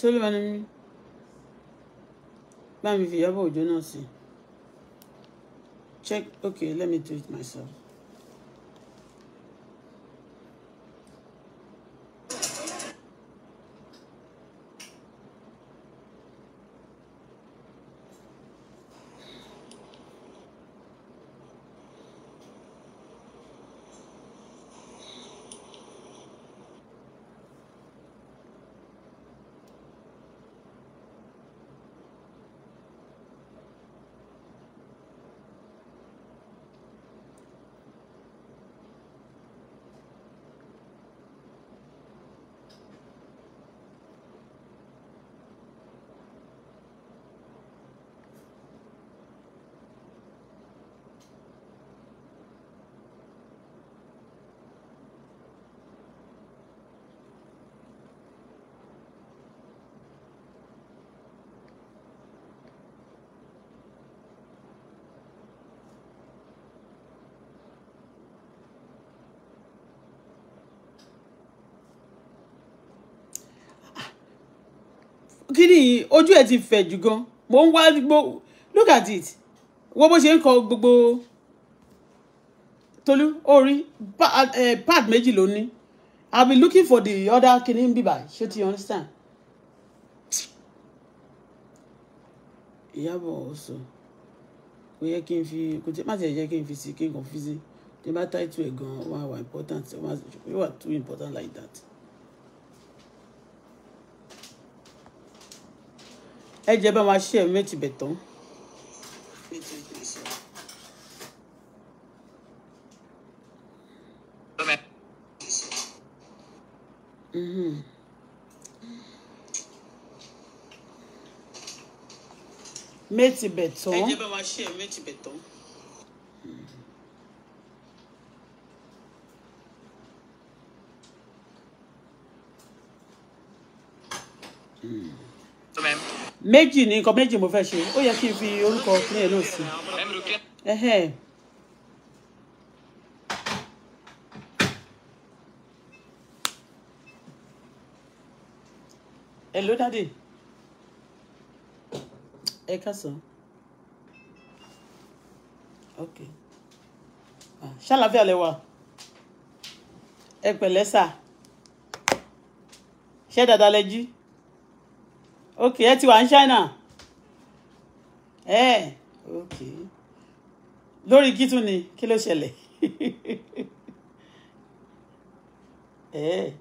tí olúwa ní bá mi fi Ìyábọ̀ Òjó náà sí check okay let me do it myself. kíni ojú ẹ̀ ti fẹ̀ jù gan mo ń wá gbó look at it wo bó ṣe ń kọ gbogbo tolú orí pad méjì ló ní i be looking for the other kíní bíbá ṣé ti understand. ìyàbọ̀ ọ̀sọ̀ kò yẹ kí n fi kò tí má ti yẹ kí n fi sí kí n kàn fi sí tí bá title ẹ̀ gan-an wà wà important wà too important like that. ẹ jẹ́ bá máa ṣe ẹ̀ méjì bẹ̀ tán. Mm-hmm. méjì bẹ̀ tán. ẹ jẹ́ bá wa ṣe ẹ̀ méjì bẹ̀ tán. Mm méjì ní nǹkan méjì mo fẹ́ ṣe ó yẹ kí n fi orúkọ ní ẹ̀ náà sí. hello daddy ẹ kásán ok ṣàlàfíà lẹ́wà ẹ pẹ̀lẹ́ sà ṣé dáadáa lẹ jí ok ẹ ti wà ní China ẹ ok lórí kítún ni kí ló ṣẹlẹ̀ ẹ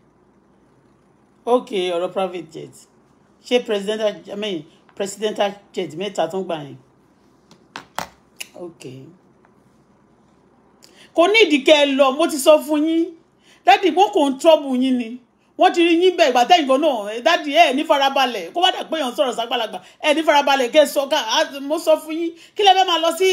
ok ọ̀rọ̀ private jet ṣé president I mean president jet mẹ́ta tó ń gbà yín ok kò ní ìdíkẹ́ ẹ lọ mo ti sọ fún yín dádì wọn kò ń trọ́bù yín ni wọ́n ti rí yín bẹ́ẹ̀ ìgbà tẹ́yìn gan náà eh, dáàdi ẹ̀ ní farabalẹ̀ kó bá dà pé èèyàn sọ̀rọ̀ sàgbàlagbà ẹ̀ ní farabalẹ̀ kẹ́ sọ ká mo sọ fún yín kí lẹ́ fẹ́ máa lọ sí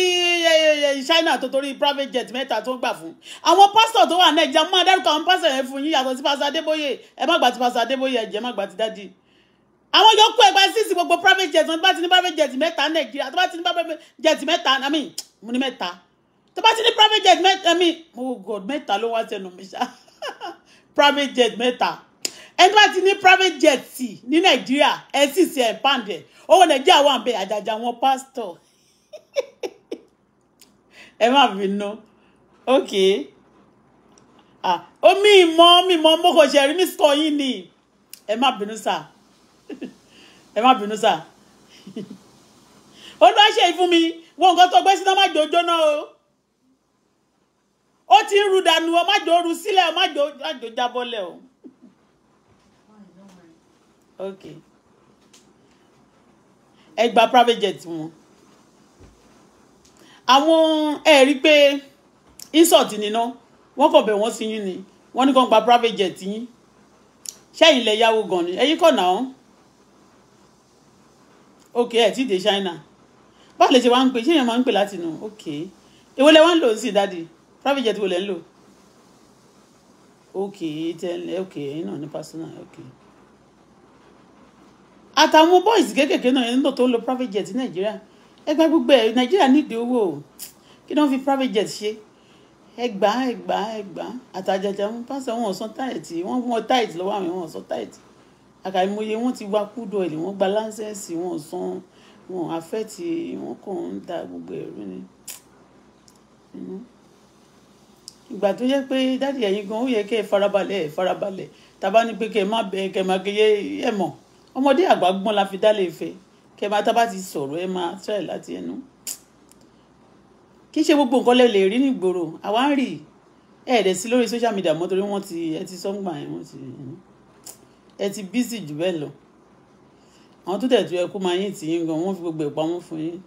China tó torí private jet mẹ́ta tó ń gbà fún. àwọn pásítọ̀ tó wà Nàìjíríà máa dárúkọ àwọn pásítọ̀ yẹn fún yín yàtọ̀ sí pásítọ̀ Adébóyè ẹ má gbà tí pásítọ̀ Adébóyè ẹ̀jẹ̀ má gbà tí dáàdi àwọn yòókù ẹgbẹ́ sísì gbogbo private jet wọn tó bá ti ní private jet mẹ́ta Nàìjíríà tó bá ti ní private jet mẹ́ta I mean mo ní mẹ́ta tó bá ti ní private jet mẹ́ta I mean oh God mẹ́ta ló wá sẹ́nu mi ṣá private jet mẹ́ta ẹ bá ti ní private jet ní nàìjíríà ẹ sì sí ẹ pàǹdẹ owó nàìjíríà wà ń bẹ àjàjà wọn pásítọ̀ ẹ má bínú ok ó mí ìmọ̀ mí ìmọ̀ mo kò ṣe rí mí sọ yín ni ẹ má bínú sà ẹ má bínú sà ó lọ ṣe ìfún mi wọn nǹkan tó gbé sí náà má jò jóná o ó ti ń ru dànù ọ má jò ó ru sílẹ̀ ọ má jò ó o okay ẹ gba private jet wọn àwọn ẹ rí i pé insult nínà wọ́n kàn bẹ̀ wọ́n sí yín ni wọ́n ní kàn gba private jet yín ṣẹ́yìn lẹ yáwó gan ni ẹ̀yin kọ̀ náà ok ẹ̀ tí dé China báwo lè ṣe wá ń pè ṣéyàn máa ń pè láti nù ok èwo lẹ wá ń lò ó sí dáàdi private jet wo lẹ ń lò ok ten ok ẹ̀yin náà ní personal ok. okay àtàwọn boys kékèké náà yẹn nígbà tó ń lo private jet nàìjíríà ẹgbà gbogbo ẹ nàìjíríà nídìí owó o kí ni wọ́n fi private jet ṣe ẹgbà ẹgbà ẹgbà àtàjàjà wọn pásítọ̀ wọn ò san táìtì wọn wọn táìtì lọ́wọ́ àwọn wọn ò san táìtì àkàìmọye wọn ti wá kúdọ ẹ wọ́n gba láńsẹ̀sì wọn ò san wọn àfẹ́tì wọn kàn ń da gbogbo ẹ̀rú ni ìgbà tó yẹ pé dáàdì ẹ̀yin gan ó yẹ kẹ́ ẹ farabalẹ̀ ẹ farabalẹ̀ tàbá ní pé kẹ́ má bẹ kẹ́ ẹ má gẹ́yẹ ẹ mọ̀ ọmọdé àgbà gbọ́n la fi dálé ìfẹ́ kẹ máa tá bá ti sọ̀rọ̀ ẹ máa try láti ẹnu kì í ṣe gbogbo nǹkan lè lè rí nígboro àwa ń rí ẹ̀ẹ́dẹ̀ sí lórí social media mọ́ torí wọ́n ti ẹ ti sọ́ngbà ẹ̀ wọ́n ti ẹ ti busy jù bẹ́ẹ̀ lọ àwọn tó tẹ̀tù ẹkú máa yín tì yín gan wọ́n fi gbogbo ẹ̀ pamọ́ fún yín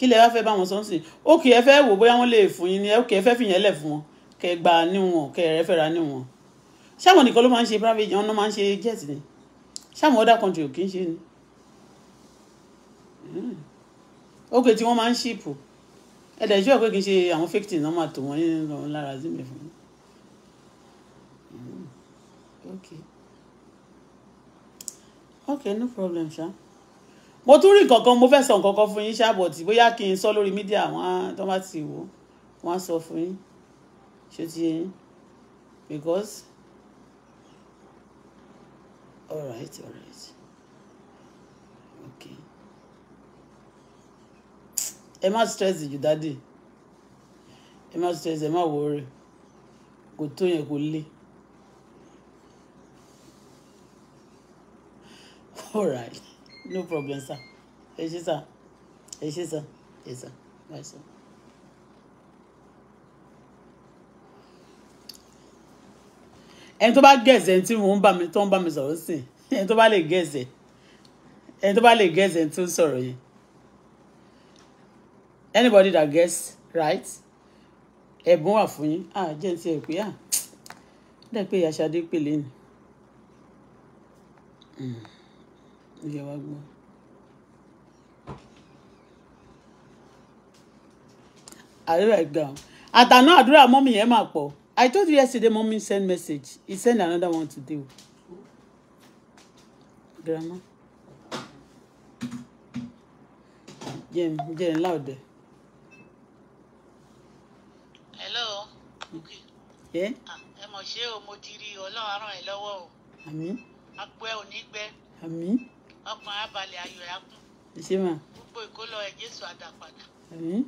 kí lẹ wá fẹ́ bá wọn sọ́n sí òkè ẹ fẹ́ wò bóyá wọ́n lè fún yín ni òkè ẹ fẹ́ fìyẹn lẹ̀ fún wọn kẹ gbà níwọ̀n kẹ rẹ́fẹ̀rà níwọ̀n ṣáwọn nìkan ló máa ń ṣe private ọ̀nà máa ń ṣe jet ni ṣáwọn other country ò kì í ṣe ni ókè hmm. tí wọ́n máa ń ṣìpù ẹ̀dẹ̀ ìṣó ẹ̀ pé kì í ṣe àwọn fake thing náà máa tò wọ́n nínú lára zimbe fún mi. Hmm. okay okay no problem ṣá mo tún rí nǹkan kan mo fẹ́ sọ nǹkan kan fún yín ṣá but bóyá kí n sọ lórí mídíà wọn tó bá ti wò wọ́n á sọ fún yín ṣé ti yé because all right all right okay ẹ má stress you daddy. ẹ má stress ẹ má worry kò to your kò all right no problem sir ẹ ṣé sir ẹ ṣé sir Yes, sir Yes, sir. ẹni tó bá gẹ̀ẹ́sẹ̀ tí mò ń bá mi tó ń bá mi sọ̀rọ̀ sí ẹni tó bá lè gẹ̀ẹ́sẹ̀ ẹni tó bá lè gẹ̀ẹ́sẹ̀ tó ń sọ̀rọ̀ yìí anybody that gets right ẹ̀bùn wà fún yín ah jẹ́ ti ẹ̀ pé ah dẹ́ pé aṣáájú pèlè ni ìyá hmm, wa gbọ́. àríwá ẹ̀gbọ́n àtàná àdúrà mọ́mì yẹn máa pọ̀. I told you yesterday, mommy sent message. He sent another one to today. Grandma. Jen, Jen, loud. Hello. Hmm. Okay. Yeah. Ẹ mọ̀ ṣé o, mo ti rí Ọlọ́run á ràn ẹ́ lọ́wọ́ o. Àmín. Apẹ́ ò ní gbẹ́. Àmín. Ọkàn á balẹ̀ ayọ̀ á kún. Ṣé mà? Gbogbo ìkólọ ẹ̀ Jésù á dá padà. Àmín.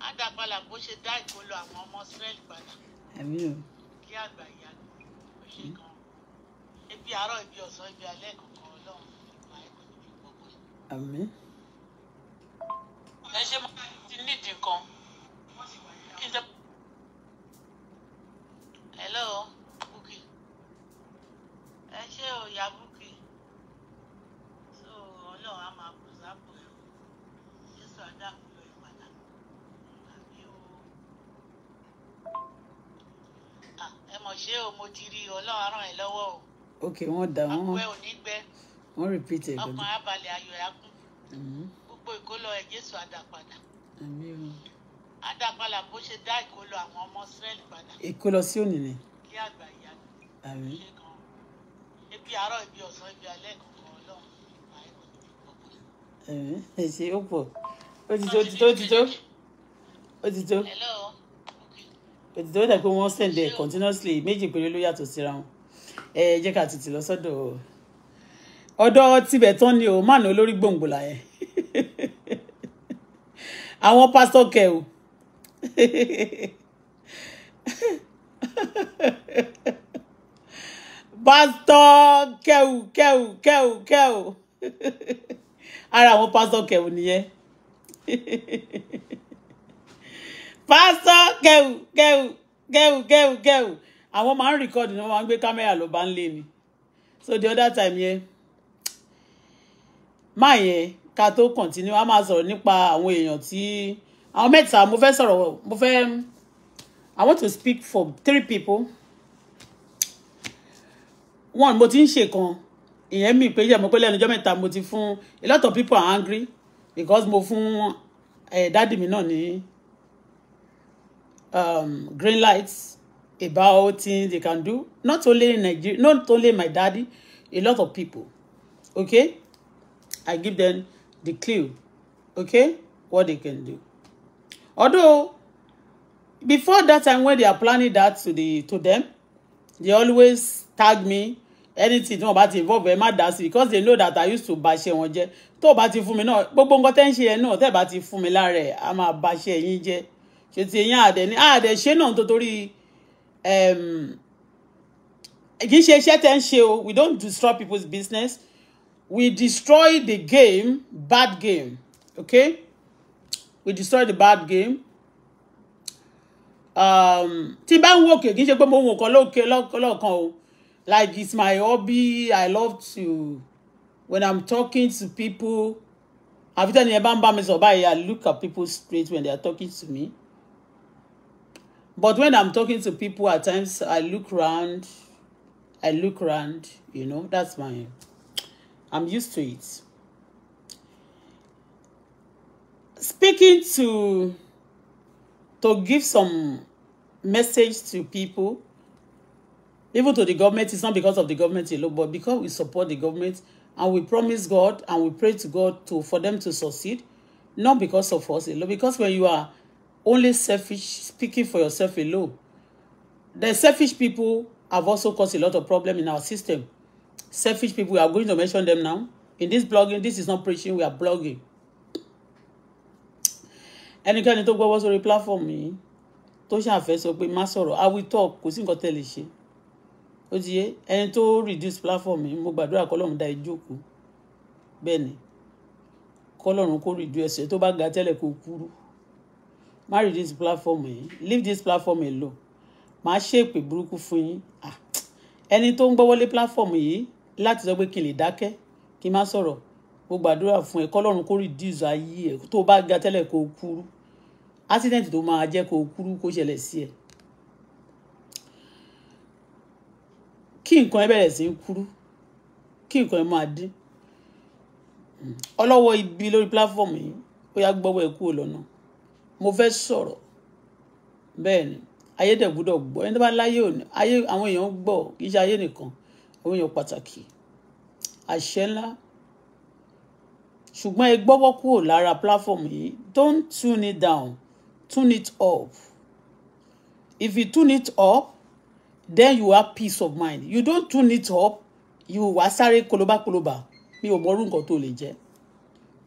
Á dá padà bó àmín o. kí àgbà ìyá ló ṣe gan ibi àárọ̀ ibi ọ̀sán ibi alẹ́ kankan ọlọ́run máa ń níbi gbogbo. àmín. ẹ ṣe máa ti nídìí kan hello Bukky ẹ ṣe o ìyá Bukky so ọlọ́run á máa kó sápò ẹ̀rù jésù àdàpọ̀. mọ̀ ṣé o mo ti rí ọlọ́run á ràn ẹ́ lọ́wọ́ o. ok wọ́n dá wọn àpò ẹ ò ní gbẹ wọ́n repeat ẹ gbọ́dọ̀ ọkàn abalẹ̀ ayọ̀ ẹ̀ á kún mm-hmm. gbogbo ìkólọ ẹ̀ jésù àdàpadà àdàpadà bó ṣe dá ìkólọ àwọn ọmọ Ísírẹ́lì padà. ìkólọ sí òní ni. kí àgbà ìyá mi ṣe kan ebi àárọ̀ ibi ọ̀sán ibi alẹ́ kankan ọlọ́run ìgbà ẹ̀kọ́ tó ti pọ̀ pé. ẹ ṣe ó pọ̀ ó ti tó ó ti tó ó ti tó. hello ètò tó dẹ̀ pé wọ́n send ẹ̀ continuously méjì péré ló yàtọ̀ síra wọn ẹ jẹ́ ká tètè lọ sọ́dọ̀ ọ̀dọ̀ tibẹ̀ tán ni o máà ní olórí gbòǹgbòlà yẹn àwọn pásítọ̀ kẹ o pásítọ̀ kẹwù kẹwù kẹwù kẹwù ara àwọn pásítọ̀ kẹwù nìyẹn. pásítọ̀ gẹ̀ù gẹ̀ù gẹ̀ù gẹ̀ù gẹ̀ù àwọn máa ń rìkọ́dì ni wọ́n máa ń gbé kámẹ́rà ló bá ń lé ni so the other time yẹn máa yẹn ká tó kọ̀ntínú a máa sọ̀rọ̀ nípa àwọn èèyàn tí àwọn mẹ́ta mo fẹ́ sọ̀rọ̀ mo fẹ́ I want to speak for three people one mo ti ń ṣe kan ìyẹn mi pé yẹ̀mọ́ pé lẹ́nu ọjọ́ mẹ́ta mo ti fún a lot of people are angry because mo fún ẹ̀ eh, dádì mi náà ní um, green lights about things they can do. Not only in Nigeria, not only my daddy, a lot of people. Okay? I give them the clue. Okay? What they can do. Although, before that time when they are planning that to the to them, they always tag me anything tí wọn bá involve ẹ má dá because they know that I used to bàṣẹ wọn jẹ tó o bá ti fún mi náà gbogbo nǹkan tẹ́ ń ṣe yẹn náà tẹ́ ẹ bá ti fún mi lára ẹ̀ á máa bàṣẹ ṣe ti eyín àdẹ ní àdẹ ṣe náà nítorí um, kì í ṣe iṣẹ́ tẹ́ ń ṣe o we don't destroy people's business we destroy the game bad game okay we destroy the bad game um, tí bá ń wòkè kì í ṣe pé mo wò kan lókè lọ́kàn o like it's my hobby i love to when i'm talking to people àfi tẹ́ni ẹ bá ń bá mi sọ̀rọ̀ báyìí i look at people straight when they are talking to me but when i'm talking to people at times i look round i look round you know that's my i'm used to it speaking to to give some message to people even to the government it's not because of the government alone but because we support the government and we promise god and we pray to god to for them to succeed not because of us alone because when you are Only selfish speaking for yourself alone. The selfish people have also caused a lot of problem in our system. Selfish people, we are going to mention them now. In this blogging, this is not preaching, we are blogging. Any Ẹnikẹ́ni tó gbọ́wọ́ sórí platform yìí tó ṣàfẹ́ sọ pé má sọ̀rọ̀, I ah, will talk, kò sí tell tẹ́lẹ̀ ṣe. And to yé ẹni tó reduce platform yìí, mo gbàdúrà kọ́lọ́run dá ìjókòó. E Bẹ́ẹ̀ni, kọ́lọ́run kó reduce ẹ̀ tó bá ga tẹ́lẹ̀ kó kúrú má rí this platform yìí leave this platform alone màá ṣèpè burúkú fún yín ah, ẹni tó ń gbọ́ wọlé platform yìí láti sọ pé kí n lè dákẹ́ kí n má sọ̀rọ̀ mo gbàdúrà fún ẹ kọ́lọ́run kó reduce ayé ẹ tó bá ga tẹ́lẹ̀ kó kúrú accident tó máa jẹ́ kó kúrú kó ṣẹlẹ̀ sí ẹ. kí nǹkan ẹ bẹ̀rẹ̀ sí í kúrú kí nǹkan ẹ máa dín ọlọ́wọ́ ibi lórí platform yìí ó yá gbọ́wọ́ ẹ kúrò lọ́nà mo fẹ́ sọ̀rọ̀ bẹ́ẹ̀ ni ayé gbọ́ ẹni tó bá láyé òní ayé àwọn èèyàn gbọ́ kì í ṣe ayé nìkan àwọn èèyàn pàtàkì àṣẹ ńlá ṣùgbọ́n ẹ gbọ́wọ́ kúrò lára platform yìí don't tune it down tune it up if you tune it up then you have peace of mind you don't tune it up you wá sáré kolobakoloba mi ò mọ orú nǹkan tó lè jẹ́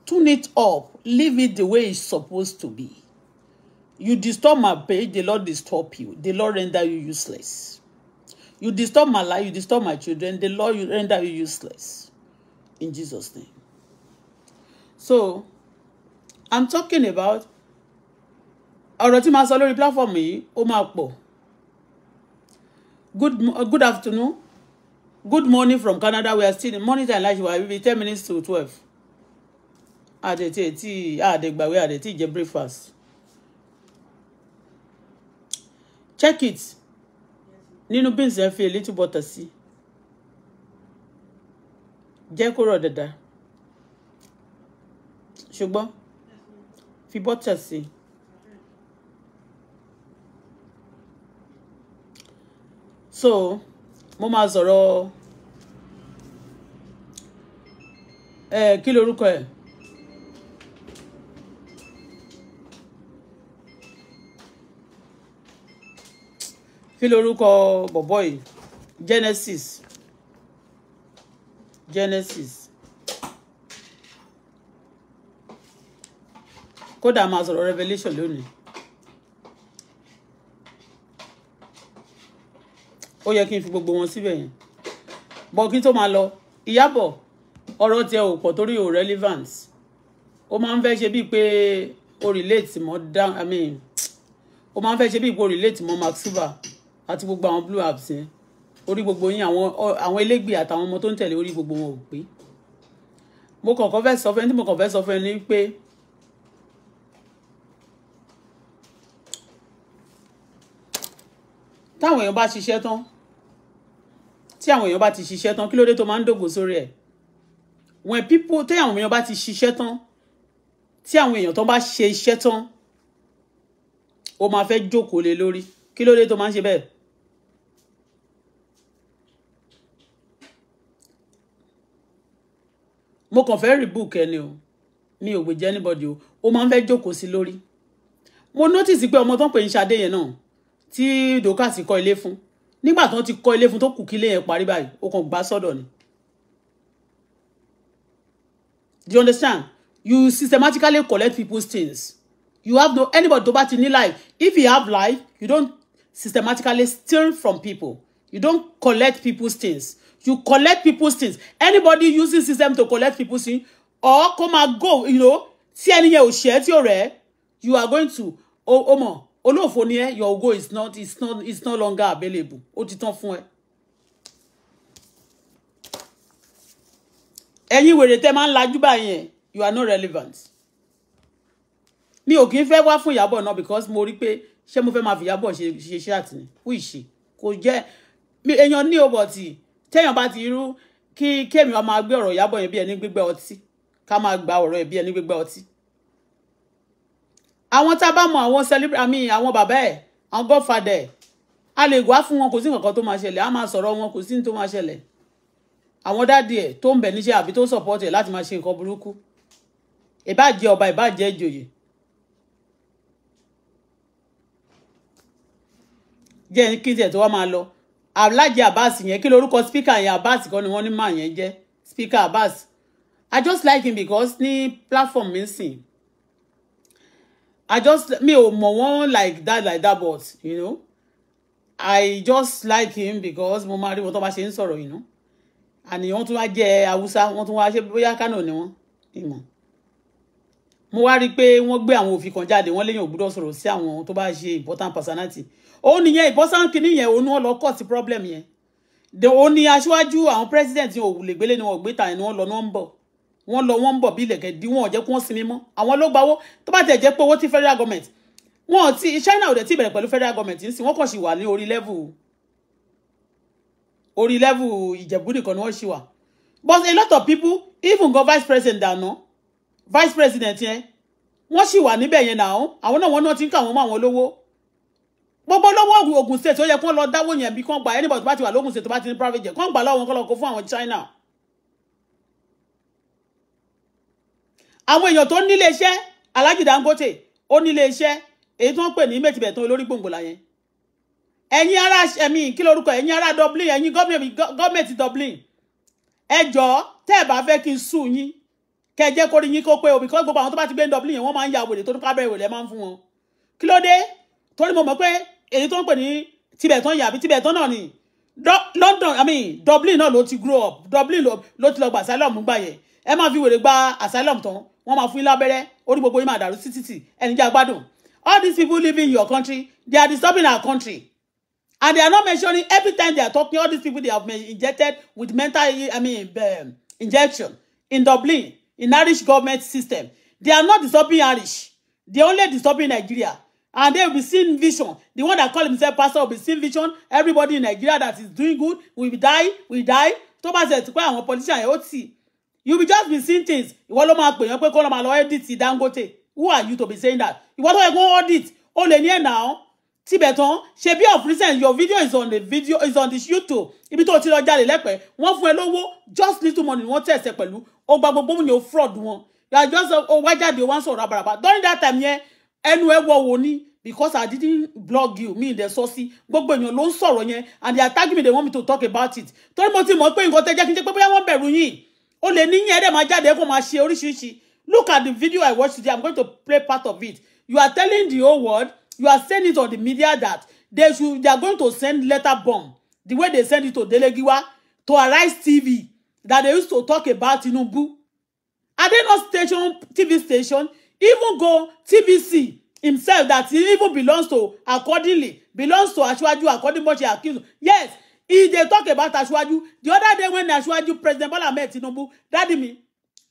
tune it up leave it the way it's supposed to be. You disturb my page, the Lord disturb you. The Lord render you useless. You disturb my life, you disturb my children, the Lord will render you useless. In Jesus' name. So, I'm talking about ọ̀rọ̀ tí reply for me. platform yìí Good, uh, good afternoon. Good morning from Canada. We are still in morning time láti wà bíbí ten minutes to twelve. Àdètè tí àdègbàwé àdètè jẹ breakfast. check it nínú beans ẹ fi a little butter sí jẹ́ kó rọ̀ dáadáa ṣùgbọ́n fi butter sí so mo zoro. Eh ẹ kí lorúkọ ẹ̀. kí lorúkọ bọ̀bọ̀ yìí Genesis Genesis kódà máa sọ̀rọ̀ Revelation lónìí ó yẹ kí n fi gbogbo wọn síbẹ̀ yẹn bọ́ kí n tó máa lọ Ìyábọ̀ ọ̀rọ̀ tiẹ̀ ò pọ̀ torí ò relevant ó máa ń fẹ́ ṣe bíi pé o relate mọ́ down i mean o máa ń fẹ́ ṣe bíi pé o relate mọ́ Max àti gbogbo àwọn blue apps yẹn orí gbogbo yín àwọn àwọn elégbè àtàwọn ọmọ tó ń tẹ̀lé orí gbogbo wọn ò pé mo kọ̀ọ̀kan fẹ́ sọ fẹ́ tí mo kàn fẹ́ sọ fẹ́ ni pé táwọn èèyàn bá ṣiṣẹ́ tán tí àwọn èèyàn bá ti ṣiṣẹ́ tán kí ló dé tó máa ń dògbò sórí ẹ̀ when people tí àwọn èèyàn bá ti ṣiṣẹ́ tán tí àwọn èèyàn tán bá ṣe iṣẹ́ tán ó máa fẹ́ jókòó lé lórí kí ló dé tó máa ń ṣe bẹ́ẹ̀ mo kàn fẹ́ rìbùkù ẹni o mi ò gbèjẹ́ anybody o ó máa ń fẹ́ jókòó sí lórí mo notice pé ọmọ tó ń pè ní Ṣadé yẹn náà tí Dorcas kọ́ ilé fún nígbà tó ti kọ́ ilé fún tó kù kí ilé yẹn parí báyìí ó kàn gbá sọ́dọ̀ ni do you understand you systematically collect people's things you have no anybody tó bá ti ní life if you have life you don't systematically steal from people you don't collect people's things you collect people's things anybody using system to collect people's things or come and go you know tí ẹni yẹn ò ṣe é tí you are going to o mọ̀ olóòfò ni ẹ your go is not is not is no longer available ó ti tán fún ẹ. ẹ̀yin wèrè tẹ́ máa ń lajú báyẹn you are not relevant mi ò kì í fẹ́ wá fún ìyàbọ̀ náà because mo rí pé ṣé mo fẹ́ máa fi ìyàbọ̀ ṣe ṣe ṣe àtìní wíṣì kò jẹ́ èèyàn ní òbọ̀tì téèyàn bá ti irú kí kémi ọmọ agbé ọ̀rọ̀ Ìyábọ̀ yẹn bí ẹni gbígbẹ́ ọtí ká máa gba ọ̀rọ̀ ẹ̀ bí ẹni gbígbẹ́ ọtí. àwọn tá a bá mọ àwọn celebrity àmì àwọn bàbá ẹ̀ àwọn godfather ẹ̀ a lè wá fún wọn kò sí nǹkan tó máa ṣẹlẹ̀ a máa sọ̀rọ̀ wọn kò sí ní tó máa ṣẹlẹ̀ àwọn dáàdì ẹ̀ tó ń bẹ̀ níṣẹ́ àbí tó support ẹ̀ láti máa ṣe nǹkan burúkú ìbàjẹ́ ọba ìbàjẹ́ ìjòyè jẹ́ kí n tiẹ̀ tó wá máa lọ Alhaji Abbas yẹn kí lorúkọ speaker yẹn Abbas kan ni wọ́n ní máa yẹn jẹ́ speaker Abbas I just like him because ní platform mi sìn I just mi ò mọ̀ wọ́n like that like that but you know I just like him because mo máa rí wọn tó bá ṣe ń sọ̀rọ̀ yìí nù àníyàn wọ́n tún wá jẹ́ Haúsá wọ́n tún wá ṣe bóyá Kánò ni wọ́n ìmọ̀ mo wá rí i pé wọ́n gbé àwọn òfin kan jáde wọ́n léyìn ògbúdọ̀ sọ̀rọ̀ sí àwọn tó bá ṣe important personality ó nìyẹn ìbọ́sán kínní yẹn òun ni wọ́n lọ kọ̀ sí problem yẹn òun ni aṣáájú àwọn president yẹn òwúlẹ̀ gbélé ni wọ́n gbé ta ni wọ́n lọ náà ń bọ̀ wọ́n lọ wọ́n ń bọ̀ bí ilẹ̀kẹ̀ dí wọn ò jẹ́ kí wọ́n sinmi mọ́ àwọn ló gbawó tó bá tẹ̀ jẹ́ pé owó tí federal government wọn ti China ò dẹ̀ ti bẹ̀rẹ̀ pẹ̀lú federal government ń sìn wọ́n kàn sì wà ní orí level orí level Ìjẹ̀bú nìkan ni wọ́n sì wà but a lot of people even go vice president dànù vice president yẹn wọ́n sì wà níbẹ̀ yẹn náà àwọn náà wọ́n náà ti ń kà wọ́n mọ́ àwọn olówó gbogbo lọ́wọ́ Ògùn state ó yẹ kí wọ́n lọ dáwọ́ yẹn bí kán gba anybody tó bá ti wà lógùn state tó bá ti ní private jet kán gbà lọ́wọ́ kán lọ kó fún àwọn China. àwọn èèyàn tó nílé iṣẹ́ Alhaji Dangote ó nílé iṣẹ́ èyí tó ń pè ní mẹ́tìbẹ̀ tán olórí gbòǹgbò láyẹn ẹ̀yin ará ẹ̀mí kí lorúkọ ẹ̀yin ará Dublin ẹ̀yin gọ́ọ̀mẹ̀ntì Dublin ẹ jọ̀ọ́ tẹ́ ẹ bá fẹ́ kí n sùn yín kẹ́ ẹ jẹ́ kó rí yín kó pé o because gbogbo àwọn tó bá ti gbé Dublin yẹn wọ́n máa ń ya wèrè torí pábẹ́ ìwòlẹ́ máa ń fún wọn kí ló dé torí mo mọ̀ pé èyí tó ń pè ní Tibetan yàbí Tibetan náà ni London I mean Dublin náà ló ti grow up Dublin ló ti lọ gba asylum gbà yẹn ẹ máa fi wèrè gba asylum tán wọ́n máa fún yín lábẹ́rẹ́ orí gbogbo yín máa dàrú sí títì ẹni jẹ́ agbádùn all these people living in your country they are disturbing our country and they are not mentioning every time they are talking all these people they have been injected with mental I mean um, injection in Dublin in Irish government system they are not disturbing Irish they only disturbing Nigeria And they will be seeing vision. The one that call himself pastor will be seeing vision. Everybody in Nigeria that is doing good will die, will die. Thomas said, ṣe ti pé àwọn politician yẹn ó You will just be seeing things. Ìwọ ló máa pè yẹn pé kó lọ máa lọ edit Dangote. Who are you to be saying that? Ìwọ tó yẹ kó audit. O lè ní now. Tibeton, she be of recent your video is on the video is on this YouTube. Ibi tó ti lọ jáde lẹ́pẹ̀ẹ́. Wọ́n fún ẹ lówó just little money wọ́n tẹ̀sẹ̀ pẹ̀lú. Ó gba gbogbo mu ni ó fraud wọn. You are just ó wá jáde wọ́n so àbàràbà. During that time yẹn, yeah, ẹnu ẹ wọ wò ni because I didn't blog you mi ìdẹ sọ sí gbogbo èèyàn ló ń sọ̀rọ̀ yẹn and they are tagging me they want me to talk about it torí mo ti mọ̀ pé nǹkan tẹ́ jẹ́ kí n jẹ́ pé bóyá wọ́n bẹ̀rù yín o lè níyìn ẹ̀rẹ̀ máa jáde ẹ̀kọ́ máa ṣe oríṣiríṣi look at the video I watched today I'm going to play part of it you are telling the whole world you are saying it on the media that they should they are going to send letter bomb the way they send it to Delegiwa to Arise TV that they used to talk about Tinubu are they not station TV station even go TBC himself that he even belongs to accordingly belongs to Asiwaju according much he accused yes he dey talk about Asiwaju the other day when Asiwaju President Bola Ahmed Tinubu dadi mi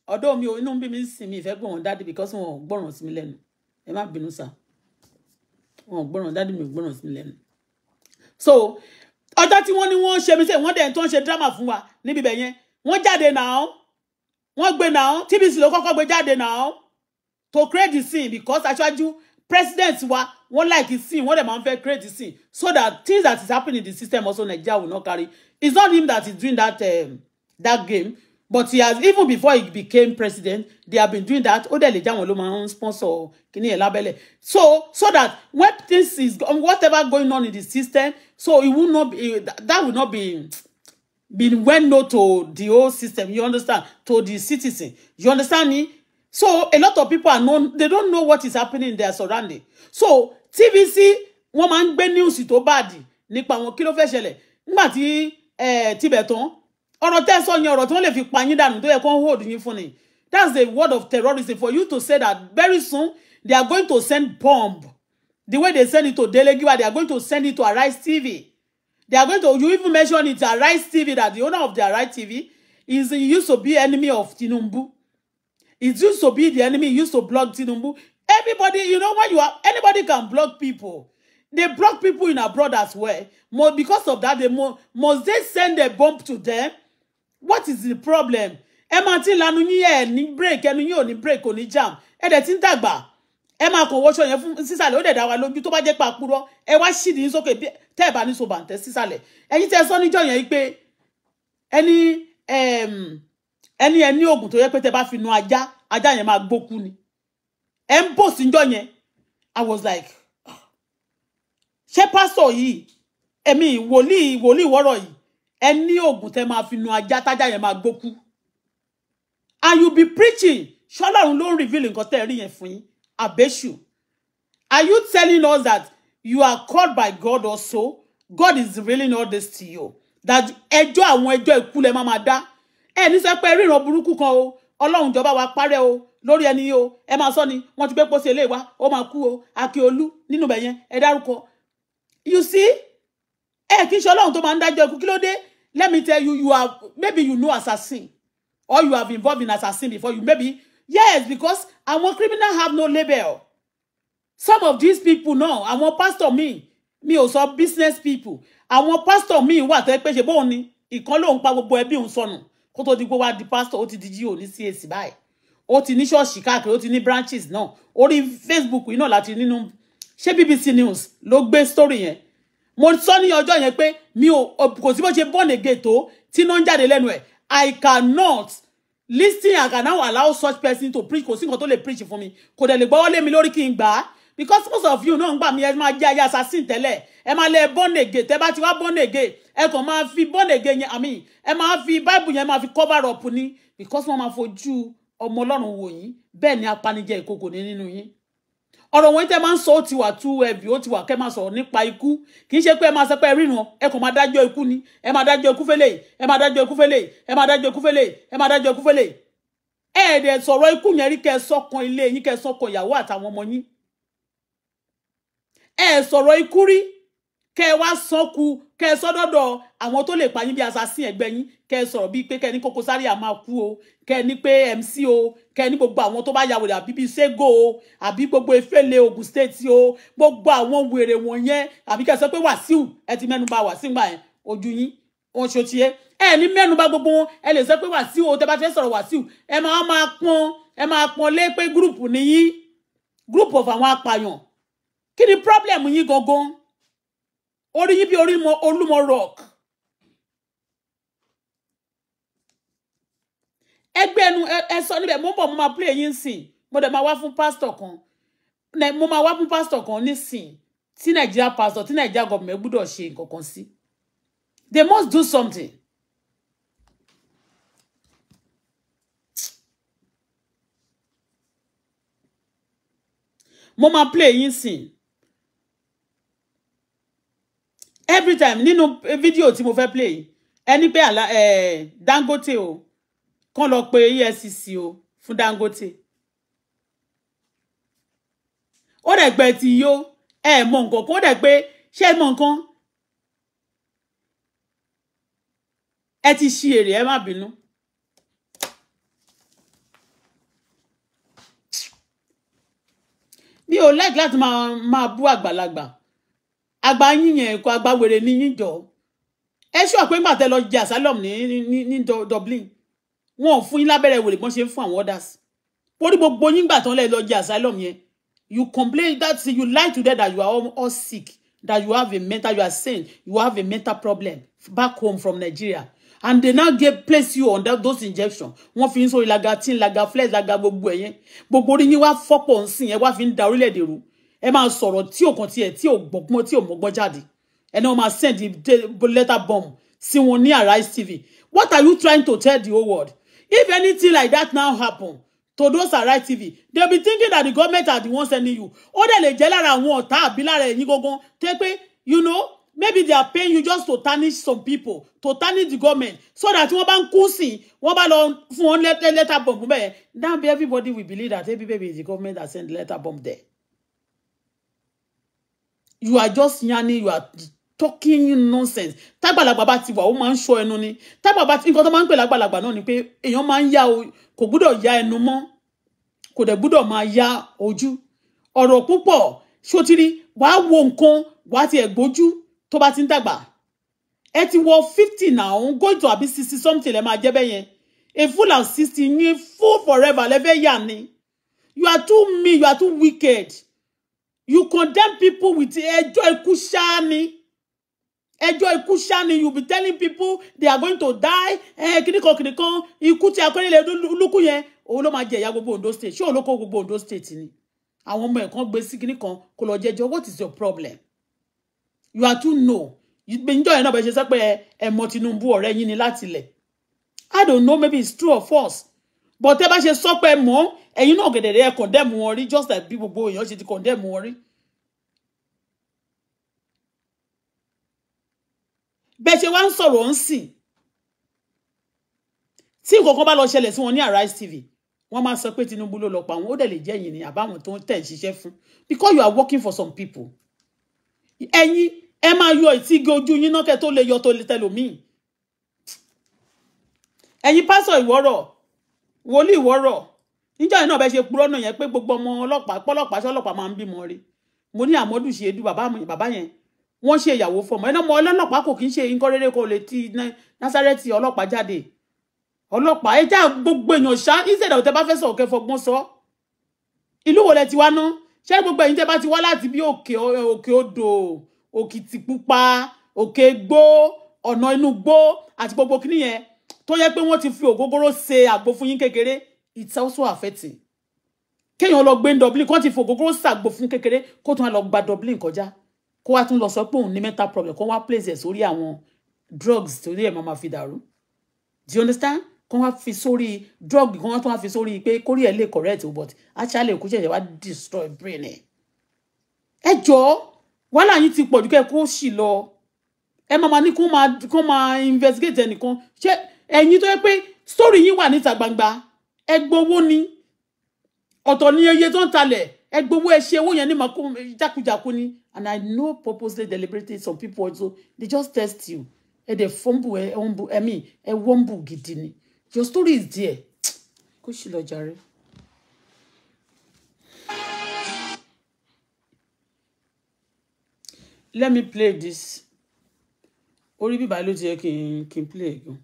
ọ̀dọ̀ mi ò inú bí mi ń sìn mi ìfẹ́ gbọ̀ràn dadi because wọn ò gbọ̀ràn sí mi lẹ́nu ẹ má bínú sá wọn ò gbọ̀ràn dadi mi ò sí mi lẹ́nu so ọjọ́ tí wọ́n ní wọ́n ṣe mi sẹ́yìn wọ́n dẹ̀ tó ń ṣe drama fún wa níbi bẹ̀ yẹn wọ́n jáde náà wọ́n gbé náà TBC ló kọ́kọ́ gbé jáde náà to create the scene because aṣáájú president wa wọ́n like the scene wọ́n dẹ̀ máa ń fẹ́ create the scene so that things that is happening in the system also Nigeria will not carry it's not him that is doing that um, that game but he has even before he became president they have been doing that ó dẹ̀ lè jáwọn ló máa ń sponsor kìíní ẹ̀ lábẹ́lẹ̀ so so that when things is whatever going on in the system so it will not be that will not be been well known to the whole system you understand to the citizen you understand me so a lot of people are known they don't know what is happening in their surrounding so TVC woman máa news to báàdì nípa àwọn kí ló fẹ́ ṣẹlẹ̀ nígbà tí eh, tibẹ̀ tán ọ̀rọ̀ tẹ́sán yẹn ọ̀rọ̀ tí wọ́n lè fi pa yín dànù tó yẹ kó hold yín fún ni that's the word of terrorism for you to say that very soon they are going to send bomb the way they send it to Delegiwa they are going to send it to Arise TV they are going to you even mention it Arise TV that the owner of the Arise TV is used to be enemy of Tinumbu. It used to be the enemy used to block Tinubu. Everybody, you know, what you are, anybody can block people. They block people in abroad as well. More, because of that, they more must they send a bomb to them? What is the problem? Ẹ máa ti lanu yín ẹ̀ break ẹnu yín ò ní break ò ní jam. E de tin tagba. dàgbà. Ẹ máa kò wọṣọ yẹn fún sísàlẹ̀ ó dẹ̀ dá wa lójú tó bá jẹ́ pa purọ́. Ẹ wá ṣìdí sókè tẹ́ ẹ̀ bá sisale. so bàǹtẹ́ sísàlẹ̀. Ẹ̀yin tẹ́ sọ níjọ́ yẹn pé ẹni ẹni ẹ ní oògùn tó yẹ pé tẹ bá fi nu ajá ajá yẹn máa gbókú ni ẹ ń bò síjọ yẹn i was like ṣé pásọ yìí ẹmí wòlíì wòlíì wọ́rọ̀ yìí ẹ ní oògùn tẹ máa fi nu ajá tájá yẹn máa gbókú and you be preaching ṣọlọ́run ló ń reveal nǹkan tẹ́ ẹ rí yẹn fún yín àbẹ́ṣù are you telling us that you are called by God also God is revealing all this to you that ẹjọ́ àwọn ẹjọ́ ikú lẹ máa máa dá ẹ ní sẹ́ pé ríran burúkú kan o ọlọ́run jọba wa parẹ́ o lórí ẹni o ẹ máa sọ ni wọ́n ti gbé pósí eléyìí wá ó máa kú o akíolú nínú ibẹ̀ yẹn ẹ dárúkọ you see ẹ kì í ṣe ọlọ́run tó máa ń dájọ́ ikú kí ló dé let me tell you you are maybe you know assassin or you have involved in assassin before you maybe yes because àwọn criminal have no label some of these people now àwọn pastor mi mi ò sọ business people àwọn pastor mi wà tẹ́ pé ṣe bóun ni ìkan lòun pa gbogbo ẹbí òun sọnù kó tó di pé wá di pastor ó ti di jíò ní CAC báyìí ó ti ní ṣọ́ọ̀ṣì káàkiri ó ti ní branches náà orí Facebook yìí náà láti nínú ṣé BBC News ló gbé story yẹn mo sọ ní ọjọ́ yẹn pé mi ò kò sí bó ṣe born again tó tí náà ń jáde lẹ́nu ẹ̀ I cannot listen I can now allow such person to preach kò sí nǹkan tó lè preach fún mi kò dẹ̀ lè gbọ́wọ́ lé mi lórí kí n gbà á because most of you náà ń gbà mí ẹ máa jẹ́ aya assassin tẹ́lẹ̀ ẹ máa lẹ born again tẹ́ bá ti wá born again ẹ kàn máa fi born again yẹn àmì ẹ máa fi bible yẹn máa fi cover up ni because wọ́n máa fojú ọmọ ọlọ́run wò yín bẹ́ẹ̀ ni apanijẹ ìkòkò ní nínú yín ọ̀rọ̀ wọ̀nyí tẹ́ máa ń sọ ó ti wà tú ẹ̀bì ó ti wà kẹ́ máa sọ̀rọ̀ nípa ikú kì í ṣe pé ẹ máa sọ pé ẹ ẹ kàn máa dájọ́ ikú ni ẹ máa dájọ́ ikú fẹ́lẹ̀ ẹ máa dájọ́ ikú fẹ́lẹ̀ ẹ máa dájọ́ ikú fẹ́lẹ̀ ẹ máa dájọ́ ikú fẹ́lẹ̀ ẹ ẹ̀dẹ̀ sọ̀rọ̀ ikú yẹn rí kẹ́ ẹ sọ́kan ilé yín kẹ́ ẹ sọ́kan ìyàwó àtàwọn ọmọ yín ẹ sọ̀rọ̀ ikú rí kẹ ẹ wá sọ́kù kẹ ẹ sọ́dọ̀dọ̀ àwọn tó lè pa yín bí assassin ẹgbẹ́ yín kẹ sọ̀rọ̀ bíi pé kẹ ní Koko Zaria máa kú o kẹ ní pé MC o kẹ ẹ ní gbogbo àwọn tó bá ya wèrè àbí bíi Sego o àbí gbogbo Efele Ogun State o gbogbo àwọn wèrè wọ̀nyẹn àbí kẹ ẹ sọ pé Wàsíù ẹ ti mẹ́nu bà Wàsíù gbà yẹn ojú yín wọn ṣe tiẹ ẹ ní mẹ́nu bà gbogbo wọn ẹ lè sọ pé Wàsíù o tẹ bá fẹ́ sọ̀rọ̀ Wàsíù ẹ máa pọn ẹ máa pọn lé pé gúrùpù nìyí gúrùpù of kí ni problem yín gangan orí yín bí orí olúmọ rock ẹgbẹ́ ẹnu ẹ sọ níbẹ̀ mo ń bọ̀ mo máa play yín sìn mo dẹ̀ máa wá fún pásítọ̀ kan mo máa wá fún pásítọ̀ kan nísìn tí nàìjíríà pásítọ̀ tí nàìjíríà gọ̀ọ̀mẹ̀ gbúdọ̀ ṣe nǹkan kan sí they must do something. mo máa play yín sìn. every time nínú video ti mo fe play ẹni pé àlá Dangote o kàn lọ pe EFCC o fún Dangote ó dẹ̀ gbẹ ti yó ẹ mọ nǹkan kó dẹ̀ pé ṣé ẹ mọ nǹkan ẹ ti ṣí èrè ẹ má bínú. mi ò like ma máa máa bú àgbàlagbà àgbà yín yẹn ẹ̀kọ́ àgbà wèrè ní yín jọ ẹ ṣọ́ pé màtẹ́ lọ jẹ asylum ní ní ní Dublin wọn ò fún yín lábẹ́rẹ́ wèrè bọ́n ṣe ń fún àwọn others orí gbogbo yín gbà tán lẹ́ lọ jẹ asylum yẹn you complain that you lie to them that you are all, all sick that you have a mental you are sane, you have a mental problem back home from Nigeria and they now get place you on that, those injections. wọ́n fi ń sọ ìlàgà tí ìlàgà flex ìlàgà gbogbo ẹ̀yẹn gbogbo orí yín wá fọ́pọ̀ ń sìn yẹn wá fi ń da orílẹ̀-èdè rú ẹ máa sọ̀rọ̀ tí ò kàn tiẹ̀ tí ò gbọ́gbọ́n tí ò mọ́gbọ́n jáde ẹni wọ́n máa send letter bomb sí wọn ní Arise TV what are you trying to tell the whole world if anything like that now happen to those Arise TV they be thinking that the government are the ones sending you ó dẹ̀ lè jẹ́ lára àwọn ọ̀tá àbí lára ẹ̀yin gangan tẹ́ pé you know maybe they are paying you just to tarnish some people to tarnish the government so that wọ́n bá ń kú sí wọ́n bá lọ fún wọn letter bomb bẹ́ẹ̀ down be everybody will believe that every baby is the government that send letter bomb there you are just yanni you are talking nonsense tágbàlagbà bá ti wà ó máa ń sọ ẹnu ni tágbàlagbà ti nǹkan tó máa ń pè lágbàlagbà náà ni pé èèyàn máa ń ya o kò gbúdọ̀ ya ẹnu mọ́ kò dẹ̀ gbúdọ̀ máa ya ojú ọ̀rọ̀ púpọ̀ sotiri wàá wo nǹkan wàá ti ẹ̀ gbójú tó bá ti ń dàgbà ẹ ti wọ fifty now going to àbí sixty something lẹ́ máa jẹ́ bẹ́ẹ̀ yẹn a full and sixty yín full forever lẹ́fẹ̀ẹ́ yà ni you are too mean you are too wicked. You condemn people with ẹjọ́ ikú ṣá ni. Ẹjọ́ ikú ṣá you be telling people they are going to die. Eh kinikan kinikan ikú tí akọ́nilẹ̀ olókùn yẹn òun ló máa jẹ ìyá gbogbo Ondo state. Ṣé òun ló kó gbogbo Ondo state ni? Àwọn ọmọ ẹ̀kan gbé sí kinikan kò lọ jẹjọ́. What is your problem? You are too know. Ìgbẹ́njọ́ yẹn náà bẹ̀ ṣe sọ pé ẹ̀ mọ̀ Tinubu ọ̀rẹ́ yín ni láti ilẹ̀. I don't know maybe it's true or false but tẹ́ bá ṣe sọ pé mọ́ ẹ̀yin náà gẹ̀dẹ̀dẹ̀ ẹ̀ condemn wọn rí just like people gbogbo èèyàn ṣe ti condemn wọn rí. bẹ́ẹ̀ ṣe wá ń sọ̀rọ̀ ń sìn tí nǹkan kan bá lọ ṣẹlẹ̀ Arise TV wọ́n máa sọ pé Tinubu ló lọ pa àwọn ó dẹ̀ lè jẹ́ ẹ̀yin ni àbáwọn tó ń tẹ̀ ń ṣiṣẹ́ because you are working for some people ẹ̀yin ẹ máa yọ ìtìgé ojú yín náà kẹ́ tó lè yọ tó lè tẹlòmíì ẹ̀yin pásọ̀ ìwọ́rọ̀ wòlíì wọ́rọ̀ níjọ́ yẹn náà bẹ́ẹ̀ ṣe purọ́ náà yẹn pé gbogbo ọmọ ọlọ́pàá pọ́lọ́pàá ṣọlọ́pàá máa ń bímọ rí mo ní àmọ́dù ṣe edu bàbá yẹn wọ́n ṣe ìyàwó fọmọ ẹ̀ náà mọ ọlọ́pàá kò kí ń ṣe nǹkan rere kò lè ti násárẹ́tì ọlọ́pàá jáde ọlọ́pàá ẹ já gbogbo èèyàn ṣá ìṣẹ̀dá òtẹ́ bá fẹ́ sọ̀rọ̀ kẹ́ fọgbọ́n sọ ìlú wo lẹ ti wá ná ṣé gbogbo ẹ̀yin tẹ́ bá ti wá láti bí òkè òkè odò òkìtìpupa òkè gbó ọ̀nà inú gbó àti gbogbo kìnìyẹn tó yẹ pé wọ́n ti fi ògógóró ṣe àgbo fún yín kékeré it's also affecting kéèyàn lọ gbé Dublin kó ti fi ògógóró ṣàgbo fún kékeré ko tun lọ gba Dublin kọjá ko wá tún lọ sọ pé òun ní mental problem kó wa place ẹ̀ sórí drugs torí ẹ̀ máa fi dàrú do you understand kó wa fi sórí drug kó wa tún fi sórí pé kórìí ẹ̀ lè correct but actually kó ṣẹ̀ṣẹ̀ wá destroy brain Ejo ẹ jọ̀ọ́ wàhálà yín ti ko kẹ́ kó sì lọ ẹ máa ma ní kó máa investigate ẹnìkan ṣé ẹ̀yin tó yẹ pé sórí yín wà níta gbangba ẹ gbowó ni ọ̀tọ̀ ni iye tó ń talẹ̀ ẹ gbowó ẹ ṣe owó yẹn ní màkú jákujàku ni and I know purposely deliberately some people also they just test you ẹ dẹ̀ fọ́nbù ẹ ọ̀nbù I mean ẹ wọ́nbù gidi ni your story is there kó sì lọ jàre. let me play this orí bíbá ló ti yẹ kí n kí n play gan.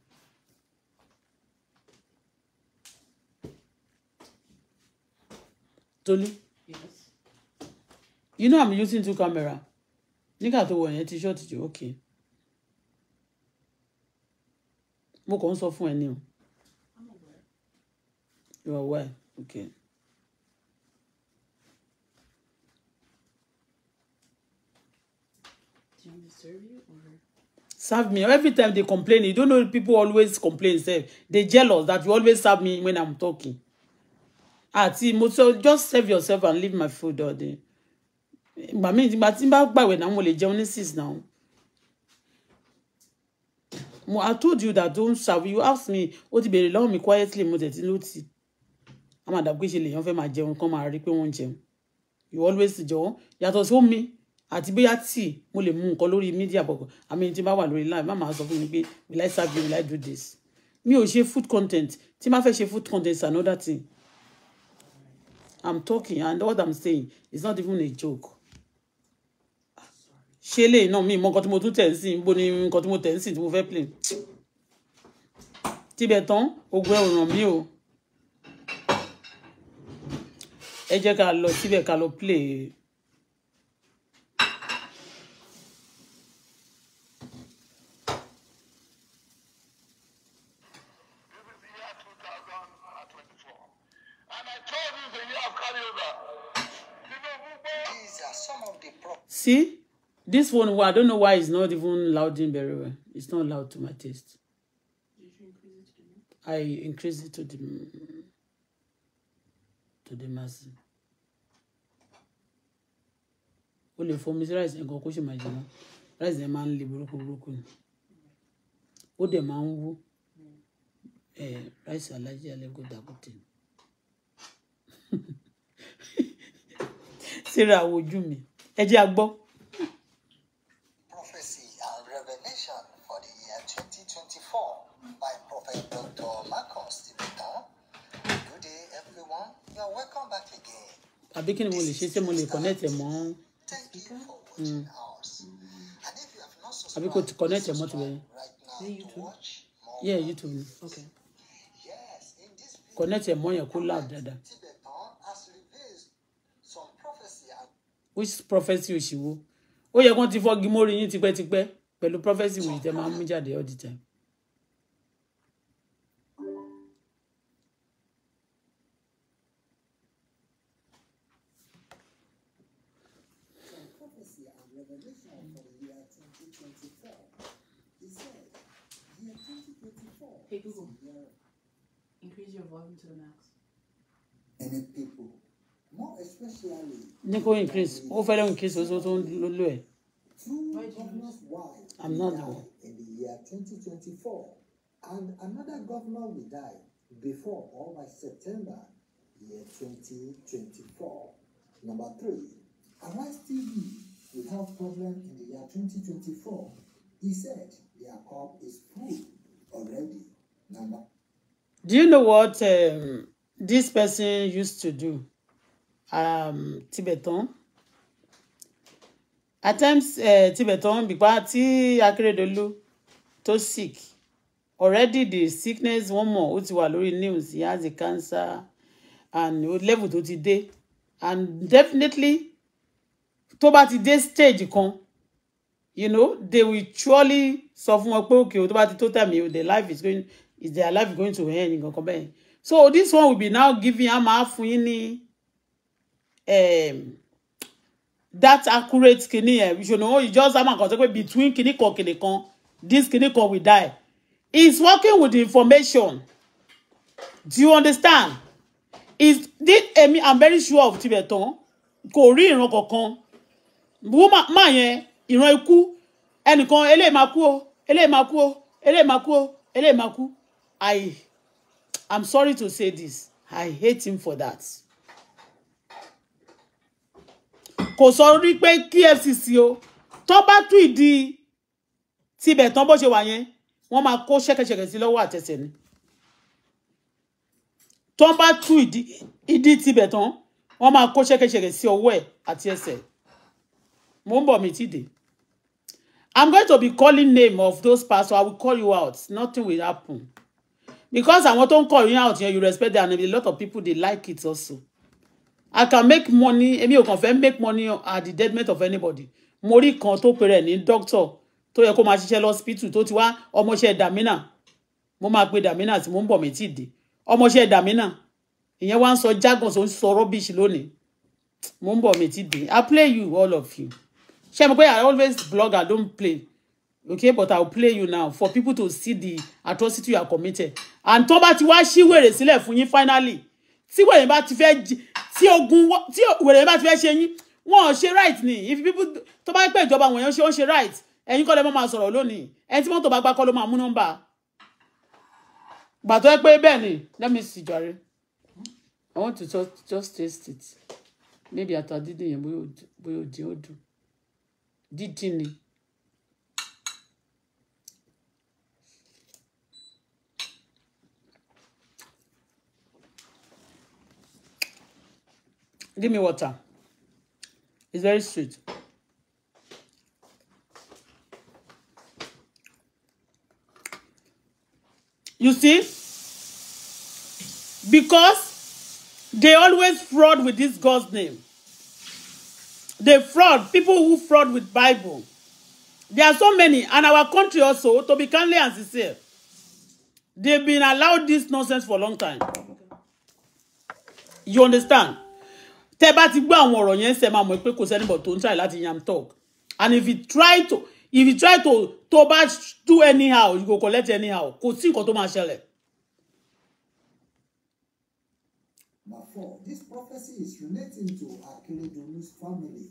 Tolu. Yes. You know I'm using two camera. Nígbà tó wọ̀ yẹn t-shirt jù okay. Mo kàn ń sọ fún ẹ ní o. I'm aware. You are aware, okay. Do you want me serve or? serve me. Every time they complain, you don't know people always complain. Self. They jealous that you always serve me when I'm talking àti mo sọ just serve yourself and leave my food all day ìgbà míì ìgbà tí n bá gbàwẹ̀ náà mo lè jẹun ní six now mo i told you that don't serve you ask me ó ti béèrè lọ́wọ́ mi quietly mo tẹ̀ tí ló ti a máa dàgbé ṣe lèèyàn fẹ́ máa jẹun kán máa rí pé wọ́n ń jẹun you always jọ̀wọ́ yàtọ̀ sí omi àti bóyá tíì mo lè mú nǹkan lórí mídíà bọ̀kọ̀ àmì tí n bá wà lórí láì má máa sọ fún mi pé will I serve you will I do this mi ò ṣe food content tí má fẹ́ ṣe food content is another thing I'm talking and what I'm saying is not even a joke. ṣé no me, mi mọ nǹkan tí mo tún tẹ̀ ń sìn bó ni nǹkan tí mo tẹ̀ ń play. tíbẹ̀ tán ogun ẹ̀ ò ràn mí o. ẹ jẹ́ ká lọ síbẹ̀ ká play See, this one, well, I don't know why it's not even louding very well. It's not loud to my taste. Did you increase it to the? I increase it to the to the mass. o for me, sí rice nǹkan kó ṣe máa jẹ náà rice yẹn máa ń le burúkú burúkú ni ó dẹ̀ máa ń wú rice alájí alẹ́kọ̀ọ́ dàgùtì síra àwọn ojú mi ẹ jẹ́ a gbọ́. Prophecy and Revelation for the year 2024 Àbí kí ni mo lè ṣe ṣé mo lè connect mọ́? Hmm. àbí kò ti mọ́ tibẹ̀ yẹn. Yeah, YouTube. Okay. Yes, in this video, connect mọ́ yẹn kó láàbù dáadáa. which prophecy òṣìwò ó yẹ kán ti fọ́gi mórí yín tipẹ́tipẹ́ pẹ̀lú prophecy wòye tẹ́ máa ń mú jáde all the time. Hey Google, increase your volume to the max. Any people ní kò increase ó fẹ́rẹ̀ increase oṣù tó ń lò ẹ̀. I'm not the one. In the year 2024, and another governor will die before or by September year 2024. Number three, Arise TV will have problem in the year 2024. He said their cup is full already. Number. Do you know what um, this person used to do? um, Tibetan at times uh, Tibetan bipa ti Akérédolú tó sick already the sickness one more ó ti wà lórí news he has a cancer and level tó ti dé and definitely to bá ti dé stage kan you know they will surely sọ fún wọn pé okay o tó bá ti tó tẹ̀mí o their life is going is their life going to end nǹkan kan bẹ́ẹ̀ so this one will be now giving am a fún yín ní um, that accurate kini yẹn you know you just am akan sọ pé between kini kan kini kan this kini kan will die he's working with the information do you understand is this emi i'm very sure of tibetan kò rí ìran kankan woman máa yẹn ìran ikú ẹnìkan eléyìí máa kú o eléyìí máa kú o eléyìí máa kú o eléyìí máa kú i i'm sorry to say this i hate him for that. kò sọ rí pé kí EFCC o tó bá tú ìdí tibẹ̀ tán bó ṣe wà yẹn wọ́n máa kó ṣẹ́kẹṣẹkẹ sí lọ́wọ́ àtẹsẹ̀ ni tó bá tú ìdí ìdí tibẹ̀ tán wọ́n máa kó ṣẹ́kẹṣẹkẹ sí ọwọ́ ẹ̀ àti ẹsẹ̀ mò ń bọ̀ mí ti I'm going to be calling name of those pastors I will call you out nothing will happen because àwọn tó ń call you out yẹn you respect their name. a lot of people dey like it also. I can make money èmi ò kàn fẹ́ make money at the detriment of anybody mo rí kan tó pèrè ní doctor tó yẹ kó máa ṣiṣẹ́ lọ́sípítù tó ti wá ọmọọṣẹ́ dàmínà mo máa pe dàmínà tí mo ń bọ̀ mí tì dé ọmọọṣẹ́ dàmínà ìyẹn wá ń sọ jargon tó ń sọ rubbish lónìí mo ń bọ̀ mí tì dé I play you all of you ṣé mo pé I always blog I don't play okay but I will play you now for people to see the atrocity you are committed and tó bá ti wá ṣí wèrè sílẹ̀ fún yín finally tí wèrè bá ti fẹ́ tí ogun tí wèrè bá ti fẹ́ ṣe yín wọn ò ṣe right ni if people tó bá pẹ́ ìjọba wọ̀nyẹn ṣe ó ṣe right ẹ̀yin kọ́ lẹ́ mọ́ máa sọ̀rọ̀ lónìí ẹni tí mọ́tò bá gbá kọ́ ló máa mú nọ́mbà gbàtọ́ ẹ pé bẹ́ẹ̀ ni let me see jàre i want to just, just taste it maybe ata dídín yẹn bóyá ó dín ó dùn dídín ni. Give me water. It's very sweet. You see? Because they always fraud with this God's name. They fraud. People who fraud with Bible. There are so many. And our country also, to be kindly and sincere, they've been allowed this nonsense for a long time. You understand? tẹ́ bá ti gbọ́ àwọn ọ̀rọ̀ yẹn ṣe máa mọ̀ pé kò sẹ́nìbọ̀ tó ń try láti yam talk and if you try to if you try to to bá do anyhow you go collect anyhow kò sí nǹkan tó máa ṣẹlẹ̀. Therefore, this prophecy is relating to Akeredolu's family.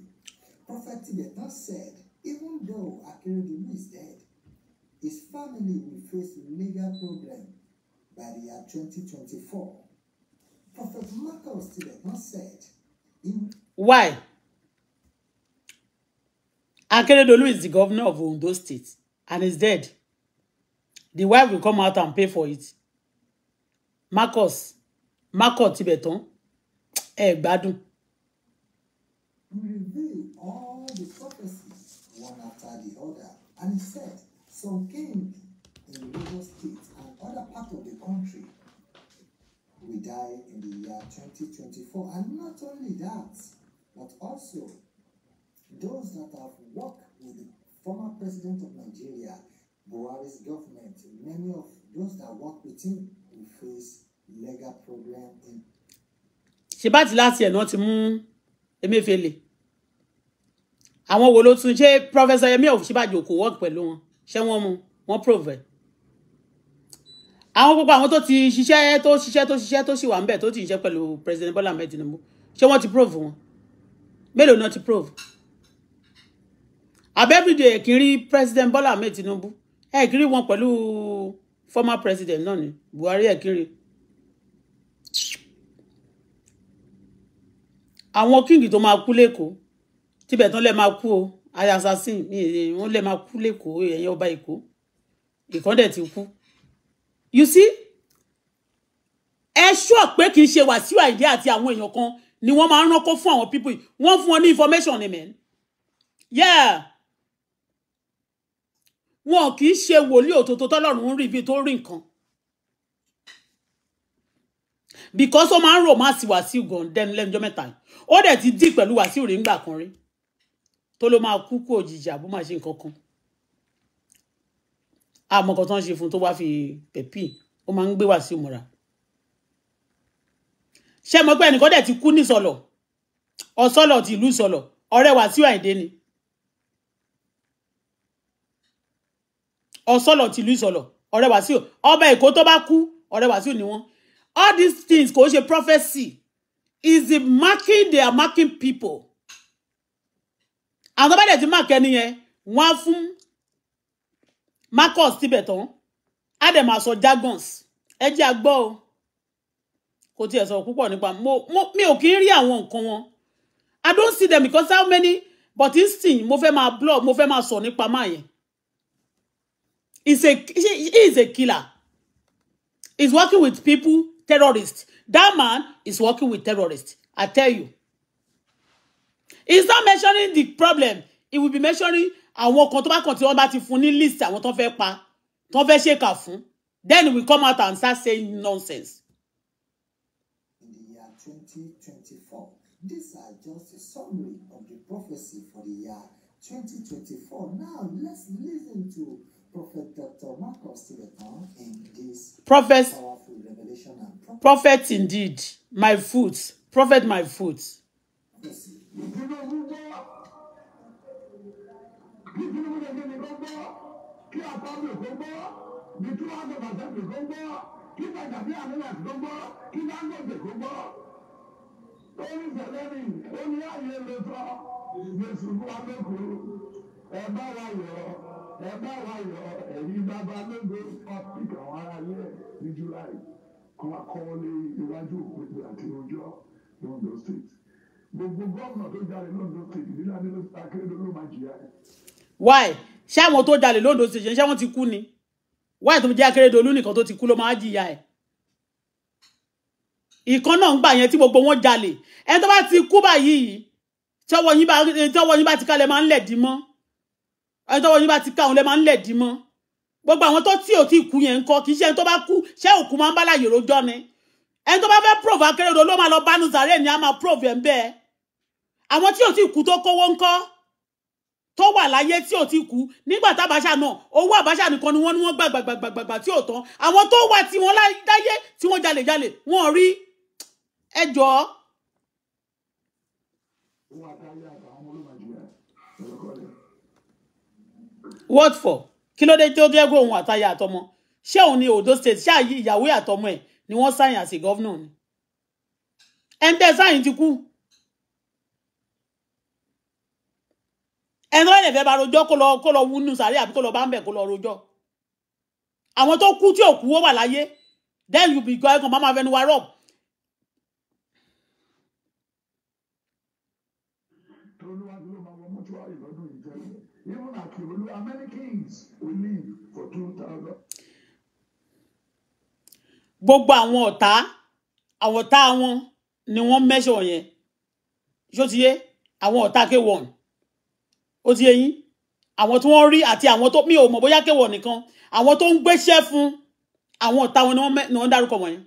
Prophet Tibeta said, even though Akeredolu is dead, his family will face legal problem by the year 2024. Prophet Marcus Tibeta said, Why? Akeredolu is the governor of Ondo State and is dead. The wife will come out and pay for it. Marcos, Marcus Tibeton, eh? Badu. some came in Lagos State and other parts of the country We die in the year 2024. And not only that, but also those that have worked with the former president of Nigeria, Buhari's government, many of those that work with him will face legal problem in. ṣe bá ti láti ẹ̀ náà ti mú Emefiele àwọn wo ló tún ṣe Professor Yemi Ọ̀ṣínbàjò kò work pẹ̀lú wọn ṣé wọ́n mú wọ́n prove àwọn gbogbo àwọn tó ti ṣiṣẹ́ tó ṣiṣẹ́ tó ṣiṣẹ́ tó ṣì wà ń bẹ̀ tó ti ṣiṣẹ́ pẹ̀lú president Bola Ahmed Tinubu ṣé wọ́n ti prove wọn mélòó náà ti prove abẹ́bìdè kiri president Bola Ahmed Tinubu ẹ̀ kiri wọn pẹ̀lú former president náà ni Buhari ẹ̀ kiri àwọn kíngì tó máa kú lẹ́kọ̀ọ́ tíbẹ̀ tán lẹ́ máa kú o ayasasin wọ́n lẹ́ máa kú lẹ́kọ̀ọ́ ẹ̀yìn ọba Èkó ìkọ́dẹ̀ ti kú you see ẹ ṣọ́ pé kì í ṣe Wàsíù Àyìndé àti àwọn èèyàn kan ni wọ́n máa ń ránkó fún àwọn people yìí wọ́n fún wọn ní information ni mẹ́rin yeah wọn kì í ṣe wòlíì òtòtò tọ́lọ́run ń rí ibi tó rí nǹkan because ó máa ń rò má sí Wàsíù gan dẹnu lẹ́nujọ́ mẹ́ta yìí ó dẹ̀ ti dì pẹ̀lú Wàsíù rí ńgbà kan rí tó ló máa kú kú òjijì àbó ṣe nǹkan kan àmọ́ kan tó ń ṣe fún tó wá fi pẹ̀pì ó máa ń gbé wá sí òmùra ṣé mo pé ẹnìkan dẹ̀ ti kú ní sọ̀lọ̀ ọ̀sọ̀lọ̀ ti ìlú sọ̀lọ̀ ọ̀rẹ́ Wàsíù Àyìndé ni ọ̀sọ̀lọ̀ ti ìlú sọ̀lọ̀ ọ̀rẹ́ Wàsíù ọba Èkó tó bá kú ọ̀rẹ́ Wàsíù ni wọ́n all these things kò ṣe prophecy is the marking they are marking people àwọn tó bá dẹ̀ ti mark ẹni yẹn wọ́n á fún marcus tibẹ̀ tán á dẹ̀ máa sọ jargons ẹ jẹ́ àgbọ́ o kò tiẹ̀ sọ̀rọ̀ púpọ̀ nípa mo mi ò kí ń rí àwọn nǹkan wọn i don't see them because how many but instinct mo fẹ́ máa blog mo fẹ́ máa sọ nípa máa yẹn he is a he is a killer he is working with people terrorists that man is working with terrorists i tell you he is not mentioning the problem he will be mentioning àwọn kan tó bá kàn tí wọ́n bá ti fún ní list àwọn tó fẹ́ pa tó fẹ́ ṣèkà fún then we come out and start saying nonsense. in the year twenty twenty four these are just a summary of the prophecy for the year 2024. now let's listen to prophet dr marcus tibetan in this prophet, powerful revelation and prophet. prophet indeed my foot prophet my foot. Yes kí Tinubu lè gbé kó gbọ́ kí àpamọ́ kó gbọ́ bí tí wọ́n gbọ́ bàtà kó gbọ́ kí bàtà bí àmúlà kó gbọ́ kí Dangote kó gbọ́. Orí sẹ̀lẹ́rì ó ní àyè lè sọ Jésù fún abẹ́kùn ẹ bá wa yọ̀ ẹ bá wa yọ̀ ẹ̀yin bàbá mẹ́gbẹ́ ọ̀pìk àwọn ará ilé ní July kan akọ́wọ́lé iwájú òpópó àti ọjọ́ London State. Gbogbo gómìnà tó jáde London State nílànà Akérèdọ́lù máa jìyà ẹ̀ why ṣé àwọn tó jalè lóńdó ṣèṣe ṣé wọ́n ti kú ni why tó jẹ́ akérèdọ́lù nìkan tó ti kú ló máa jìyà ẹ̀ ìkan náà ń gbà yẹn tí gbogbo wọn jalè ẹni tó bá ti kú báyìí tọ́wọ́ yín bá ti ká lẹ máa ń lẹ̀ dì mọ́ ẹni tọ́wọ́ yín bá ti ká òun lẹ máa ń lẹ̀ dì mọ́ gbogbo àwọn tó tí ò tí kú yẹn ń kọ kì í ṣe ẹni tó bá kú ṣé òkú máa ń bá láyè rojọ́ ni ẹni tó bá fẹ́ prove akérèdọ́lù ló máa lọ bánú sàárè ni a máa prove ẹ̀ ń bẹ́ẹ̀ àwọn tí ò tí kú tó kówó ń kọ́ tó wà láyé tí ò ti kú nígbà tábàṣà náà owó àbáṣà nìkan ni wọ́n ní wọ́n gbàgbàgbàgbàgbà tí ò tán àwọn tó wà tí wọ́n láyé tí wọ́n jalè jalè wọ́n rí ẹjọ́. what for kí ló dé tí ó dé ẹgbẹ́ òun àtàyà àtọmọ ṣé òun ni Ondo State ṣáà yí ìyàwó àtọmọ ẹ̀ ni wọ́n sáyìn àti gọ́vnà ni ẹ̀ńtẹ́ sáyìn ti kú. ẹni tó lè bá rojọ́ kó lọ kó lọ wúnú sàárẹ̀ àbí kó lọ bá ń bẹ̀ kó lọ rojọ́ àwọn tó kú tí ò kú ó wà láyé then you be going ẹ̀kan Mama fẹnu wa rọ̀. Even Akiolu, how many kings will live for two thousand? Gbogbo àwọn ọ̀tá àwọn ọ̀tá wọn ni wọ́n mẹ́ṣọ̀ yẹn. Ṣó ti yé? Àwọn ọ̀tá k ó ti yé àwọn tí wọ́n rí àti àwọn tó mi ò mọ̀ bóyá kéwọ̀ nìkan àwọn tó ń gbéṣẹ́ fún àwọn ọ̀tá wọn ni wọ́n dárúkọ wọ̀nyí.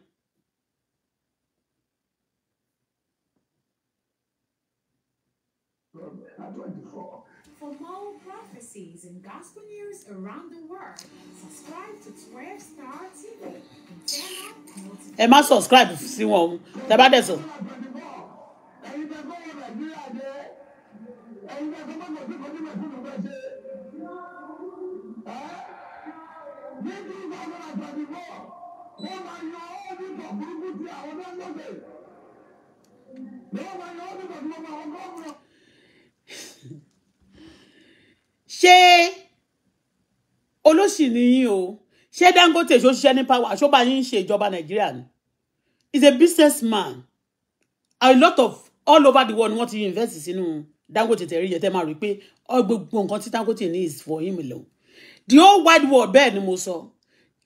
subscribe to 12 Star TV and turn Ẹ má subscribe sí wọn o, tẹ bá dẹ̀ sọ. ẹ̀yin bá sọ́kọ́ mọ̀ sí kọ́jú mọ̀ sí kò bẹ́ẹ̀ ṣe. ní two thousand and twenty four wọ́n máa yan ọ́dítọ̀ burúkú ti àwọn náà lọ́sẹ̀. ni wọ́n máa yan ọ́dítọ̀ tí wọ́n máa wọ́n gọ́ọ̀mù. ṣé olóṣì nìyí o ṣé Dangote ṣó ṣiṣẹ́ ní power ṣó bá yín ṣe ìjọba Nàìjíríà ni is a business man a lot of all over the world ni wọ́n ti invest sínú. Si Dangote tẹ̀rí yẹn tẹ́ máa rí pé gbogbo nǹkan tí Dangote ní is for him alone the whole wide world bẹ́ẹ̀ ni mo sọ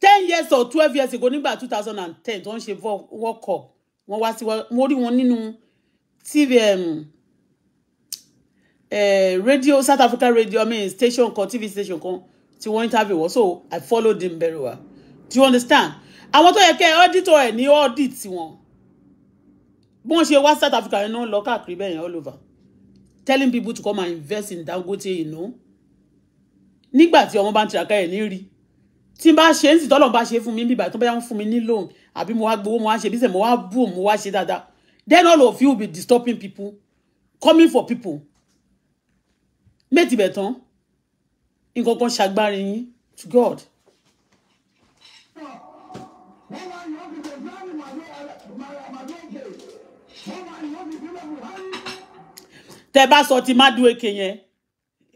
ten years or twelve years ago nígbà two thousand and ten tó ń ṣe world cup wọ́n wá sí mo rí wọn nínú tv um, uh, radio South Africa radio I mean station kan tv station kan tí wọ́n interview wọ́n so I followed him very well do you understand àwọn tó yẹ kẹ́ auditor ẹ̀ ní audit wọn bí wọ́n ṣe wá South Africa yẹn náà lọ káàkiri bẹ́ẹ̀ yẹn all over telling people to come and invest in Dangote you know nígbà tí ọmọ bá ń tiraka ẹ̀ ní rí tí n bá ṣe ń sì tọ́lọ̀ bá ṣe fún mi bíbá tó bá ń fún mi ní loan àbí mo wá gbowó mo wá ṣe bísẹ̀ mo wá bù mo wá ṣe dáadáa then all of you will be disturbing people coming for people méjì bẹ̀ tán nǹkan kan ṣàgbárin yín to God tẹ bá sọ ti Madueke yẹn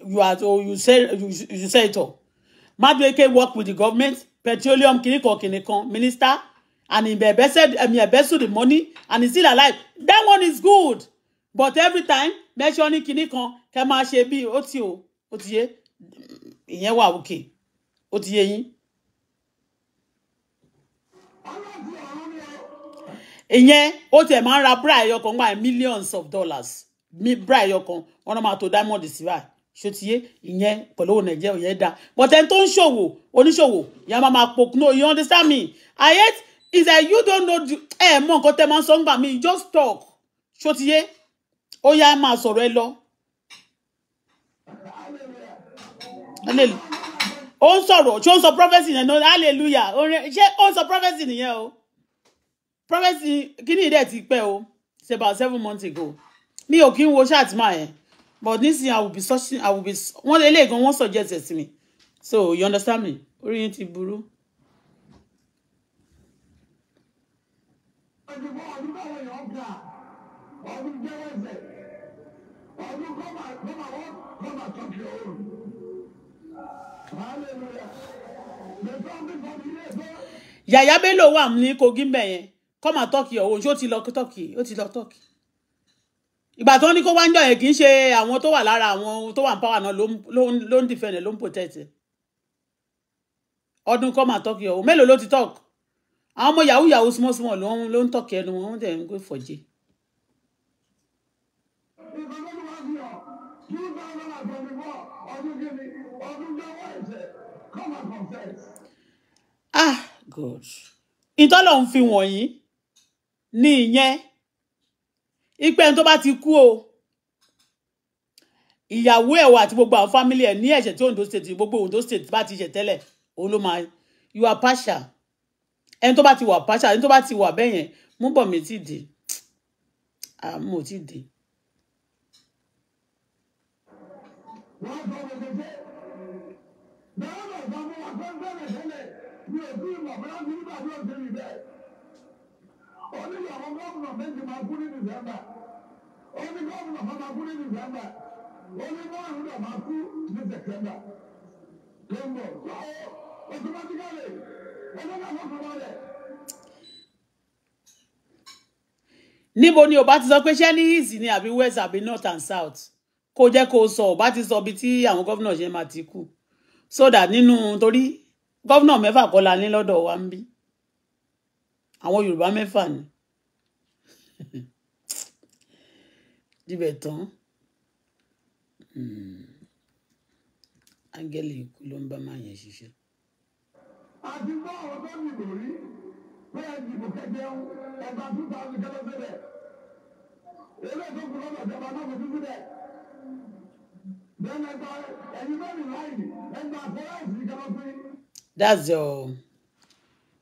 you are to you say you, you say it all Madueke work with the government petroleum kìnìkan kìnìkan minister and he embezzled he embezzled the money and he still alive that one is good but every time mentioning kìnìkan kẹ máa ṣe bí ó ti o ó ti yé ìyẹn wà òkè ó ti yé yín. ìyẹn ó tẹ̀ máa ń ra búra ẹ̀yọkàn gba millions of dollars bra ẹyọ kan wọn náà máa tó diamond sí báyìí ṣòtíyé ìyẹn pẹ̀lú owó nàìjíríà ìyẹn da. but ẹni tó ń ṣòwò oníṣòwò ìyá máa máa pokùn no you understand me i yet is that you don't know ẹ mọ nǹkan tẹ máa ń sọ ń gbà just talk ṣòtíyé ó yá máa sọ̀rọ̀ ẹ lọ. ó ń sọ̀rọ̀ ṣé ó ń prophecy yẹn náà hallelujah On ó ń sọ prophecy nìyẹn o prophecy kí ni ìdẹ̀ ti pẹ́ o it's about seven months ago mi ò kí ń wo ṣáàtì máa yẹn but nísìnyí i will be searching i will be wọ́n lé eléyìí gan wọ́n suggest ẹ̀ sí mi so you understand me orí yín ti burú. ọdún báwo yàn ọ́ gbà ọdún jẹ́wọ́ ẹ̀sẹ̀ ọdún kọ́mà kọ́mà wọ́n kọ́mà tọ́kì òun. hallelujah wà ní Kogi mbẹ̀ kọ́mà tọ́kì òun ṣé ó ti lọ tọ́kì ó ti lọ tọ́kì ìgbà tó ní kó wá ń jọ yẹn kì í ṣe àwọn tó wà lára àwọn tó wà ń pàwà náà ló ń defend ló ń protect ọdún kọ́ máa tọ́kì ọ̀hún mélòó ló ti tọ́k àwọn ọmọ yahoo yahoo small ló ń ló ń tọ́kì ẹnu wọn dẹ̀ ń gbé fọ̀jẹ̀. ah god ìtọ́lọ̀ ń fi wọ̀nyí ní ìyẹn ipe ẹni tó bá ti kú o ìyàwó ẹ̀ wà àti gbogbo àwọn fámílì ẹ̀ ní ẹ̀ṣẹ̀ tí Ondo state gbogbo Ondo state bá ti ṣẹ̀ tẹ́lẹ̀ òun ló máa you are partial ẹni tó bá ti wà partial ẹni tó bá ti wà bẹ́ẹ̀ yẹn mú bọ̀ mi ti dì mo ti dì. Báwo ni ọ̀gá mi wà pé ń bẹ̀rẹ̀ sílẹ̀ mi ò tí ì mọ̀ bóyá mi nígbà tí ó ti rí bẹ́ẹ̀ ó ní àwọn gómìnà méjì máa kú ní dìsẹ́mbà ó ní gómìnà kan kú ní dìsẹ́mbà ó ní náà máa kú ní sẹ̀tẹ́mbà tó ń bọ̀ báwo automatically ọjọ́ náà wọ́n fọwọ́ níbo ni o bá ti sọ pé ṣé ní east ni àbí west àbí north and south kó jẹ́ kó sọ ò bá ti sọ ibi tí àwọn gómìnà ṣe máa ti kú sódà nínú torí gómìnà mẹ́fà kọ́ la ní lọ́dọ̀ wa ń bí àwọn Yorùbá mẹ́fà ni dibẹ̀ tán hmm. áńgẹ́lì ikú ló ń bá máa yẹn ṣiṣẹ́. àti bá ọ̀rọ̀ mi lò rí bẹ́ẹ̀ dìbò kẹjẹun ẹgbà two thousand kẹlẹ́sẹ̀ rẹ̀ eré tó kù lọ́dọ̀ ìjọba náà kò dúdú dẹ̀ bẹ́ẹ̀ ni ẹgbà ẹ̀yin mẹ́rin láì ẹgbà fọ́láìsì kẹlẹ́sẹ̀. that's all.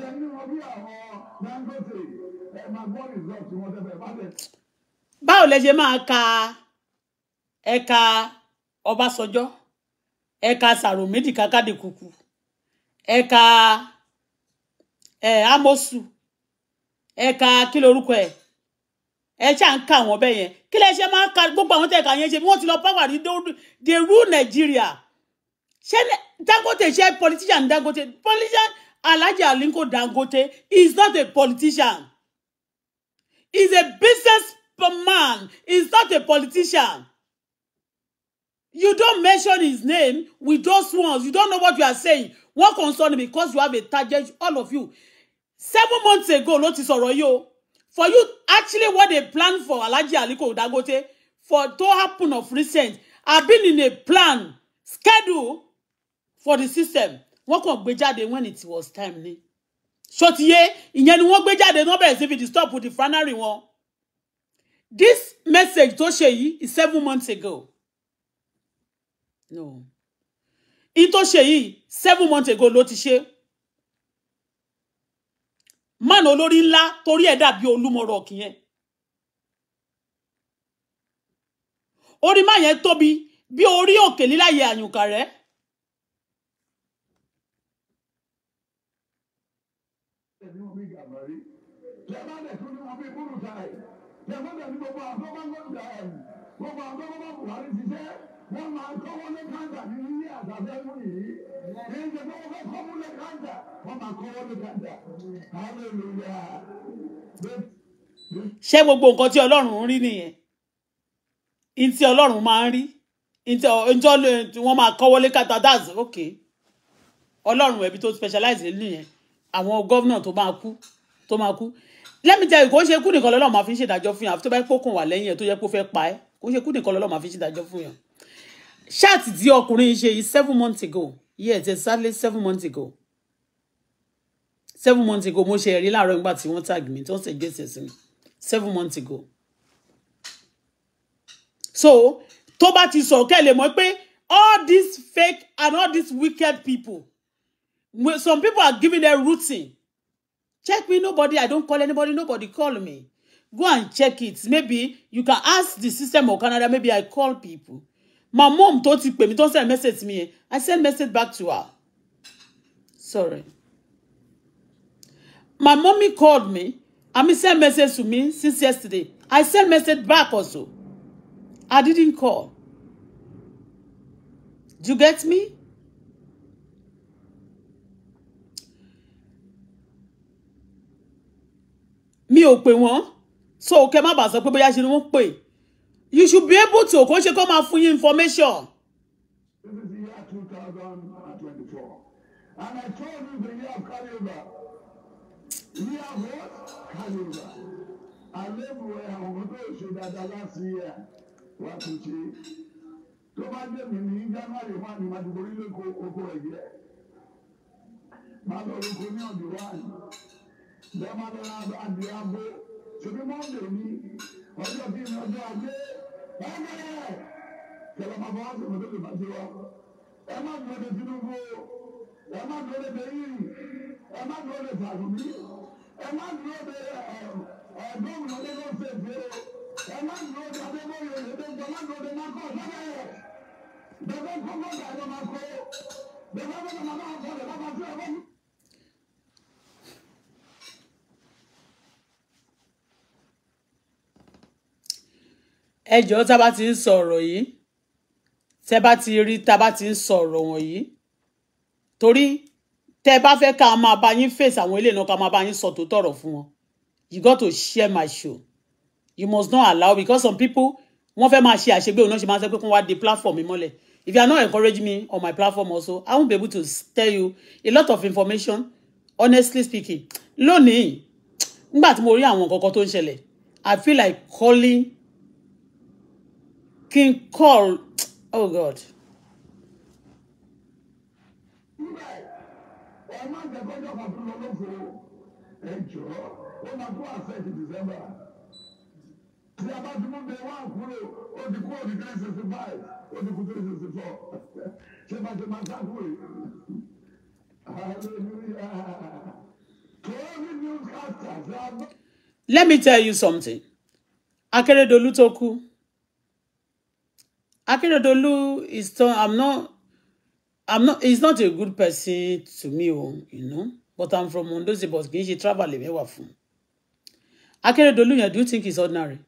lẹ́nu wọn bí àwọn Dangote ẹ máa gbọ́ result wọn tẹ́fẹ̀ bá báwo lẹ ṣe máa ka ẹ̀ka Ọbásanjọ́ ẹ̀ka Sàròmídì Kákàdékùkù ẹ̀ka Amosu ẹ̀ka kí lorúkọ ẹ̀ ẹ ṣáà ń ka wọ́n bẹ́ẹ̀ yẹn kí lẹ ṣe máa ka gbogbo àwọn tẹ̀ka yẹn ṣe bí wọ́n ti lọ power ní they rule Nigeria ṣé Dangote ṣe politician Dangote politician Alaji Alinko Dangote is not a politician. He's a businessman. He's not a politician. You don't mention his name with those ones. You don't know what you are saying. One concern because you have a target, all of you. Seven months ago, ló ti sọ̀rọ̀ yìí For you, actually, what they plan for Alaji Aliko Dangote for to happen of recent have been in a plan, schedule for the system wọ́n kàn gbé jáde when it was time ni ṣòtìyé ìyẹn ni wọ́n gbé jáde náà bẹ̀rẹ̀ sí fi disturb the franary wọn this message tó ṣe yìí is seven months ago no in tó ṣe yìí seven months ago ló ti ṣe man olórí ńlá torí ẹ̀ dàbí olúmọ̀rọ̀ kìyẹn orí má yẹn tóbi bí orí òkè líláyè àyùnkà rẹ̀. yàtọ̀ tẹ̀lé gbogbo àtọ́ bá ń gbọ́ gbogbo àtọ́ bá Buhari ṣiṣẹ́ wọ́n máa ń kọ́wọ́ lé káńtà ní ilé àtàfẹ́mú yìí ní ìjẹ́ tó wọ́n fẹ́ kọ́wọ́ lé káńtà wọ́n máa kọ́wọ́ lé káńtà hallelujah. ṣé gbogbo nǹkan tí Ọlọ́run rí nìyẹn ní tí Ọlọ́run máa ń rí ní tí wọ́n máa kọ́wọ́ lé káńtà that's okay Ọlọ́run ẹbí tó specialize nìyẹn àwọn gọ́vnà tó máa kú tó máa let me tell you kò ń ṣe kú nìkan lọ́lọ́ máa fi ń ṣèdájọ́ fún yàn àfi tó bá kókùn wà lẹ́yìn ẹ̀ tó yẹ kó fẹ́ pa ẹ́ kò ń ṣe kú nìkan lọ́lọ́ máa fi ń ṣèdájọ́ fún yàn. ṣáàtì tí ọkùnrin ṣe yìí seven months ago yes exactly seven months ago seven months ago mo ṣe ẹ̀rí láàárọ̀ nígbà tí wọ́n tag mi tó ń ṣègbè ṣèṣì mi seven months ago. so tó bá ti sọ̀rọ̀ kẹ́ ẹ pé all these fake and all these wicked people some people are giving them routine Check me, nobody. I don't call anybody. Nobody call me. Go and check it. Maybe you can ask the system of Canada. Maybe I call people. My mom told ti pè mí, tó send message to me. I send message back to her. Sorry. My mommy called me. I mean, send message to me since yesterday. I send message back also. I didn't call. Do you get me? mi ò pè wọ́n so kẹ má bàa sọ pé bóyá ṣe ni wọ́n pè you should be able to kó ṣe kó máa fún yín information. Tó bá dé mi ní January one ni Màdùgbò orílẹ̀-èdè oko ẹ̀jẹ̀. Màá lọ roko ní ọ̀dùn one bẹ́ẹ̀ máa lọ ra adìẹ abo ṣèbí mọ́ndé ní ọjọ́ bíi ní ọjọ́ ajé ẹgbẹ́ kẹlẹ́ máa bọ́ wá sí ọmọdé lùbá sí wa ẹ má dúró de Tinubu ẹ má dúró de bẹ́yìn ẹ má dúró de Fàlùmí ẹ má dúró de gómìnà lẹ́gbẹ́ fèfé ẹ má dúró de Adébóyè lẹ́gbẹ́ ẹ má dúró de Nàkọ́ sẹ́gbẹ́ bẹ́ẹ̀ kọ́kọ́ gbàdúrà máa kọ́ bẹ́ẹ̀ kọ́kọ́ gbàdúrà máa kọ́ lẹ́gbẹ́ máa tún ẹ̀ bọ́. ẹ jọ̀ọ́ tá a bá ti ń sọ̀rọ̀ yìí tẹ́ bá ti rí tá a bá ti ń sọ̀rọ̀ wọ̀nyí torí tẹ́ bá fẹ́ ká máa bá yín fèsì àwọn ilé náà ká máa bá yín sọ tó tọrọ fún wọn you got to share my show you must not allow because some people wọ́n fẹ́ máa ṣe àṣegbé òun náà ṣe máa ń sọ pé kí wọ́n wá de platform mi mọ́lẹ̀ if you are not encourage me on my platform also i won't be able to tell you a lot of information honestly speaking lónìí nígbà tí mo rí àwọn nǹkan tó ń ṣẹlẹ̀ i feel like calling kí n oh god. Let me tell you something Akérédolú tó kú. Akeredolu is not, I'm not, I'm not, he's not a good person to me, you know, but I'm from Ondo State, but kì í ṣe travel mi Akeredolu, yeah, do you think he's ordinary?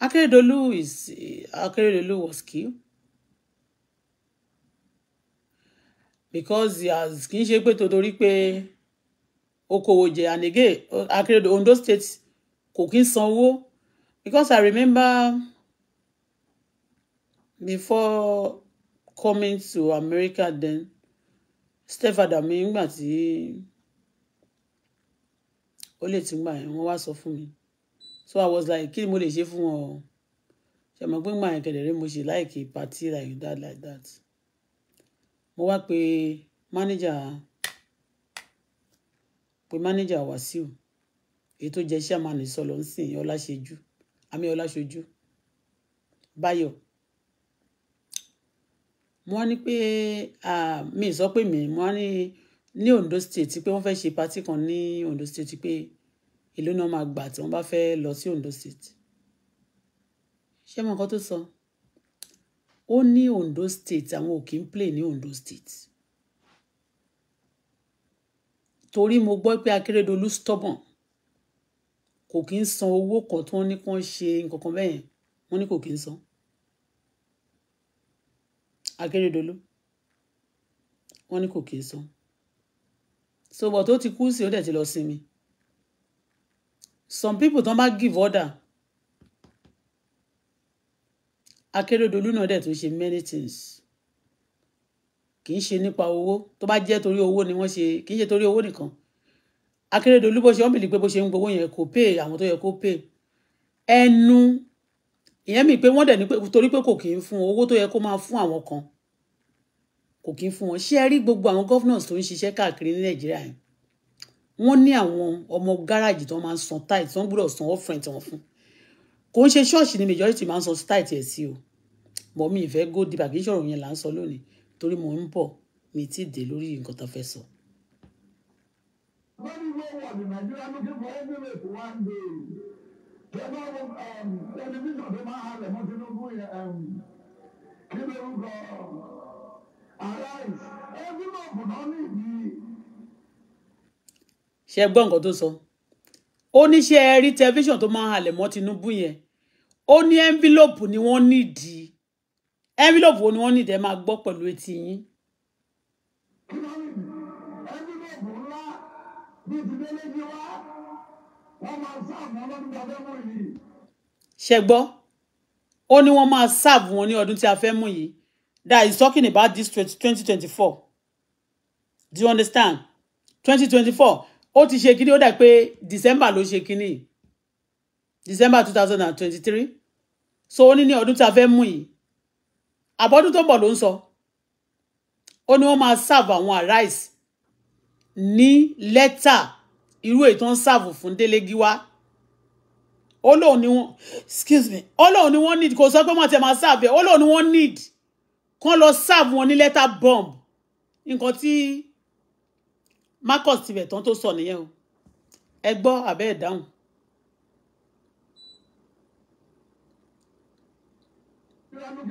Akeredolu is, Akeredolu was killed. because he has kì í ṣe pé torí pé okòwò jẹ and again Akeredolu Ondo State cooking kí ń because I remember before coming to America then stepfather mi ngbà tí ó lè ti gbà yẹn wọ́n wá sọ mi so I was like kí ni mo lè ṣe fún wọn o ṣe mọ̀ pé màá kẹlẹ̀rẹ́ mo ṣe láìkè party like that like that mo wá pe manager pe manager Wàsíù èyí tó jẹ́ sàmánì sọlọ ń sìn ọláṣẹjú àmì ọláṣojú Báyọ̀ mo wá ní pé mi sọ pé mi mo wá ní ní Ondo state pé wọ́n fẹ́ ṣe patí kan ní Ondo state pé ìlú náà máa gbà tí wọ́n bá fẹ́ lọ sí Ondo state ṣé mo nǹkan tó sọ ó ní Ondo state àwọn ò kí ń play ní Ondo state torí mo gbọ́ pé Akérédolú stubborn kò kí ń san owó kan tí wọ́n ní kí wọ́n ṣe nǹkan kan bẹ́ẹ̀ wọ́n ní kò kí ń san akérèdọ́lù wọ́n ní kò kí n san sobọ tó ti kú sí ó dẹ̀ ti lọ sinmi some people tán bá give order akérèdọ́lù náà dẹ̀ tó ṣe many things kì í ṣe nípa owó tó bá jẹ́ torí owó ni wọ́n ṣe kì í ṣe torí owó nìkan akérèdọ́lù bó ṣe wọ́n bìlì pé bó ṣe ń gbowó yẹn kò pay àwọn tó yẹ kó pay ẹnu ìyẹn mi pé wọ́n dẹ̀ ní pé torí pé kò kì í fún owó tó yẹ kó máa fún àwọn kan kò kì í fún wọn ṣé ẹ rí gbogbo àwọn governors tó ń ṣiṣẹ́ káàkiri ní nàìjíríà yẹn wọ́n ní àwọn ọmọ gáràjì tó máa ń san tithe tó ń gbúdọ̀ san offering tí wọ́n fún kò ń ṣe ṣọ́ọ̀ṣì ni majority máa ń san tithe ẹ̀ sí o mọ̀ mi ìfẹ́ go deep àbí ìṣòro yẹn là ń sọ lónìí torí mo ń bọ̀ mi ti dé lórí nǹkan tó fẹ́ sọ. very well wà ní nàìjíríà lókè for every way tẹ̀lé ọ̀hún um, ẹni bísọ̀ tó máa halẹ̀ mọ́ Tinubu yẹ kí ló ń kọ́ arise envelope náà ní ìdí. ṣe gbọ́ nǹkan tó sọ ó ní ṣe ẹ rí tẹlifíṣàn tó máa halẹ̀ mọ́ Tinubu yẹn ó ní envelope ni wọ́n nídìí envelope ni wọ́n nídìí ẹ máa gbọ́ pẹ̀lú etí yín. kí ló ń envelope ńlá bíi ti délé ní wá wọ́n máa sáàbù wọn lọ́dún tí a fẹ́ mú yìí. ṣe gbọ́ ó ní wọ́n máa sáàbù wọn ní ọdún tí a fẹ́ mú yìí that is talking about this twenty twenty four do you understand twenty twenty four ó ti ṣe kíní ó dà pé december ló ṣe kíní december two thousand and twenty three so ó ní ní ọdún tí a fẹ́ mú yìí àbọ̀dún tó ń bọ̀ ló ń sọ ó ní wọ́n máa sáàbù àwọn arise ní lẹ́tà irú èyí tó ń sàvù fún Délé Gíwá ó lóun ni wọ́n excuse me ó lóun ni wọ́n need kò sọ pé wọ́n ti máa sàvù ẹ̀ ó lóun ni wọ́n need kán lọ sàvù wọn ní lẹ́tà bomb nǹkan tí Marcus ti bẹ̀ tán tó sọ nìyẹn o ẹ gbọ́ àbẹ́ ẹ̀ dáhùn. tẹ́lá ẹni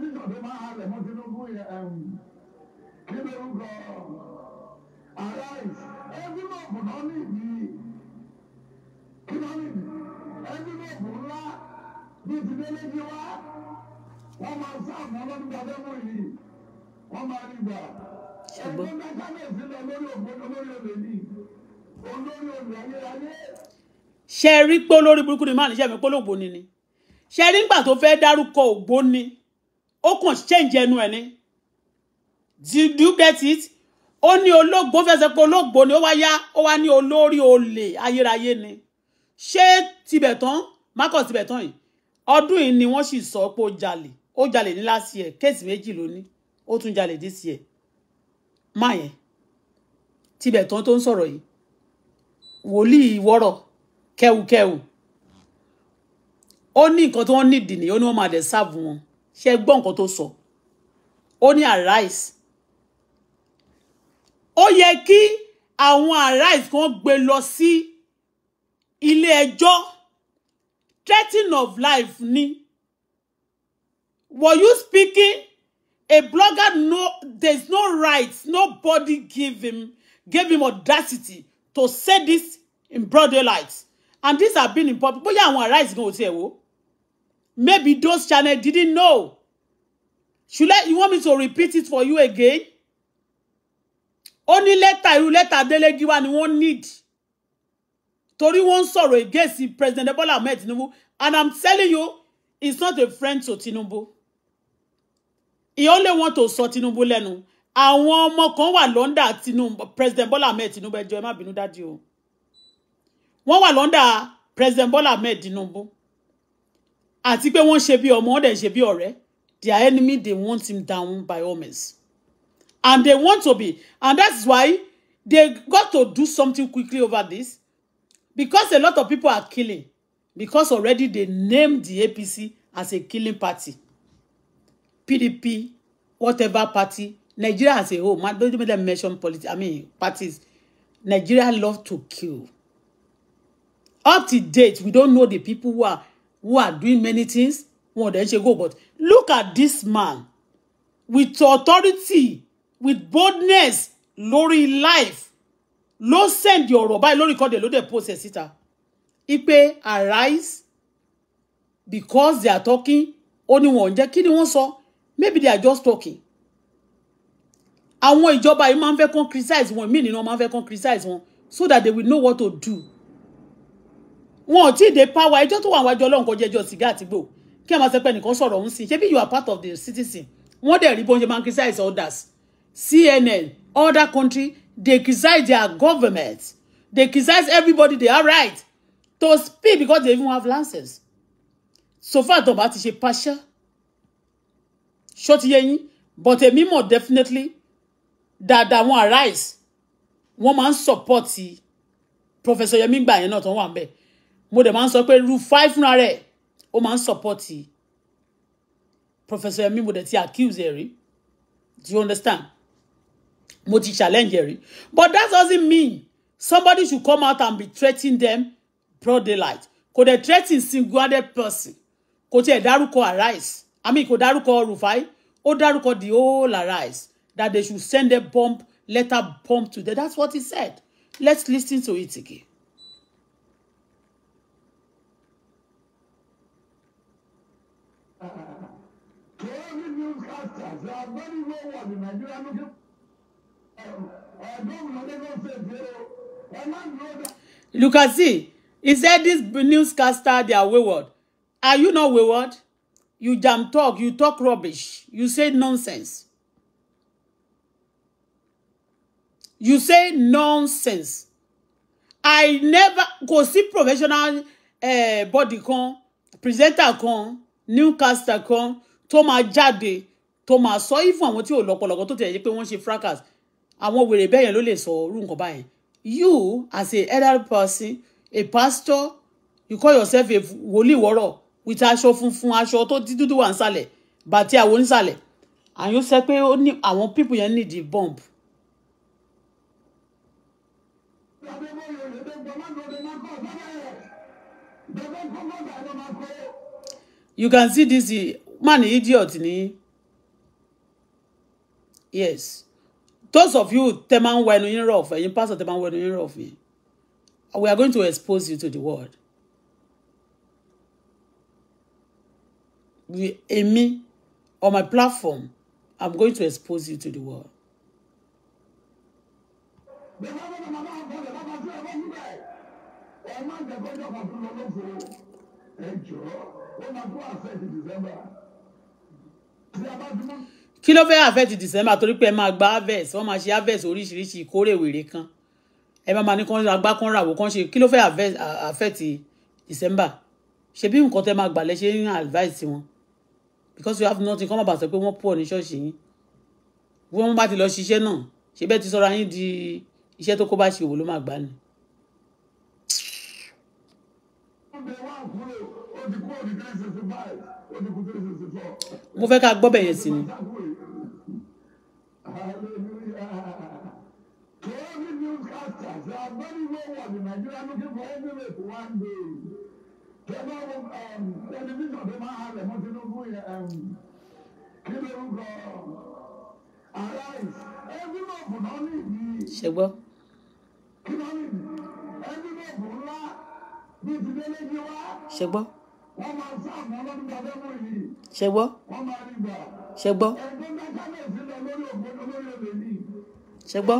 bí sọ̀tún halẹ̀ mọ́ Tinubu yẹn níbi orúkọ arise envelope náà nìbí kí náà nìbí envelope ńlá bíi ti délé jí wá wọ́n máa sáàmù ọlọ́dún gbàgbé mú yìí wọ́n máa rí gbà ẹgbẹ́ mẹ́tàlẹ́sì lọ lórí olórí olè ní olórí olè ayérayé. ṣe rí pé olórí burúkú ni máa níṣẹ́ mi polówó ni ni ṣe rí nígbà tó fẹ́ dárúkọ ògbóni ó kàn ṣẹ́ǹjẹ̀ ẹnu ẹ̀ ni do you get it ó ní olóògbó fẹsẹ̀ pé olóògbó ni ó wá yá ó wá ní olórí olè ayérayé ni ṣé tibẹ̀ tán marcus tibẹ̀ tán yìí ọdún yìí ni wọ́n sì sọ pé ó jalè ó jalè ní last year kéèsì méjì ló ní ó tún jalè this year má yẹn tibẹ̀ tán tó ń sọ̀rọ̀ yìí wòlíì ìwọ́rọ̀ kẹwùkẹwù ó ní nǹkan tí wọ́n nídìí ni ó ní wọ́n máa dẹ̀ sáàbù wọn ṣe gbọ́ nǹkan tó sọ ó ní arise ó yẹ kí àwọn arise kan gbé lọ sí ilé ẹjọ́ threatening of life ni were you speaking a blogger no there is no right nobody give him gave him audacity to say this in broad daylight and this have been in public bóyá àwọn arise gan ò tiẹ̀ wò maybe those channel didn't know should I you want me to repeat it for you again ó ní lẹ́tà irú lẹ́tà Adélégiwá ni wọ́n need torí wọ́n ń sọ̀rọ̀ against President Bola Ahmed Tinubu and I'm telling you he's not a friend to Tinubu he only want to sọ Tinubu lẹ́nu àwọn ọmọ kan wà lọ́ndà Tinubu President Bola Ahmed Tinubu ẹjọ́ ẹ má bínú dájú o wọ́n wà lọ́ndà President Bola Ahmed Tinubu àti pé wọ́n ṣe bí ọmọ ọ̀dẹ̀ ṣe bí ọ̀rẹ́ their enemy they want him down by all means and they want to be. And that's why they got to do something quickly over this because a lot of people are killing because already they named the APC as a killing party. PDP, whatever party, Nigeria as a whole, man, don't even mention politics, I mean parties. Nigeria love to kill. Up to date, we don't know the people who are who are doing many things. Well, then she go, but look at this man with authority with boldness lórí life ló send ọ̀rọ̀ báyìí lórí kọ́dẹ̀ ló dẹ̀ post ẹ̀ síta ipe arise because they are talking ó ní wọn ò jẹ́ kí ni wọ́n sọ maybe they are just talking àwọn ìjọba yìí máa ń fẹ́ kàn criticize wọn míì nínú wọn máa ń fẹ́ kàn criticize wọn so that they will know what to do wọn ò tí ì dé power ẹjọ́ tó wà wájú ọlọ́run kọjá ẹjọ́ sìgá àtìgbò kí ẹ máa sọ pé ẹnìkan sọ̀rọ̀ òun sí ṣé bí you are part of the citizen wọ́n dẹ̀ rí bó ń ṣe máa ń criticize others CNN, other country, they criticize their government. They criticize everybody they are right to speak because they even have lances. So far, the bá is ṣe partial. Ṣó ti but èmi mọ̀ definitely that that wọ́n arise. Wọ́n máa ń support Professor Yemi you're not on one bed. More bẹ̀. Mo support máa five sọ pé Rufai fúnra he. Professor Yemi mo dẹ̀ ti accuse Do you understand? mo ti challenge rí but that doesn't mean somebody should come out and be threatening them broad daylight kò dẹ̀ threatening single-handed person kò tiẹ̀ dárúkọ arise i mean kò dárúkọ Rufai ó dárúkọ the whole arise that they should send a bomb letter bomb to them that's what he said let's listen to it again. Nigerian newscasters in Nigeria looking You can see, he said this newscaster, they are wayward. Are you not wayward? You jam talk, you talk rubbish, you say nonsense. You say nonsense. I never go see professional eh, body kan presenter con newscaster kan tó máa jáde tó máa sọ ìfún àwọn tí ò lọ́pọ̀lọpọ̀ tó tẹ̀lé pé wọ́n ṣe fracas àwọn wèrè bẹ́ẹ̀ yẹn ló lè sọ orú nǹkan báyìí you as a elder person a pastor you call yourself a wòlíì wọ́rọ̀ with aṣọ funfun aṣọ tó dúdú wà nísàlẹ̀ bàtí àwọn onísàlẹ̀ àyùn sọ pé àwọn people yẹn need the bomb. you can see this man idiot ni yes those of you tẹ́ máa ń wá ẹnu yín rọ̀f ẹ̀yin pásọ̀ tẹ́ máa ń wá ẹnu yín rọ̀f yẹn we are going to expose you to the world. Èmi on my platform I'm going to expose you to the world. Ẹ jọ̀ọ́, ó máa kó àṣẹ ti December. Tí a bá dúró kí ló fẹ́ affect december torí pé ẹ máa gba harvest wọ́n máa ṣe harvest oríṣiríṣi ìkórè wèrè kan ẹ máa máa ní kán agbá kan ràwọ̀ kan ṣe kí ló fẹ́ affect december ṣebí nǹkan tẹ́ máa gbàlẹ́ ṣe ń advice wọn because you have nothing kọ́ máa bàtọ́ pé wọ́n pọ̀ ní ṣọ́ọ̀ṣì yín wọ́n bá ti lọ ṣiṣẹ́ náà ṣe bẹ́ẹ̀ ti sọ́ra yín di iṣẹ́ tó kó bá ṣe òwò ló máa gbà ni. mo fẹ́ ká gbọ́ bẹ̀yẹn sí ni. Hallelujah. To every newscasters, there are very well ones in Nigeria looking for every week one day. Tẹ́lá wo tẹlifíṣàn tó máa halẹ̀ mọ́ Tinubu yẹn kí ló ń kọ́ Arise every month náà ní ìdí. Ṣègbọ́. Kí náà ní ìdí? Every month ńlá bíi ti ní wá. Ṣègbọ́. Wọ́n máa ń sáàmù ọlọ́dún tó fẹ́ mú yìí. Ṣègbọ́. Wọ́n máa ń gbà ṣe gbọ́. ṣe gbọ́.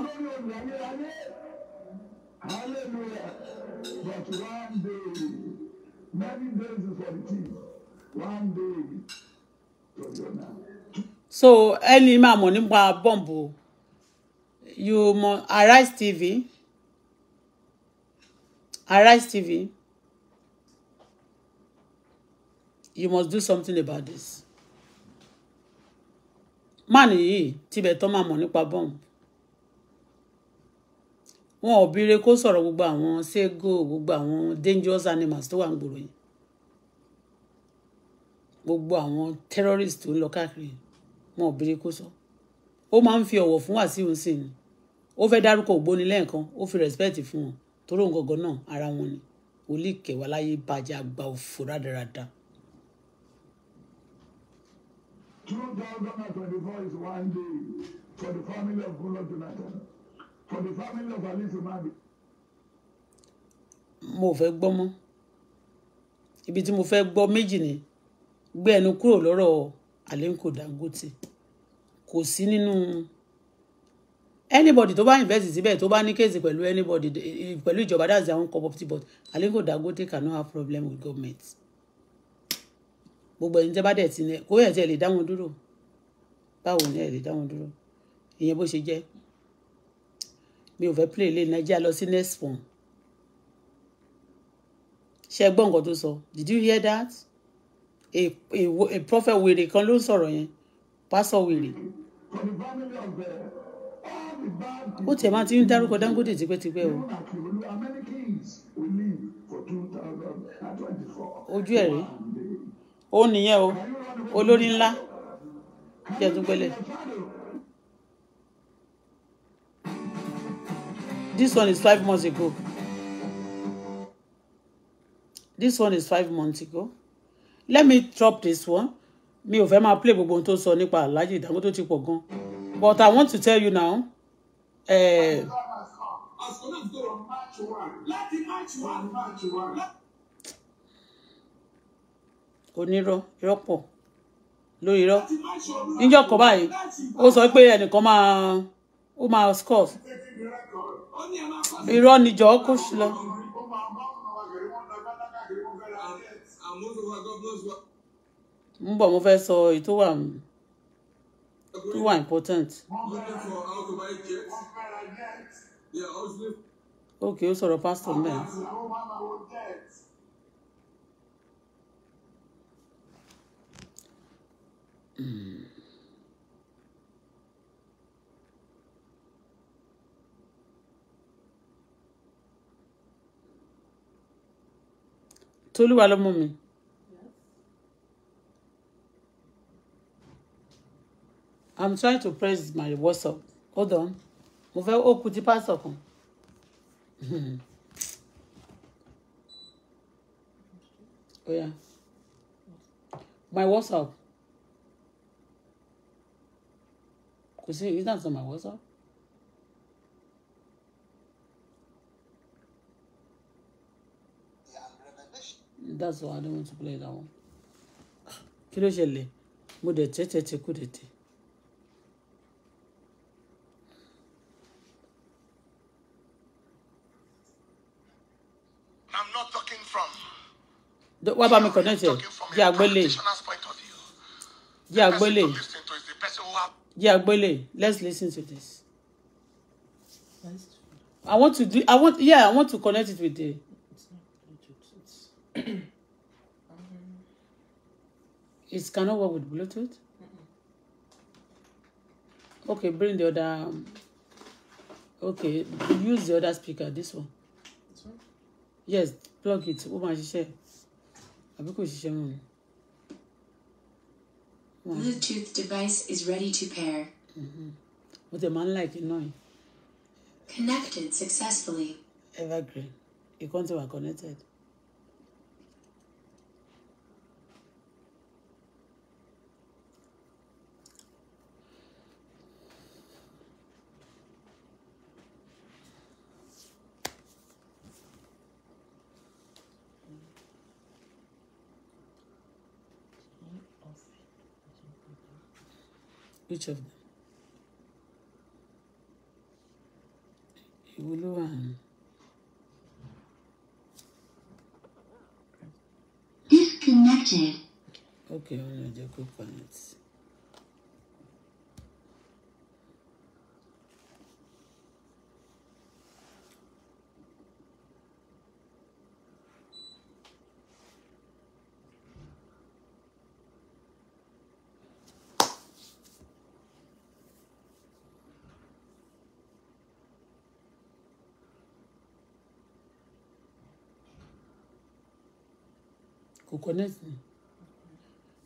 so ẹni máa mọ̀ nípa bọ́ǹbù you mọ Arise TV Arise TV you must do something about this man yìí tibẹ̀ tán máa mọ̀ nípa bomb wọn ò bire kó sọ̀rọ̀ gbogbo àwọn sego gbogbo àwọn dangerous animals tó wà ń gbòòrò yìí gbogbo àwọn terrorist tó ń lọ káàkiri wọn ò bire kó sọ ó máa ń fi ọ̀wọ̀ fún Wàsíù sí ni ó fẹ́ dárúkọ ògbóni lẹ́ẹ̀kan ó fi respect fún wọn torí òun náà ara wọn ni olíkẹwàá láyé bàjẹ́ àgbà òfò rádaràda. Rada 2024 is one day for the family of Goodluck Jonathan, for the family of Alice Mabi. Mo fẹ́ gbọ́ mọ́. Ibi tí mo fẹ́ gbọ́ méjì ni gbé ẹnu kúrò lọ́rọ̀ Aliko Dangote. Kò sí nínú anybody tó bá invest síbẹ̀ tó bá ní kéèsì pẹ̀lú anybody pẹ̀lú ìjọba dáàzì àwọn corrupt but Aliko Dangote cannot have problem with government gbogbo ẹni tẹ́ bá dẹ̀ ti ní kó yẹ tí ẹ lè dá wọn dúró báwo ni ẹ lè dá wọn dúró ìyẹn bó ṣe jẹ́ mi ò fẹ́ play lé nàìjíríà lọ sí next form ṣe gbọ́ nǹkan tó sọ did you hear that a a a prophet wèrè kan ló ń sọ̀rọ̀ yẹn pásọ wèrè ó tiẹ̀ máa ti ń dárúkọ Dangote tipẹ́tipẹ́ o ojú ẹ̀ rí ó nìyẹn o olórí ńlá jẹ́ tún gbélé. This one is five months ago. This one is five months ago. Let me drop this one. Mi ò fẹ́ máa play gbogbo ohun tó sọ nípa Alhaji Dangote tó ti pọ̀ gan. But I want to tell you now. Uh, láti máàcì wà láti máàcì wà láti. oniro yopo lori ro injo bayi o so pe enikan ma o ma scores iro ni jo ko shlo mbo fe so e wa important okay o soro pastor nbe Tolu, Tolúwa ló mú mi. I'm trying to press my WhatsApp. Hold on. Mo fẹ́ ó kú ti pásọ̀ kan. Oya. My WhatsApp. kò sí it's not on my WhatsApp. that's why I don't want to play that one. kí ló ṣẹlẹ̀ mo dẹ̀ tẹ́tẹ́ tẹ́ kú dẹ̀ I'm not talking from. Wá bá about me, ẹ̀ Yeah, àgbélé Yeah, àgbélé. Yeah, Bele, let's listen to this. I want to do. I want. Yeah, I want to connect it with the. It's not Bluetooth. it cannot work with Bluetooth. Okay, bring the other. Um, okay, use the other speaker. This one. This one. Yes, plug it. Ó máa ṣiṣẹ́. Àbí kò ṣiṣẹ́ mọ́ ni. Bluetooth device is ready to pair. Mm-hmm. Mo tẹ̀ máa ń láìkí náà yìí. Connected successfully. Evergreen. you Ìkọ́ntẹ̀ wà connected. Which of them? Disconnected. Okay, ọ̀nà ìjẹ́ kó connect. connect ni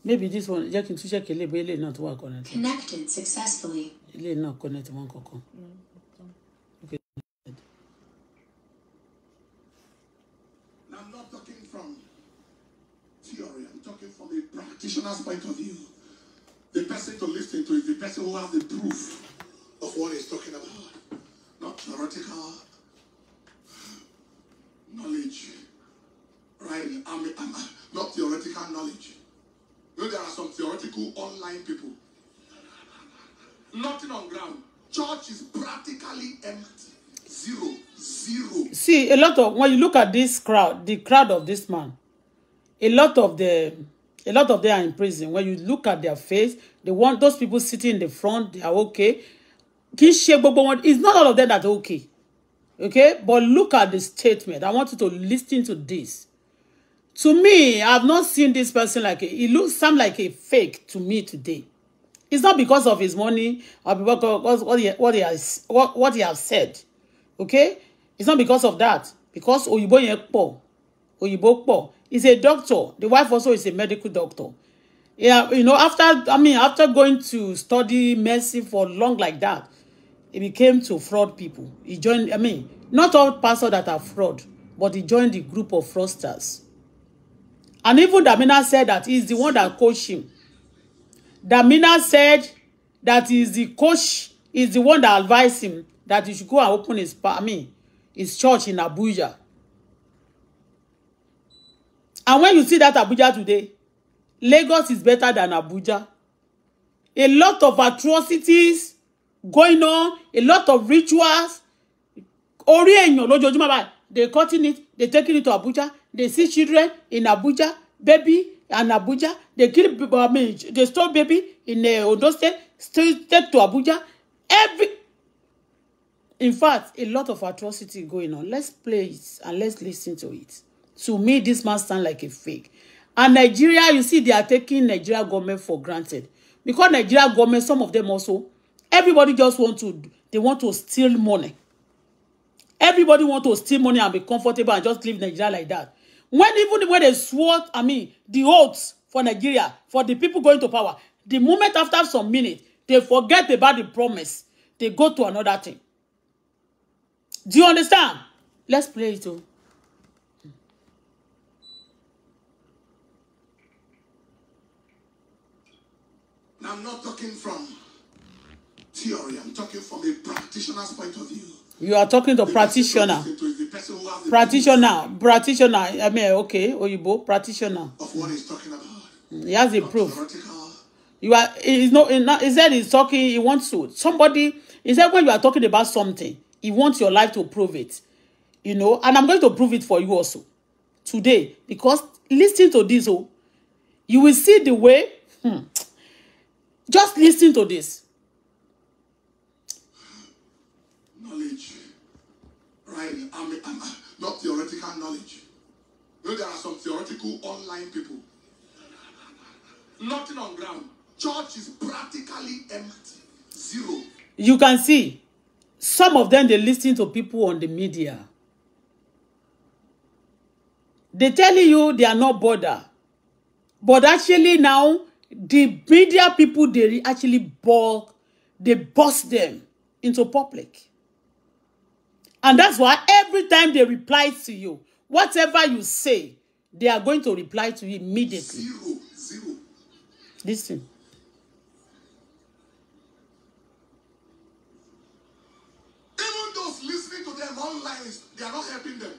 maybe this one jẹ́ kí n tún ṣẹ̀kẹ́ lébo ilé náà tó wà connect. connected successfully. ilé náà connect wọn kankan. I'm not talking from theory. I'm talking from a practitioner's point of view. The person to listen to is the person who has the proof of what he's talking about. Not theoretical knowledge. Right? I'm, I'm, not theoretical knowledge. You know, there are some theoretical online people. Nothing on ground. Church is practically empty. Zero. Zero. See, a lot of when you look at this crowd, the crowd of this man, a lot of the a lot of them are in prison. When you look at their face, they want those people sitting in the front, they are okay. Kì It's not all of them that are okay. Okay? But look at the statement. I want you to listen to this to me, I've not seen this person like a, he looks some like a fake to me today. It's not because of his money or because what he what he has what, what he has said. Okay? It's not because of that. Because Oyibo yẹn Oyibo Òyìnbó is a doctor. The wife also is a medical doctor. Yeah, you know, after I mean, after going to study medicine for long like that, he became to fraud people. He joined, I mean, not all pastors that are fraud, but he joined the group of fraudsters. And even Damina said that he's the one that coached him. Damina said that he's the coach, is the one that advised him that he should go and open his, I mean, his church in Abuja. And when you see that Abuja today, Lagos is better than Abuja. A lot of atrocities going on, a lot of rituals. Orí èèyàn lójoojúmọ́ báyìí, they cutting it, they taking it to Abuja, They see children in Abuja, baby in Abuja. They kill people, I mean, they stole baby in uh, Ondo State, state to Abuja. Every, in fact, a lot of atrocity going on. Let's play it and let's listen to it. To me, this man sound like a fake. And Nigeria, you see, they are taking Nigeria government for granted. Because Nigeria government, some of them also, everybody just want to, they want to steal money. Everybody want to steal money and be comfortable and just leave Nigeria like that. When even when they swore, I mean, the oaths for Nigeria, for the people going to power, the moment after some minutes, they forget about the promise. They go to another thing. Do you understand? Let's play it too. Oh. I'm not talking from theory. I'm talking from a practitioner's point of view. You are talking to practitioner. Practitioner, practitioner. I mean, okay, Oyibo, practitioner. Of what he's talking about. He has the proof. You are. He's no. He said he's talking. He wants to. Somebody. He said when you are talking about something, he wants your life to prove it. You know, and I'm going to prove it for you also today because listen to this. Oh, you will see the way. Hmm, just listen to this. I mean, I'm, not theoretical knowledge. You know, there are some theoretical online people. Nothing on ground. Church is practically empty. Zero. You can see some of them they listen to people on the media. They tell you they are not bothered. But actually now, the media people, they actually bug, they bust them into public. And that's why every time they reply to you, whatever you say, they are going to reply to you immediately. Zero, zero. Listen. Even those listening to them online, they are not helping them.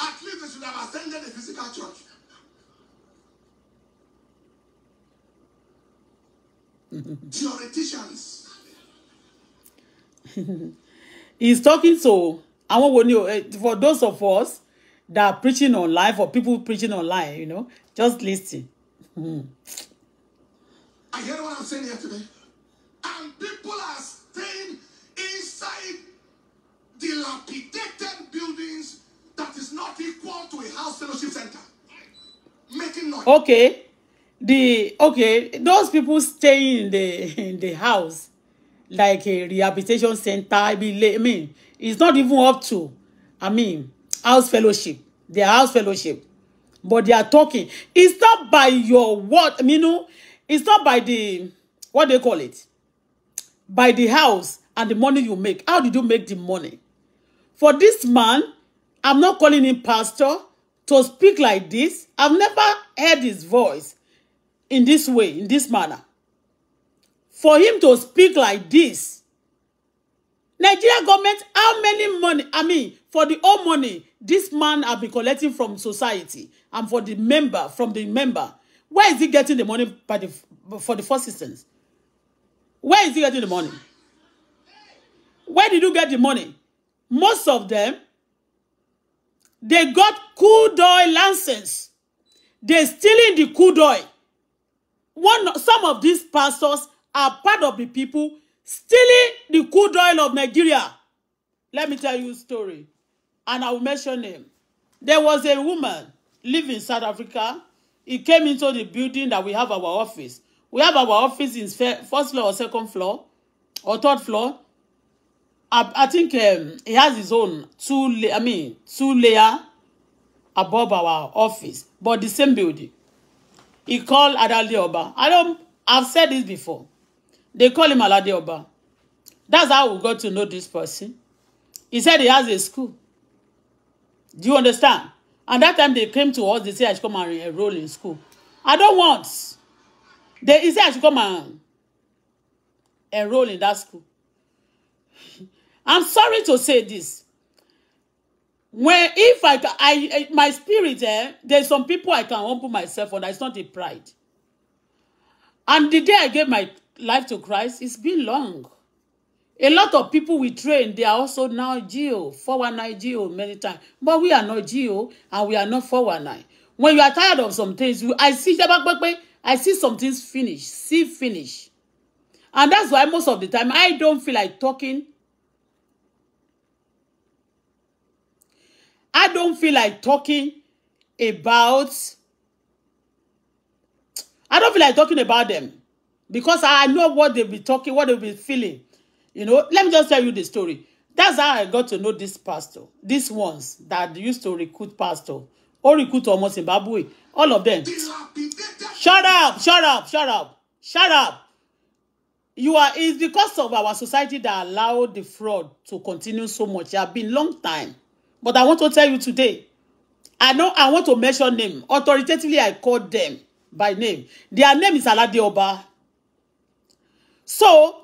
At least they should have attended a physical church. Theoreticians. He's talking to àwọn wo ni o eh, for those of us that are preaching online for people preaching online you know just listen. Hmm. I hear what I'm saying here today and people are staying inside dilapidated buildings that is not equal to a house fellowship center making noise. okay the okay those people staying in the in the house like a rehabilitation center i mean it's not even up to i mean house fellowship their house fellowship but they are talking it's not by your word I mean, no, it's not by the what they call it by the house and the money you make how did you make the money for this man i'm not calling him pastor to speak like this i've never heard his voice in this way in this manner for him to speak like this Nigeria government, how many money, I mean, for the whole money this man have been collecting from society and for the member, from the member, where is he getting the money by the, for the first instance? Where is he getting the money? Where did you get the money? Most of them, they got crude oil license. They're stealing the crude oil. One, some of these pastors are part of the people stealing the crude oil of Nigeria. Let me tell you a story, and I will mention him. There was a woman living in South Africa. He came into the building that we have our office. We have our office in first floor or second floor or third floor. I, I think um, he has his own two, I mean, two layer above our office, but the same building. He called Adali Oba. I don't, I've said this before. They call him Alade Oba. That's how we got to know this person. He said he has a school. Do you understand? And that time they came to us, they said I should come and enroll in school. I don't want. They he said I should come and enroll in that school. I'm sorry to say this. When if I I, I my spirit, eh, there's some people I can humble myself on. It's not a pride. And the day I gave my life to Christ, it's been long. A lot of people we train, they are also now GO, 419 geo many times. But we are not geo, and we are not 419. When you are tired of some things, I see I see some things finish, see finish. And that's why most of the time I don't feel like talking. I don't feel like talking about I don't feel like talking about them because I know what they be talking, what they be feeling. You know, let me just tell you the story. That's how I got to know this pastor, these ones that used to recruit pastor or recruit ọmọ Zimbabwe, all of them. Shut up, shut up, shut up, shut up. You are, it's because of our society that allowed the fraud to continue so much. It has been long time. But I want to tell you today, I know I want to mention name. Authoritatively, I called them by name. Their name is Aladeoba. Oba. So,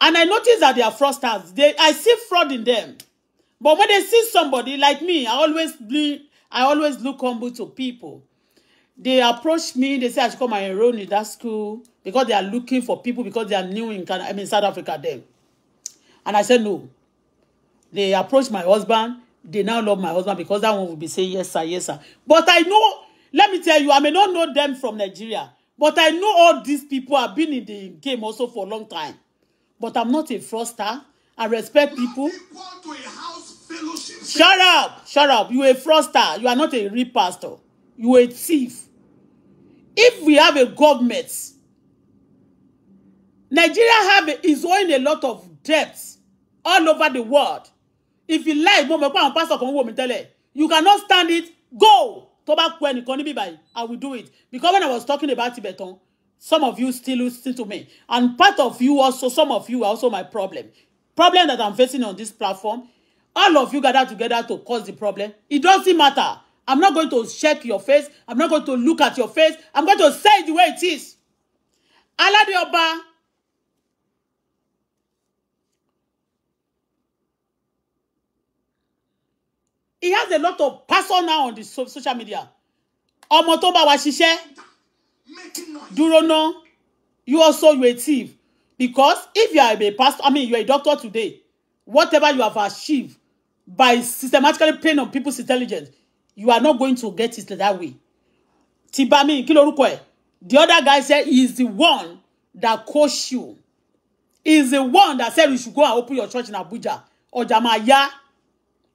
and I notice that they are fraudsters. They, I see fraud in them. But when they see somebody like me, I always be, I always look humble to people. They approach me, they say I should come and enroll in that school because they are looking for people because they are new in Canada, I mean South Africa then. And I said no. They approach my husband. They now love my husband because that one will be saying yes sir, yes sir. But I know, let me tell you, I may not know them from Nigeria. But I know all these people have been in the game also for a long time. But I'm not a fraudster. I respect people. Shut up! Shut up! You a fraudster. You are not a real pastor. You a thief. If we have a government, Nigeria have a, is owing a lot of debts all over the world. If you lie, You cannot stand it. Go! tó bá ku ẹnìkan níbí báyìí i will do it because when i was talking about Tibetan some of you still listen to me and part of you also some of you are also my problem problem that i'm facing on this platform all of you gather together to cause the problem it doesn't matter i'm not going to check your face i'm not going to look at your face i'm going to say it the way it is alade ọba he has a lot of person now on the so social media ọmọ tó bá wa ṣiṣẹ́ dúró ná you also you a thief because if you are a pastor i mean you are a doctor today whatever you have achieved by systematically playing on people's intelligence you are not going to get it that way tibami kí lorúkọ ẹ the other guy said he is the one that coach you he is the one that said you should go and open your church in Abuja ọjà máa yá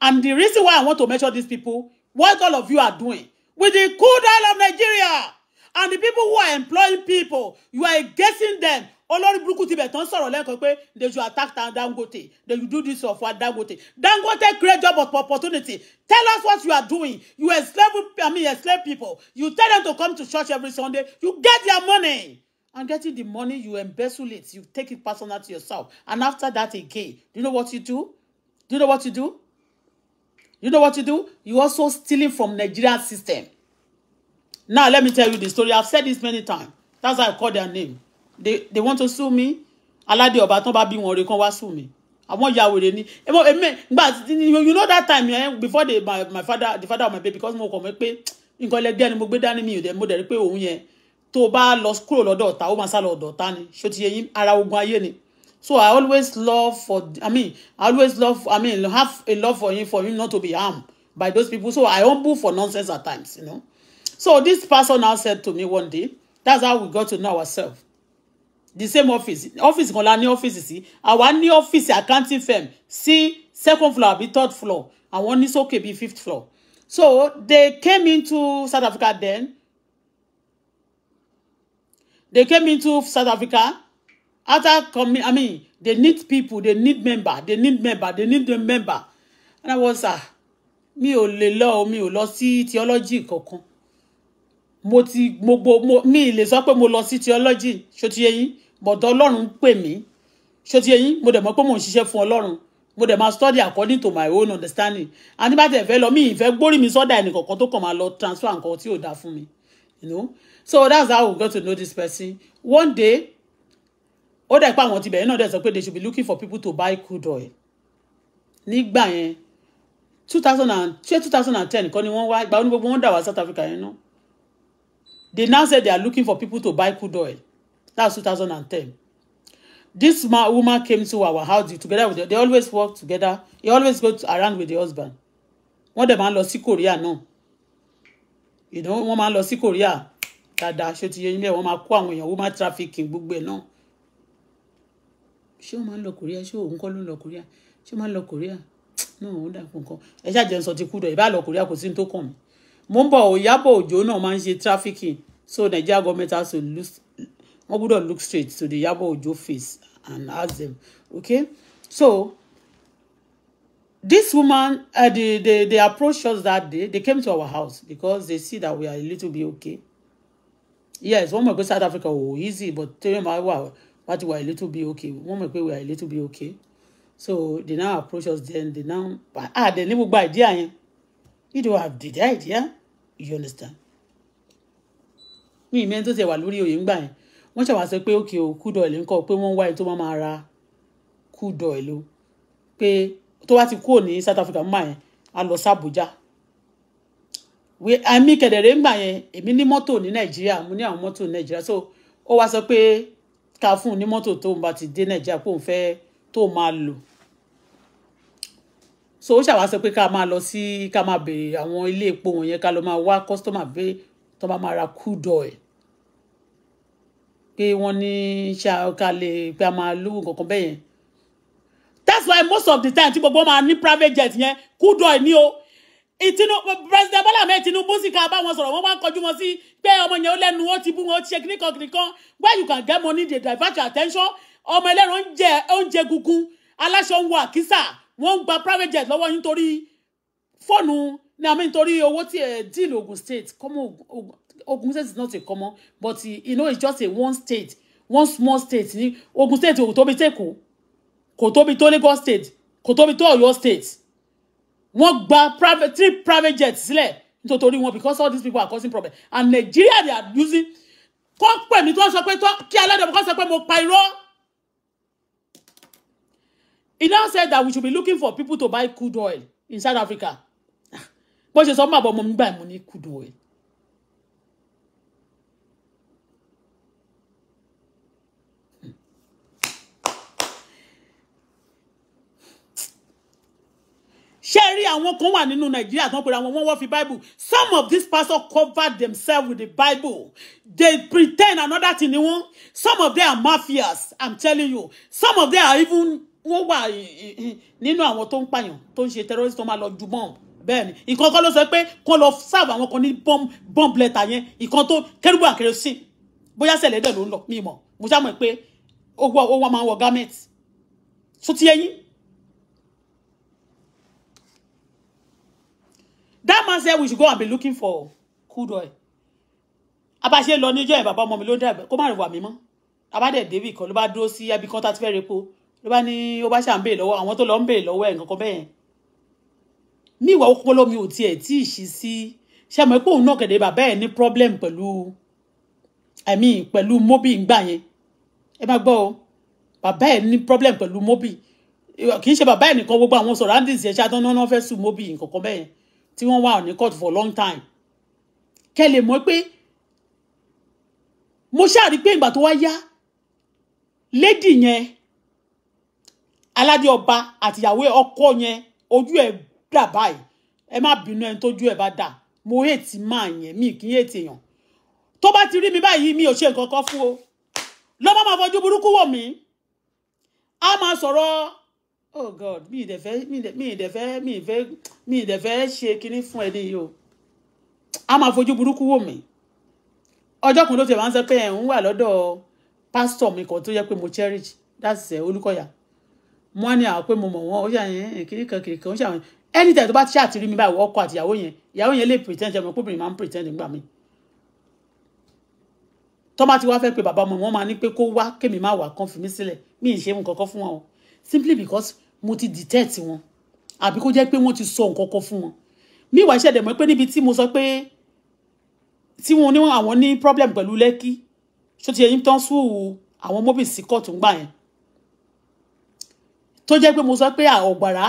And the reason why I want to measure these people, what all of you are doing with the cool down of Nigeria and the people who are employing people, you are guessing them. Olórí burúkú ti bẹ̀ tán sọ̀rọ̀ lẹ́kọ̀ọ́ pé they should attack Dangote they you do this for Dangote Dangote create job opportunity tell us what you are doing you enslave I mean enslave people you tell them to come to church every Sunday you get their money and getting the money you embezzle it you take it personal to yourself and after that again do you know what you do do you know what you do You know what you do? You also stealing from Nigerian system. Now, let me tell you the story. I've said this many times. That's why I call their name. They they want to sue me. Alade ọba tán bá bí wọn rè kán sue me. Àwọn ya wèrè ni. Emo eme but you know that time eh, before the my, my father the father of my baby because mo ko mo pé nǹkan le ni mo gbé dání mi o mo de rí pé ohun yẹn tó bá lọ kúrò lọ́dọ̀ ta ó máa sá lọ ọ̀dọ̀ ta ni. So ti yin ara ogun ayé ni so i always love for i mean i always love i mean have a love for him for him not to be harmed by those people so i humble for nonsense at times you know so this person now said to me one day that's how we got to know ourselves the same office office kan la ní office See, our new office accounting firm See, second floor be third floor and one is okay, be fifth floor so they came into south africa then they came into south africa Other coming, I mean, they need people, they need member, they need member, they need the member. And I was, ah, mi ò lè lọ, mi ò lọ sí theology kankan. Mo ti, mo, mo, mi lè sọ pé mo lọ sí theology, ṣó ti yé yín, bọ̀dọ̀ Ọlọ́run pè mí. Ṣó ti yé yín, mo dẹ̀ mọ̀ pé mo ń ṣiṣẹ́ fún Mo dẹ̀ máa study according to my own understanding. And nígbà tí ẹ fẹ́ lọ, mi ìfẹ́ gbórí mi sọ́dà ẹnìkọ̀ọ̀kan tó kàn máa lọ transfer nǹkan tí ò dáa fún mi. You know? So that's how we got to know this person. One day, ó dẹ̀ pé àwọn ti bẹ̀rẹ̀ náà dẹ̀ sọ pé they should be looking for people to buy crude oil nígbà yẹn two thousand and ṣé two thousand and ten kọ́ ni wọ́n wá ìgbà wọn gbogbo wọn dà wá South Africa yẹn náà they now say they are looking for people to buy crude oil that's two thousand and ten this man, woman came to our house together with them they always work together he always go around with the husband wọ́n dẹ̀ máa ń lọ sí Korea náà you know wọ́n máa ń lọ sí Korea dáadáa ṣé ti yẹ ilé wọ́n máa kó àwọn èèyàn woman trafficking gbogbo ẹ̀ náà ṣé ó máa ń lọ Korea ṣé òun kọ́ ló ń lọ Korea ṣé ó máa ń lọ Korea náà òun dàpọ̀ nǹkan ẹ ṣàjẹ́ sọ ti kú dọ̀ ìbá lọ Korea kò sí ní tó kàn mí mo ń bọ̀ Ìyábọ̀ Òjó náà máa ń ṣe trafficking so Nigeria government has to look wọ́n gbọ́dọ̀ look straight to the Ìyábọ̀ Òjó face and ask them okay so this woman uh, they, they, they approached us that day they came to our house because they see that we are a little bit okay yes one mọ̀ go South Africa ò easy but tẹ́lẹ̀ máa wà But we are a little bit okay One mọ̀ pé we are a little bit okay so they now approach us then they now ah they never buy idea you don't have the idea you understand mi ìmẹ́ tó ti wà lórí oyè ńgbà yẹn wọ́n ṣàwá sọ pé okay o kúdọ̀ ẹ̀ ló ń kọ́ pé wọ́n ń wá ẹni tó máa ra kúdọ̀ ẹ̀ ló pé tó wá ti kúrò ní South Africa mọ́ yẹn a lọ sí Abuja àmì kẹ̀dẹ̀rẹ̀ ńgbà yẹn èmi ní mọ́tò ní Nàìjíríà mo ní àwọn mọ́tò ní Nàìjíríà so ó wá sọ pé tá fún un ní mọ́tò tóun bá ti dé nàìjíríà kóun fẹ́ tóun máa lò so ó ṣàwá sọ pé ká máa lọ sí ká máa béèrè àwọn ilé epo wọ̀nyẹn ká lọ máa wá kọ́sítọ́mà pé tó máa ra crude oil pé wọ́n ní ṣàkà lè pé a máa lówó kankan bẹ́yẹn that's why most of the time tí gbogbo máa ní private jet yẹn crude oil ní o ìtinubu president Bọ́lá Ahmed Tinubu sì ká bá wọn sọ̀rọ̀ wọ́n wá kọjú wọn sí pé ọmọ yẹn ó lẹ́nu ó ti bú wọn ó ti ṣe kíníkan kíníkan where you can get money dey divert your attention ọmọ ẹlẹ́ran oúnjẹ oúnjẹ gungun aláṣọ ń wọ àkísà wọ́n ń gba private jet lọ́wọ́ yín torí fóònù ní àmì nítorí owó tí eh, deal Ogun State common Ogun State is not a common but eh, you know it's just a one state one small state Ogun State kò tóbi tẹ́kọ̀ọ́ kò tóbi tó Lagos State kò tóbi tó Ọ̀yọ́ State wọ́n gba private three private jets sílẹ̀ nítorí wọn because all these people are causing problem and Nigeria they are using kọ́ pè mí tó sọ pé tó kí aládùn kọ́ sọ pé mo pa irọ́. He now said that we should be looking for people to buy crude oil in South Africa. bó ṣe sọ mọ́ àbọ̀ ọmọ mi gbà mú ní crude oil ṣé rí àwọn kan wà nínú nàìjíríà tó ń pera wọn wọ́n fi bible some of these pastors cover themselves with the bible they pretend another thing ni wọ́n some of them are mafias i'm telling you some of them are even wọ́n wà nínú àwọn tó ń pààyàn tó ń ṣe terrorist tó máa lọ ju bomb bẹ́ẹ̀ ni ìkan kan ló sọ pé kán lọ sáàbù àwọn kan ní bomb letter yẹn ìkan tó kérúbù àkèrè bóyá sẹ̀lẹ̀ ló ń lọ mímọ̀ mo ṣàmọ̀ pé owó owó máa wọ garment tó ẹyin that man said we should go and be looking for crude oil abáṣe lọ níjọ́ ẹ̀ bàbá ọmọ mi ló dàgbà kó má rìn wà mí mọ́ abádẹ̀ david kan ló bá dúró sí abí kan tá ti fẹ́ repo ló bá ní ó bá ṣà ń béèrè lọ́wọ́ àwọn tó lọ ń béèrè lọ́wọ́ ẹ̀ nǹkan kan bẹ́ẹ̀ ní ìwà ọpọlọ mi ò tiẹ̀ tí ì ṣí sí ṣe mọ̀ pé òun náà kẹ̀dẹ̀ bàbá ẹ̀ ní problem pẹ̀lú i mean pẹ̀lú mobi ngbà yẹn ẹ má gbọ́ o bàbá ẹ̀ ní problem pẹ̀lú mobi kì í ṣe bàbá ẹ̀ nìkan gbogbo àwọn surroundings yẹn ṣáà tán náà fẹ́ sùn mobi nǹkan kan bẹ́ẹ̀ yẹn tí wọ́n wà ní court for long time kẹ́ lè mọ̀ pé mo ṣáàrí pé ìgbà tó wá yá lédì yẹn aládé ọba àtìyàwó ọkọ yẹn ojú ẹ̀ dà báyìí ẹ má bínú ẹni tójú ẹ̀ bá dà mo hètì máa yẹn mi kì í hètì yàn tó bá ti rí mi báyìí mi ò ṣe nǹkan kan fún o lọ́mọ máa fojú burúkú wò mí a máa sọ̀rọ̀ oh god mi ì dẹ̀ fẹ́ mi ì dẹ̀ fẹ́ mi ì fẹ́ mi ì dẹ̀ fẹ́ ṣe kinní fún ẹni yìí o a máa fojú burúkú wò mí ọjọ́ kan ló ti máa ń sọ pé ẹ̀ ń wà lọ́dọ̀ pásítọ̀ mi kan tó yẹ pé mo cherish that's ẹ̀ olúkọ̀yà mo ní àwọn pé mo mọ̀ wọ́n ó ṣàyẹn kiri kan kiri kan ó ṣàwọn ẹni tẹ̀ tó bá ṣàtìrí mi báyìí ọkọ àtìyàwó yẹn ìyàwó yẹn lè pretend ṣe mọ̀ pé obìnrin máa ń pretend nígbà mi tọ́ bá ti wá fẹ́ pe bàbá ọmọ wọn máa ní pé kó wá kémi má wà kán fi mí sílẹ̀ mi ì ṣe nǹkan kan fún wọn o simply because mo ti detect wọn àbí kó jẹ́ pé wọ́n ti sọ nǹkan kan fún wọn mi ìwà ìṣẹ̀dẹ̀ mọ́ pé níbi tí mo sọ pé tí wọn ní àwọn ní problem pẹ̀lú lẹ́kí ṣó ti ẹyin tán sùn àwọn mobile sí kóòtù ń gbà yẹn tó jẹ́ pé mo sọ pé ọ̀gbàrá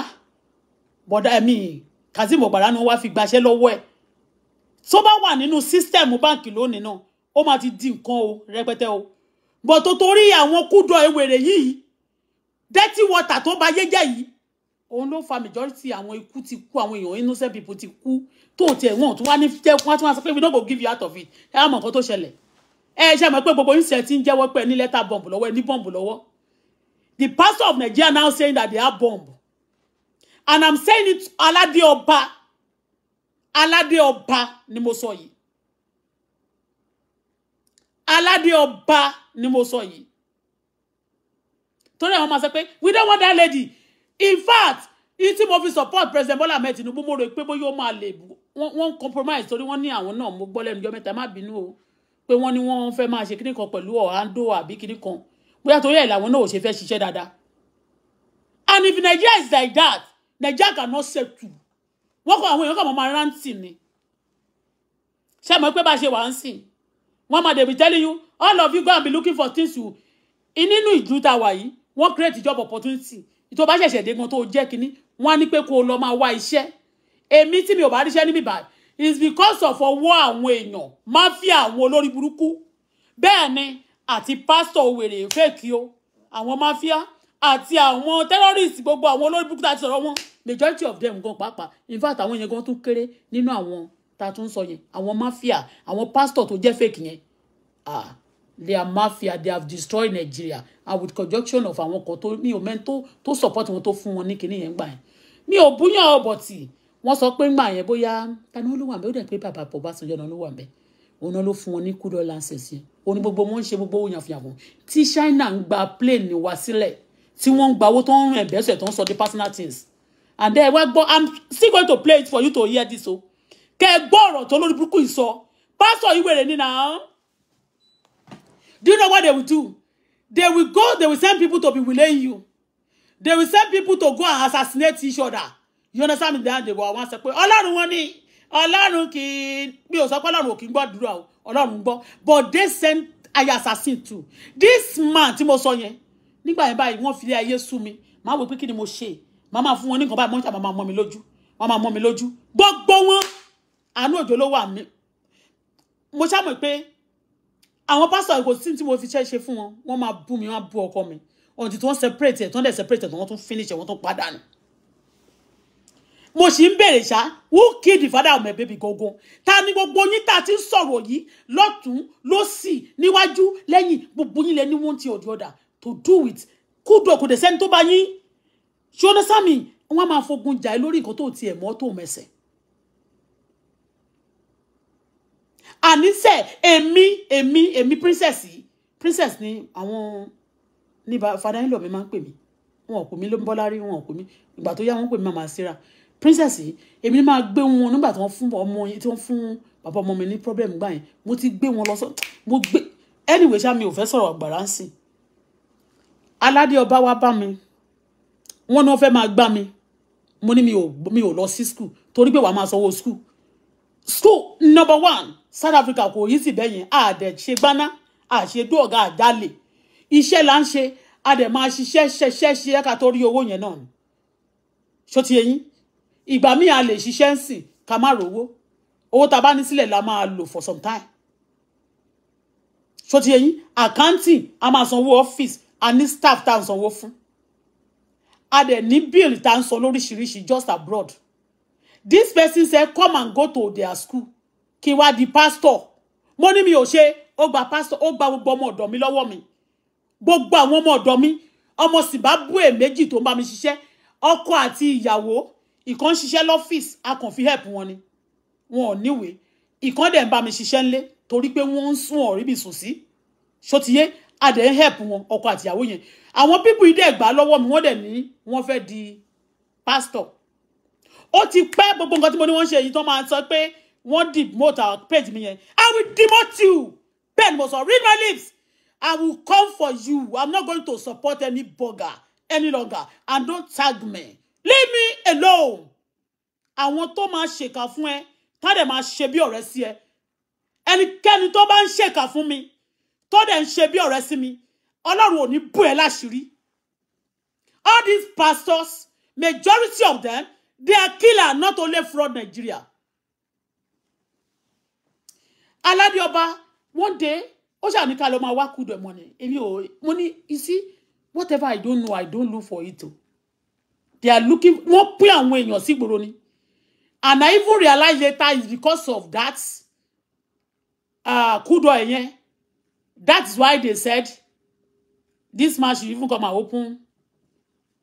bọ̀dá ẹ̀mí kazeem ọ̀gbàrá ni wọ́n wá fi gbaṣẹ́ lọ́wọ́ ẹ̀ tó bá wà nínú sísítẹ̀mù báǹkì lónìí náà ó máa ti di nǹkan o rẹpẹtẹ o bọ̀ tó torí àwọn kúdọ̀ ewèrè yìí dirty water tó ba yéjẹ́ yìí òun ló fa majority àwọn ikú ti kú àwọn èèyàn innocent people ti kú tó tiẹ̀ wọ́n tó wá ní jẹ́ wọ́n á ti wá sọ pé we no go give you out of it ẹ á mọ̀ nǹkan tó ṣẹlẹ̀ ẹ ṣe mọ̀ pé gbogbo ìṣẹ̀ ti ń jẹ́wọ́ pé ní lẹ́tà bomb lọ́wọ́ ẹ ní bomb lọ́wọ́ the pastor of Nigeria now saying that they have bomb and i'm saying it aládé ọba aládé ọba ni mo sọ yìí aládé ọba ni mo sọ yìí torí àwọn máa sọ pé we don't want that lady in fact ní tí mo fi support president Bola Ahmed Tinubu mo rò pé bóyá ó máa lè wọ́n compromise torí wọ́n ní àwọn náà mo gbọ́ lẹ́nu ọjọ́ mẹ́ta má bínú o pé wọ́n ní wọ́n fẹ́ máa ṣe kíní kan pẹ̀lú ọ̀hándó àbí kíní kan bóyá torí ẹ̀ làwọn náà ò ṣe fẹ́ ṣiṣẹ́ dáadáa and if Nigeria is like that Nigeria cannot settle wọ́n kọ́ àwọn èèyàn kàn máa rántí ni ṣé mo pé bá ṣe wà ń sìn wọ́n máa dey be telling you all of you go and be looking for things you nínú ìlú tá a wà yìí wọ́n create job opportunity tó bá ṣẹ̀ṣẹ̀ dé gan tó jẹ́ kínní wọ́n á ní pé kó o lọ máa wá iṣẹ́ èmi tí mi ò bá ríṣẹ́ níbí báyìí is because of ọwọ́ àwọn èèyàn máfíà àwọn olórí burúkú bẹ́ẹ̀ ni àti pásítọ̀ wèrè fẹ́ẹ̀kì o àwọn máfíà àti àwọn terrorist gbogbo àwọn olórí burúkú tá a sọ̀rọ̀ wọn majority of them gan pàápàá in fact àwọn yẹn gan tún kéré nínú àwọn tá a tún sọ yẹn àwọn máfíà àwọn pásítọ̀ tó jẹ́ fẹ́ẹ̀kì yẹn ah. Their mafia they have destroyed Nigeria and with conjunction of àwọn kan tó ní omen tó tó support wọn tó fún wọn ní kinní yẹn gbà yẹn mi ò búyàn ọbọ̀tì wọ́n sọ pé ńgbà yẹn bóyá tani olúwa mi ó dẹ̀ pé bàbá Ọbásanjọ́ náà olúwa mi òun náà ló fún wọn ní kúdọ̀ láǹsẹ̀sì òun ni gbogbo wọn ń ṣe gbogbo òun yànfùyànfù tí China ń gba plane wá sílẹ̀ tí wọ́n ń gba owó tó ń rìn ẹ̀bẹ́sẹ̀ tó ń sọ the personal things and then wá gbọ́ i'm still going to play it for you to hear this o kẹ́ ẹ gbọ́ ọ̀rọ̀ tó lórí burúkú yìí sọ pásọ̀ ìwé rẹ̀ nínú àwọn. Do you know what they will do? They will go, they will send people to be willing you. They will send people to go and assassinate each other. You understand me? Then they will want to say, Ọlọ́run wọn ni, Ọlọ́run kì í, mi ò sọ pé Ọlọ́run kì í o, Ọlọ́run gbọ́. But they send aya assassin too. This man tí mo sọ yẹn, nígbà yẹn báyìí wọ́n fi ayé sú mi, màá wò pé kí ni mo ṣe, màá máa fún wọn ní nǹkan báyìí, mọ́ṣá màá mọ́ mi lójú, màá máa mọ́ mi lójú. Gbogbo wọn, àánú òjò ló wà mí. Mo ṣá mọ̀ pé àwọn pásítọ̀ kò sí tí mo fi ṣẹ́ ṣe fún wọn wọ́n máa bú mi wọ́n máa bú ọkọ mi ọ̀n tí wọ́n separate ẹ̀ tó ń dẹ̀ separate ẹ̀ tó wọ́n tún finish ẹ̀ wọ́n tún padà nù. mo sì ń bèrè ṣá who killed the father of my baby gangan ta ni gbogbo yín tá a ti ń sọ̀rọ̀ yìí lọ́tún lọ́sì níwájú lẹ́yìn gbogbo yín lẹ ní one thing or to do with kúdò kò dẹ̀ sẹ́ni tó bá yín ṣọ́nà sámi wọ́n máa fogun jà lórí nǹkan tó tiẹ̀ mọ́ tó mẹsẹ̀ àníṣe èmi èmi èmi princess yìí princess ni àwọn ní fada ńlọ mi máa ń pè mí wọn ò pè mí ló ń bọ́lá rí wọn ò pè mí ìgbà tó yá wọn pè mí màmá síra princess yìí èmi máa gbé wọn nígbà tí wọ́n fún ọmọ yìí tí wọ́n fún bàbá ọmọ mi ní problem gbà yẹn mo ti gbé wọn lọ sọ mo gbé anyway ṣá mi ò fẹ́ sọ̀rọ̀ àgbàrá ń sìn aládé ọba wa bá mi wọ́n ní wọ́n fẹ́ máa gbá mi mo ní mi ò lọ sí school torí pé wàá máa sanwó school school number one South Africa kò yí sì bẹ́yẹn àdẹ̀ ṣe gbaná àṣegbó ọ̀gá àjálè iṣẹ́ là ń ṣe àdẹ̀ máa ṣiṣẹ́ ṣẹṣẹ́ ṣe ẹ̀ka tó rí owó yẹn náà ni ṣó ti eyín ìgbà míì a lè ṣiṣẹ́ ń sìn ká má rówó owó tá a bá ní sílẹ̀ la máa lò for some time ṣó ti eyín accounting a máa sanwó ọ́fíìsì a ní staff tá à ń sanwó fún a dẹ̀ ní bill tá à ń san lóríṣiríṣi just abroad this person say come and go to their school kí wá di pásítọ̀ mo ní mi ò ṣe ó gba pásítọ̀ ó gba gbogbo ọmọ ọ̀dọ̀ mi lọ́wọ́ mi gbogbo àwọn ọmọ ọ̀dọ̀ mi ọmọ Zimbabwe méjì tó ń bá mi ṣiṣẹ́ ọkọ àti ìyàwó ìkan ń ṣiṣẹ́ lọ́fíìsì a kàn fi help wọn ni wọn ò níwèé ìkan dẹ̀ ń bá mi ṣiṣẹ́ ńlé torí pé wọ́n ń sún ọ̀rí bì sùn sí ṣótiyé a dẹ̀ ń help wọn ọkọ àti ìyàwó yẹn àwọn pípù yìí dẹ̀ gbà lọ́wọ́ mi wọ́n dẹ̀ ní wọ́n fẹ́ di pásítọ̀ ó ti pẹ́ gbogbo nǹkan tí mo ní wọ́n ṣe èyí tó máa sọ pé One demote our page me yẹn i will demote you Ben ni read my lips i will come for you i'm not going to support any bugger any longer and don't tag me leave me alone I want máa ṣèkà fún ẹ tá dẹ̀ máa ṣe bí ọ̀rẹ́ sí ẹ ẹnikẹ́ni tó bá ń ṣèkà fún mi tó dẹ̀ ń me. bí ọ̀rẹ́ sí mi ọlọ́run ò all these pastors majority of them they are killer not only fraud Nigeria aládé ọba one day ó ṣàní ká lọ máa wá kú dẹ̀ mọ́ ni èmi ò mo ní you see whatever I don't know I don't look for it o they are looking wọ́n pín àwọn èèyàn sí gbòòrò ni and I even realize later is because of that uh, kudo ẹ̀yẹn that's why they said this man should even come and open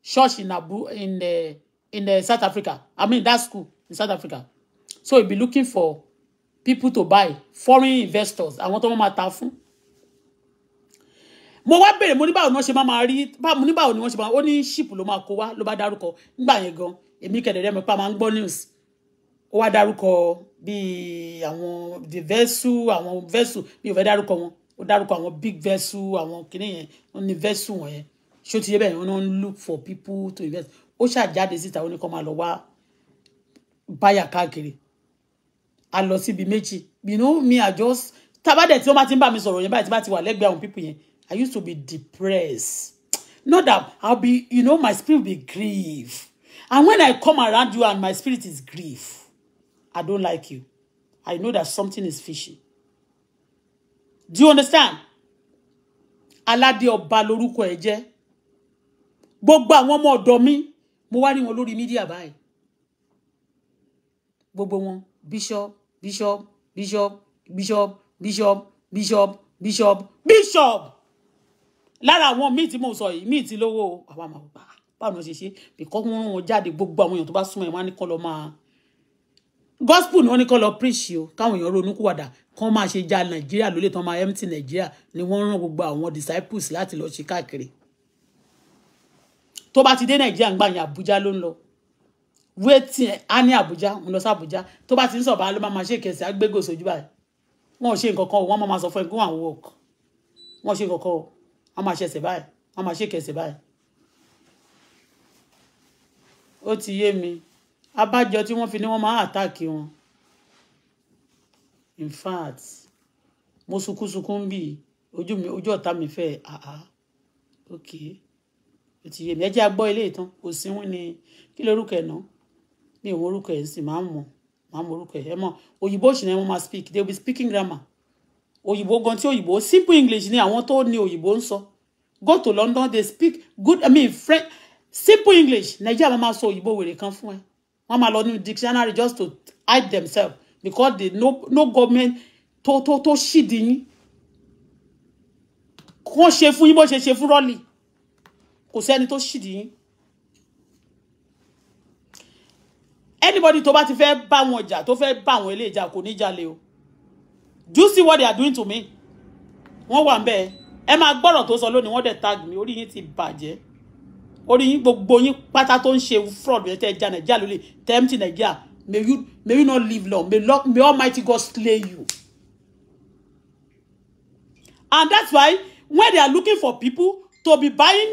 church in Abu in the uh, in the uh, South Africa I mean that school in South Africa so he be looking for people to buy foreign investors àwọn tó wọ́n máa ta fún mo wá bèrè mo ní báwo ni wọ́n ṣe máa rí báwo ní báwo ni wọ́n ṣe máa ó ní ship ló máa kó wá ló bá dárúkọ nígbà yẹn gan èmi kẹ̀dẹ̀rẹ́ mi pa máa ń gbọ́ news ó wá dárúkọ bíi àwọn the vessel àwọn vessel mi ò fẹ́ dárúkọ wọn ó dárúkọ àwọn big vessel àwọn kìnìyẹn wọ́n ní vessel wọ̀nyẹn ṣó ti yé bẹ́ẹ̀ wọ́n ń look for people to invest ó ṣàjáde síta ó ní kó máa lọ wá báyà káàkiri a lọ síbi méjì you know me i just tabadẹ tí wọ́n bá ti ń mi sọ̀rọ̀ yẹn báyìí tí bá ti wà lẹ́gbẹ̀ẹ́ àwọn people yẹn i used to be depressed not that i'll be you know my spirit will be grief and when i come around you and my spirit is grief i don't like you i know that something is fishy do you understand Alade ọba lórúkọ ẹ jẹ́ gbogbo àwọn ọmọ ọ̀dọ̀ mi mo wá rí wọn lórí mídíà báyìí gbogbo wọn bishop bishop bishop bishop bishop bishop bishop bishop lára àwọn míì tí mo sọ yìí míì tí lówó àwa máa gbà ah, báwo ṣe ṣe bìkọ́ wọn rán wọn jáde gbogbo àwọn èèyàn tó bá súnmọ́ ẹ̀ wọn á ní kọ́ lọ máa gospel ni wọ́n ní kọ́ lọ preach o káwọn èèyàn ronú kúwàdà kán máa ṣe ja nàìjíríà lólè tán máa empty nàìjíríà ni wọ́n rán gbogbo àwọn disciples láti lọ ṣe káàkiri tó bá ti dé nàìjíríà ń gbà yẹn àbújá ló ń lọ wetin á ní àbújá mo lọ sí àbújá tó bá ti ń sọ̀bà ló máa máa ṣe ìkẹsì agbégo sójú báyìí wọn ò ṣe nǹkan kan wọn máa sọ fún ẹ kó àwọn work wọn ṣe nǹkan kan wọn máa ṣẹsẹ̀ báyìí wọn máa ṣe ìkẹsì báyìí. ó ti yé mi abájọ tí wọ́n fi ní wọ́n máa àtàkì wọn in fact mo sunkúnsunkún ń bì ojú mi ojú ọ̀tá mi fẹ́ àá ok ó ti yé mi ẹ jẹ́ agbọ́ ilé ìtàn kò síwín ni kí lorúkọ ẹ̀ náà ní ìwọ orúkọ ẹ̀ sì máa ń mọ̀ máa ń mọ orúkọ ẹ̀ ẹ mọ̀ òyìnbó sì ni wọ́n máa speak they will be speaking grammar òyìnbó gan tí òyìnbó simple english ni àwọn tó ní òyìnbó ń sọ go to london they speak good i mean french simple english Nigeria, máa máa sọ òyìnbó wèrè kan fún ẹ wọ́n máa lọ ní dictionary just to hide themselves because they no no government tó tó tó ṣìdí yín kò ṣe fún yín bó ṣe ṣe fún rọ́ọ̀lì kò sẹ́ni tó ṣìdí yín anybody tó bá ti fẹ́ bá wọn jà tó fẹ́ bá wọn ilé ìjà kò ní jalè o do you see what they are doing to me wọ́n wà ń bẹ́ẹ̀ ẹ máa gbọ́rọ̀ tó sọ lónìí wọ́n dẹ̀ tag mi orí yín ti bàjẹ́ orí yín gbogbo yín pátá tó ń ṣe fraud yẹn tẹ́ ẹ ja nàìjíríà lólè tẹ́ ẹ ń nàìjíríà may you may you not live long may, long, may almighty God slay you and that's why when they are looking for people to be buying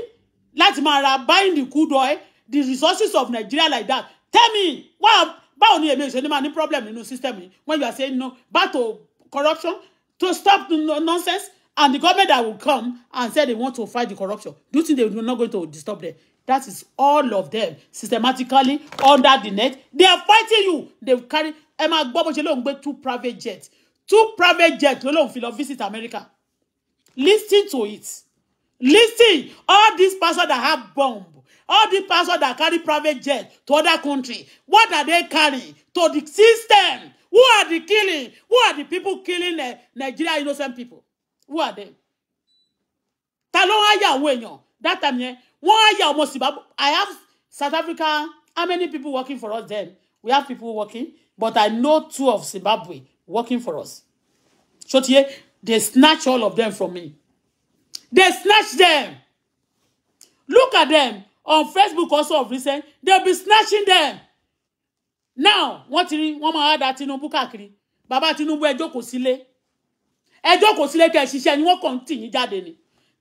láti máa ra buying the good oil the resources of Nigeria like that tell me why báwo ni èmi ìṣẹ́ni máa ní problem nínú system yìí when you are saying no battle corruption to stop nonsense and the government that will come and say they want to fight the corruption do you think they will not go to disturb them that is all of them systematically under the net they are fighting you they carry ẹ máa gbọ́ bó ṣe lóun gbé two private jets two private jets ló lóun fi lọ visit America listen to it listen all these pastors that have bomb All the pastors that carry private jet to other country, what are they carrying? To the system. Who are the killing? Who are the people killing the Nigeria innocent people? Who are they? Ta ló ń hire àwọn èèyàn? That time yẹn, wọ́n hire ọmọ Zimbabwe. I have South Africa. How many people working for us then? We have people working, but I know two of Zimbabwe working for us. Shotiye, they snatch all of them from me. They snatch them. Look at them on Facebook also of recent they be snatching them now wọ́n ti rí wọ́n máa dá Tinubu káàkiri bàbá Tinubu ẹ jókòó sílé ẹ jókòó sílé kẹ́ ṣiṣẹ́ ni wọ́n kàn ń tì yín jáde ni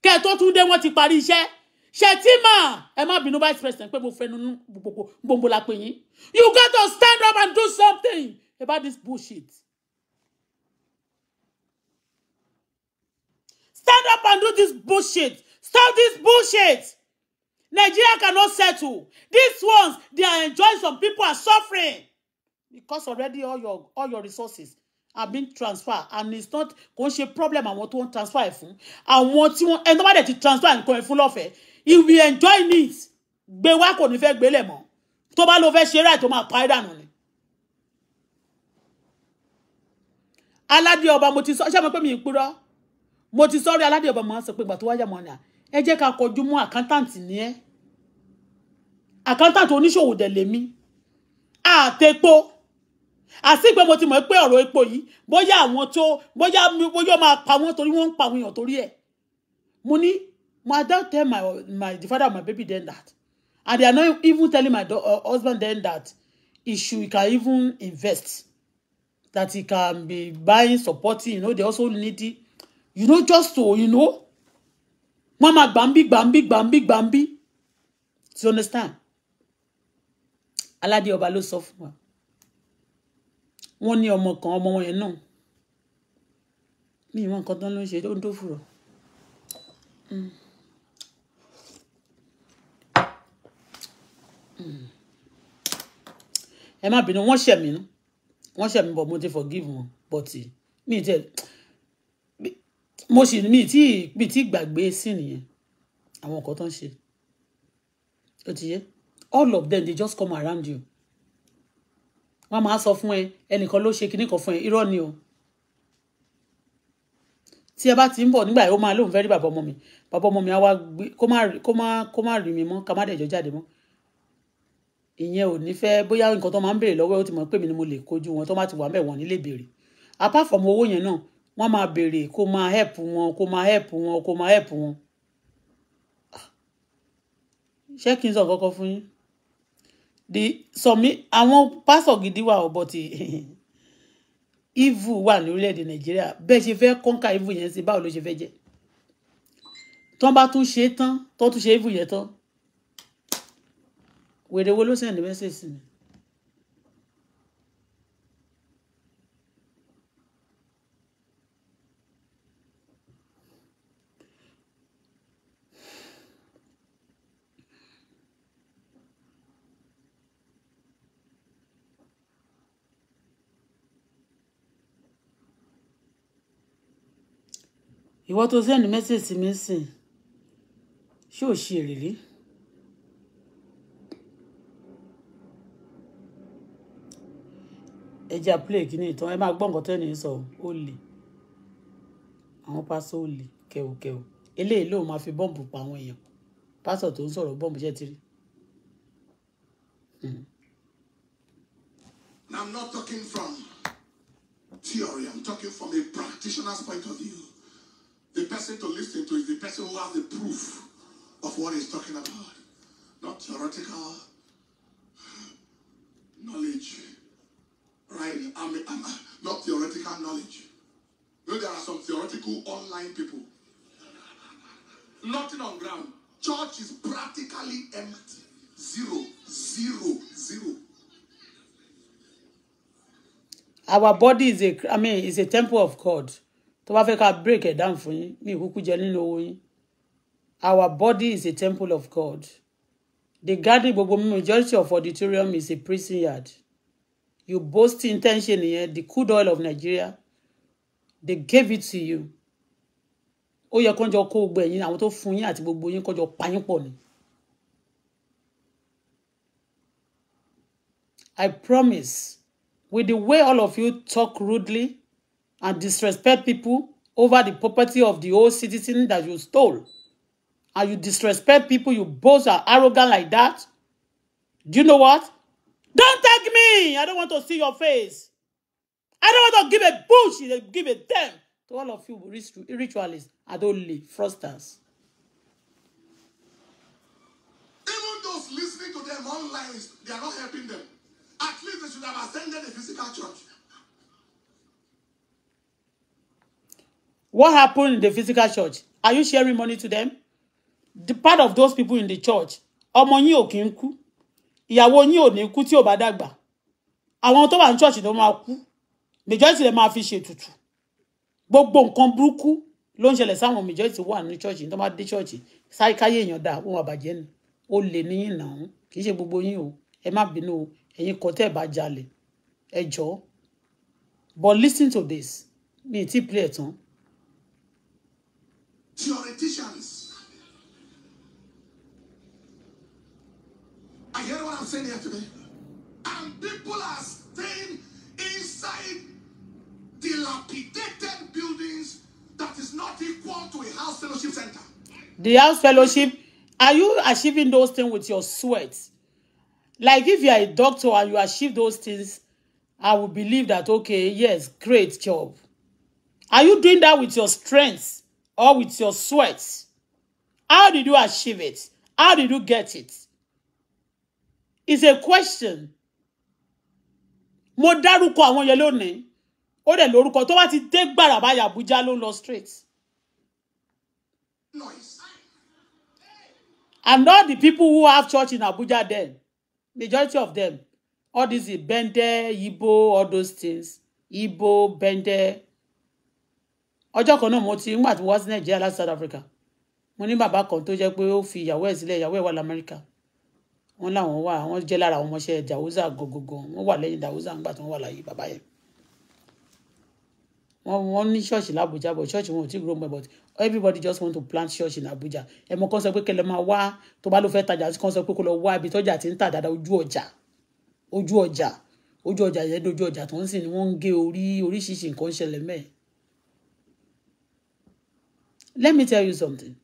kẹ́ tó tún dé wọ́n ti parí iṣẹ́ Shetima ẹ má bínú vice president pé mo fẹnu gbogbo gbogbo la pè yín you got to stand up and do something about this bullshit. Stand up and do this bullshit. Stop this bullshit. Nigeria cannot settle. These ones, they are enjoying some people are suffering. Because already all your all your resources are being transferred and it's not kò ń ṣe problem I want to transfer ẹ̀ fún. I want to. And tó bá dẹ̀ ti transfer nǹkan ẹ̀ fún lọ́fẹ̀ẹ́. He enjoy it. Gbé wá kò ní fẹ́ gbélé mọ́. Tó bá lọ fẹ́ ṣe ráì tó máa pa ẹ́ dànù ni. Aládé ọba mo ti sọ ṣé mo pé mi ì purọ́? Mo ti sọ rí aládé mo máa ń sọ pé ìgbà tó wáyà ni ẹ jẹ́ ká kọjú mọ́ accountant ní ẹ́ accountant oníṣòwò dẹ̀ lèmi àtẹ̀pọ̀ àti pé mo ti mọ̀ pé ọ̀rọ̀ epo yìí bóyá àwọn tó bóyá bóyá máa pa wọ́n torí wọ́n ń pa àwọn èèyàn torí ẹ̀ mo ní my dad tell my my the father of my baby then that and they are not even telling my uh, husband then that he should he can even invest that he can be buying supporting you know they also need it you know just to you know wọ́n máa gbàǹbí gbàǹbí gbàǹbí gbàǹbí do you understand aládé ọba ló sọ fún wa wọ́n ní ọmọ kan ọmọ wọn yẹn náà mi ìwọ̀n nǹkan tán ló ń ṣe ó ń dófùrọ̀ ẹ má bínú wọ́n ṣẹ̀ mí wọ́n bọ̀ mo ti forgive wọn bọ̀ tí mi ì mo sì mi tí mi tí gbàgbé sí nìyẹn àwọn nǹkan tó ń ṣe ó ti yé all of them they just come around you wọ́n máa sọ fún ẹ ẹnìkan ló ṣe kinní kan fún ẹ irọ́ ni o tí ẹ bá ti ń bọ̀ nígbà yìí ó máa lóun fẹ́ rí bàbá ọmọ mi bàbá ọmọ mi á wá gbé kó má kó má kó má rí mi mọ́ ká má dẹ̀jọ́ jáde mọ́ ìyẹn ò ní fẹ́ bóyá nǹkan tó máa ń béèrè lọ́wọ́ ó ti mọ̀ pé mi ni mo lè kojú wọn tó má ti wà mẹ́wọ̀n nílé béèrè apart from owó yẹn náà wọ́n máa béèrè kó máa help wọn kó máa help wọn kó máa help wọn. ṣé kí n sọ kọ́kọ́ fún yín di sọmi àwọn pásọ gidi wà ọbọ ti ivu wà ní orílẹ̀-èdè nàìjíríà bẹ́ẹ̀ ṣe fẹ́ kọ́ńkà ivu yẹn sí báwo ló ṣe fẹ́ jẹ́ tán bá tún ṣe tán tán tún ṣe ivu yẹn tán wèrè wo ló sẹ́ni mẹ́sẹ̀sì mi ìwọ tó sẹ́ni mẹ́sẹ̀sì mi sìn ṣé ò ṣe èrèlé ẹja play kìíní ìtàn ẹ máa gbọ́ nǹkan tẹ́ni sọ ó lè àwọn pásọ ó lè kẹ̀wùkẹ̀wù eléyìí lóun máa fi bọ́ǹbù pa àwọn èèyàn pásọ tó ń sọ̀rọ̀ bọ́ǹbù ṣẹ́ ti hmm. I'm not talking from theory, I'm talking from a practitioner's point of view. The person to listen to is the person who has the proof of what he's talking about, not theoretical knowledge, right? I mean, I'm, not theoretical knowledge. You know, there are some theoretical online people. Nothing on ground. Church is practically empty. Zero, zero, zero. Our body is a, I mean, is a temple of God tó bá fẹ́ ká break ẹ̀ down fún yín mi ìkúkú jẹ nínú owó yín our body is a temple of God the garden gbogbo mi majority of auditorium is a prison yard you boast intention yẹn the crude oil of Nigeria they gave it to you ó yẹ kọ́njọ kó gbogbo ẹ̀yin àwọn tó fún yín àti gbogbo yín kọ́njọ pa yín pọ̀ ni. I promise with the way all of you talk rudely and disrespect people over the property of the old citizen that you stole and you disrespect people you boast are arrogant like that do you know what don't tag me i don't want to see your face i don't want to give a bush give a damn to all of you ritualists and only Frosters. even those listening to them online they are not helping them at least they should have attended a physical church What happened in the physical church? Are you sharing money to them? The part of those people in the church, ọmọ yín ò kí ń kú. Ìyàwó o ò ní kú tí ò bá dàgbà. Àwọn tó wà ní church ló máa kú. Majority lè máa fi ṣètùtù. Gbogbo nǹkan burúkú ló ń ṣẹlẹ̀ sáwọn majority wà ní church tó máa dé church. Sáyíkáyé èèyàn dà, wọn àbàjẹ́ ni. Ó lè níyìn nà án. Kì í gbogbo yín o. Ẹ má bínú o. Ẹ̀yin kan tẹ́ ẹ̀ bá jalè. But listen to this. Me ti tí ì play ẹ̀ theoreticians. I hear what I'm saying here today. And people are staying inside dilapidated buildings that is not equal to a house fellowship center. The house fellowship, are you achieving those things with your sweat? Like if you are a doctor and you achieve those things, I will believe that, okay, yes, great job. Are you doing that with your strength? or with your sweat. How did you achieve it? How did you get it? It's a question. Mo dárúkọ awon yẹn lónìí. Ó dẹ̀ lórúkọ tó bá ti dé gbàrà báyà Abuja lo ń lọ straight. And all the people who have church in Abuja then, majority of them, all these Bende, Ibo, all those things, Ibo Bende, ọjọ́ kan náà mo ti nígbà tí mo wá sí nàìjíríà láti south africa mo ní bàbá kan tó jẹ́ pé ó fi ìyàwó ẹ̀ sílẹ̀ ìyàwó ẹ̀ wà lamẹ́ríkà wọ́n láwọn wà wọ́n jẹ́ lára àwọn ọmọọṣẹ́ dàwúzà gọgọgọ wọ́n wà lẹ́yìn dàwúzà nígbà tí wọ́n wà láyé bàbá yẹn wọ́n wọ́n ní ṣọ́ọ̀ṣì làbújá bọ̀ ṣọ́ọ̀ṣì wọn ò tí ì gbọmọ but everybody just want to plant church in abuja ẹmọ kan sọ pé kẹlẹ máa wá tó bá ló fẹ́ tajà kan sọ pé kó lọ wá ibi tọ́jà ti ń tà dáadáa ojú ọjà ojú ọjà ojú ọjà yẹn dojú ọjà tó ń sìn ni wọ́n ń gé orí oríṣiríṣi nǹkan ṣẹlẹ̀ mẹ́ẹ̀ Let me tell you something.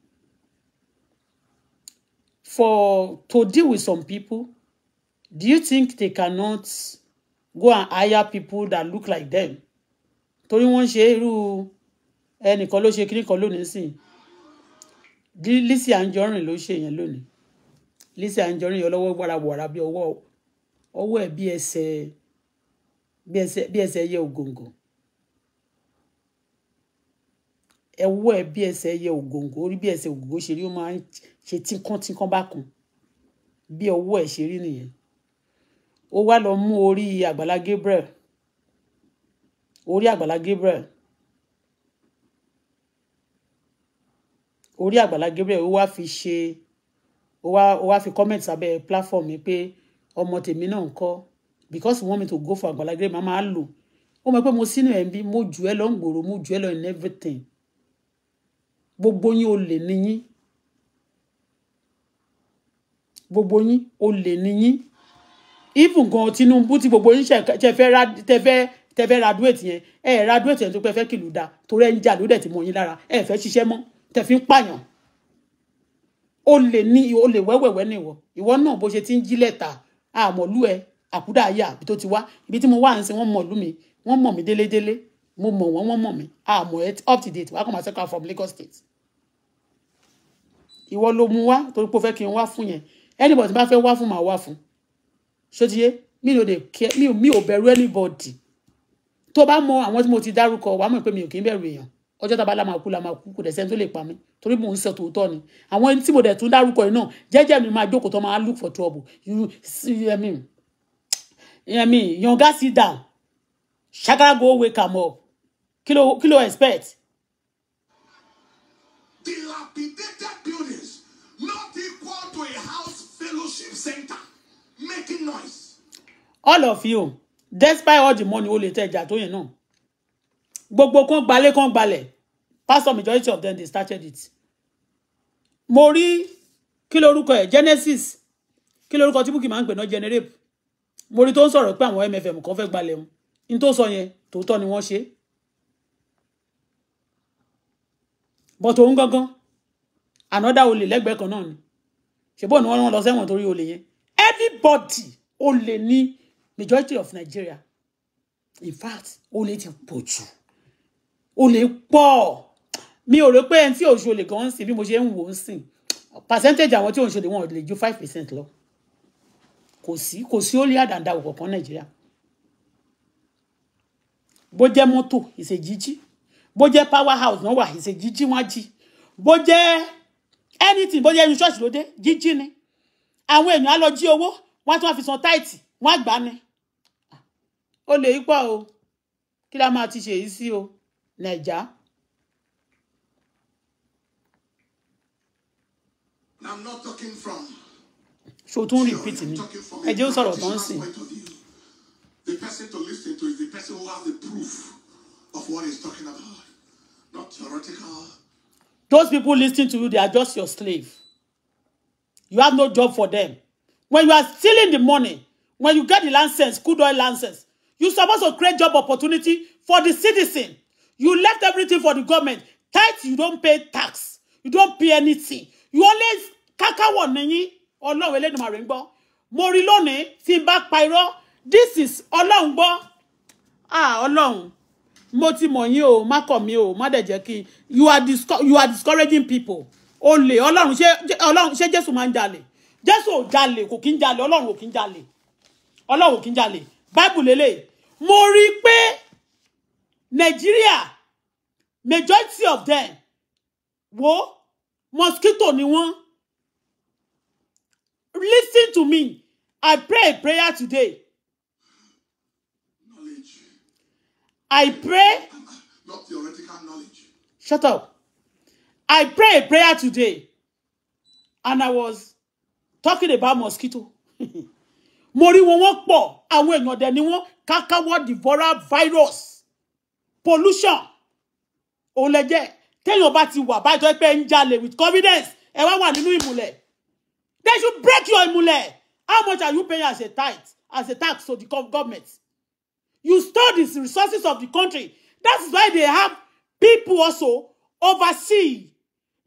For to deal with some people, do you think they cannot go and hire people that look like them? Torí wọ́n ṣe irú ẹnìkan ló ṣe kíní kan lónìí sí. Lizzy Anjorin ló ṣe yẹn lónìí. Lizzy Anjorin yọ lọ́wọ́ wàràwàrà bí ọwọ́ ọwọ́ ẹ̀ bí ẹsẹ̀ bí ẹsẹ̀ bí ẹsẹ̀ yẹ ògòǹgò. ẹwọ́ ẹ bí ẹsẹ̀ ẹyẹ ògòǹgò orí bí ẹsẹ̀ ògòǹgò ṣe rí ó máa ń ṣe tínkántínkán bákan bí ọwọ́ ẹ̀ ṣe rí nìyẹn ó wá lọ mú orí àgbàlá Gabriel orí àgbàlá Gabriel orí àgbàlá Gabriel ó wá fi ṣe ó wá ó wá fi comment sábẹ́ platform mi pé ọmọ tèmi náà ń kọ́ because you want me to go for àgbàlá Gabriel màá máa lò ó mọ̀ pé mo sínú ẹ̀ ń bí mo jù ẹ́ lọ ń gbòòrò mo jù ẹ́ lọ in everything gbogbo yín olè ni yín gbogbo yín olè ni yín even gan Tinubu tí gbogbo yín ṣe fẹ́ ra tẹ fẹ́ tẹ fẹ́ raduate yẹn ẹ raduate yẹn tó pẹ́ fẹ́ kìlú da torí ẹ ń jà ló dẹ̀ ti mọ̀ yín lára ẹ fẹ́ ṣiṣẹ́ mọ́ tẹ fi ń pààyàn olè ní olè wẹ́wẹ̀wẹ́ ni ìwọ ìwọ náà bó ṣe ti ń jí lẹ́tà àmọ̀lú ẹ àkúdàáyà àbí tó ti wá ibi tí mo wà ń sin wọ́n mọ̀lú mi wọ́n mọ̀ mí délédélé mo mọ̀ wọ́n wọ́n mọ̀ mí àmọ̀ ẹ up to date wàá kàn máa sẹ́kọ̀ọ́ from Lagos State ìwọ ló mú wá torí pé ó fẹ́ kí n wá fún yẹn anybody bá fẹ́ wá fún màá wá fún ṣótiyé mi ò dé kẹ mi ò mi ò bẹ̀rù anybody tó bá mọ àwọn tí mo ti dárúkọ wàá mọ̀ pé mi ò kì í bẹ̀rù èèyàn ọjọ́ tàbá la máa kú la máa kú kò dẹ̀ sẹ́ni tó lè pa mí torí mò ń sọ tòótọ́ ni àwọn tí mo dẹ̀ tún dárúkọ yìí náà jẹ́jẹ́ mi máa jókòó tó máa look for trouble you see, yẹmi yẹmi yanga sit down ṣakara go wake am up Kilo, kilo, kí expect. dilapidated buildings not equal to a house fellowship center making noise. all of you despite all the money o lè tẹ ìjà tó yẹn náà gbogbo kan gbalẹ̀ kan gbalẹ̀ pastor majority of them they started it mo rí kí lorúkọ ẹ̀ genesis kilo lorúkọ tí búkì máa ń pè náà generate mo rí tó ń sọ̀rọ̀ pé àwọn mfm kan fẹ́ gbalẹ̀ wọn n tó sọ yẹn tòótọ́ ni wọ́n ṣe é but òun gangan ànádà olè lẹ́gbẹ̀ẹ́ kan náà ni ṣùgbọ́n ni wọ́n rán lọ sẹ́wọ̀n torí olè yẹn everybody olè ní majority of Nigeria in fact olè ti pọ̀ jù olè pọ̀ mi ò rò pé ẹni tí ò ṣe olè gan ń sìn bí mo ṣe ń wò ó ń sìn percentage àwọn tí ò ń ṣe olè wọn ò lè ju five percent lọ kò sí kò sí olè àdàndà òkọ̀ọ̀kan Nàìjíríà bó jẹ́ mọ́tò ìṣèjíjí bó jẹ́ power house náà wà ìṣe jíjí wọn jí bó jẹ́ anything bó jẹ́ irun ṣọ́ọ̀ṣì lóde jíjí ni àwọn èèyàn á lọ jí owó wọ́n á tún wá fi san táìtì wọ́n á gbà ni ó lè pọ̀ o kí la máa ti ṣe yìí sí o nàìjà. So, not repeat ni ẹ jẹ́ ó sọ̀rọ̀ tó ń sìn. The person to listen to is the person who has the proof of what he's talking about. Not theoretical. Those people listening to you, they are just your slave. You have no job for them. When you are stealing the money, when you get the license, good oil license, you're supposed to create job opportunity for the citizen. You left everything for the government. Tax, you don't pay tax. You don't pay anything. You always kaka one Ọlọ́run Elédùmarè ń gbọ́. Mo rí lónìí tí n This is along gbọ́. Ah, along mo ti mọ̀ yín o má kọ̀ mí o má dẹ̀ jẹ́ kí you are you are discouraging people olè ọlọ́run ṣé ọlọ́run ṣé jésù máa ń jalè jésù ò jalè kò kí ń jalè ọlọ́run ò kí ń jalè ọlọ́run ò kí ń jalè báìbù lélẹ̀ mo rí i pé nàìjíríà majority of them wo mosquito ni wọ́n listen to me i pray a prayer today I pray. Not theoretical knowledge. Shut up. I pray a prayer today. And I was talking about mosquito. Mo rí wọn wọ́n pọ̀ àwọn èèyàn dẹ̀ ni wọ́n kákáwọ́ devourer virus pollution òun lè jẹ́ téèyàn bá ti wà báyìí tó pé ń with confidence ẹ wá wà nínú ìmùlẹ̀ they should break your imule. how much are you paying as a tithe as a tax to the government You stole the resources of the country. That is why they have people also oversee.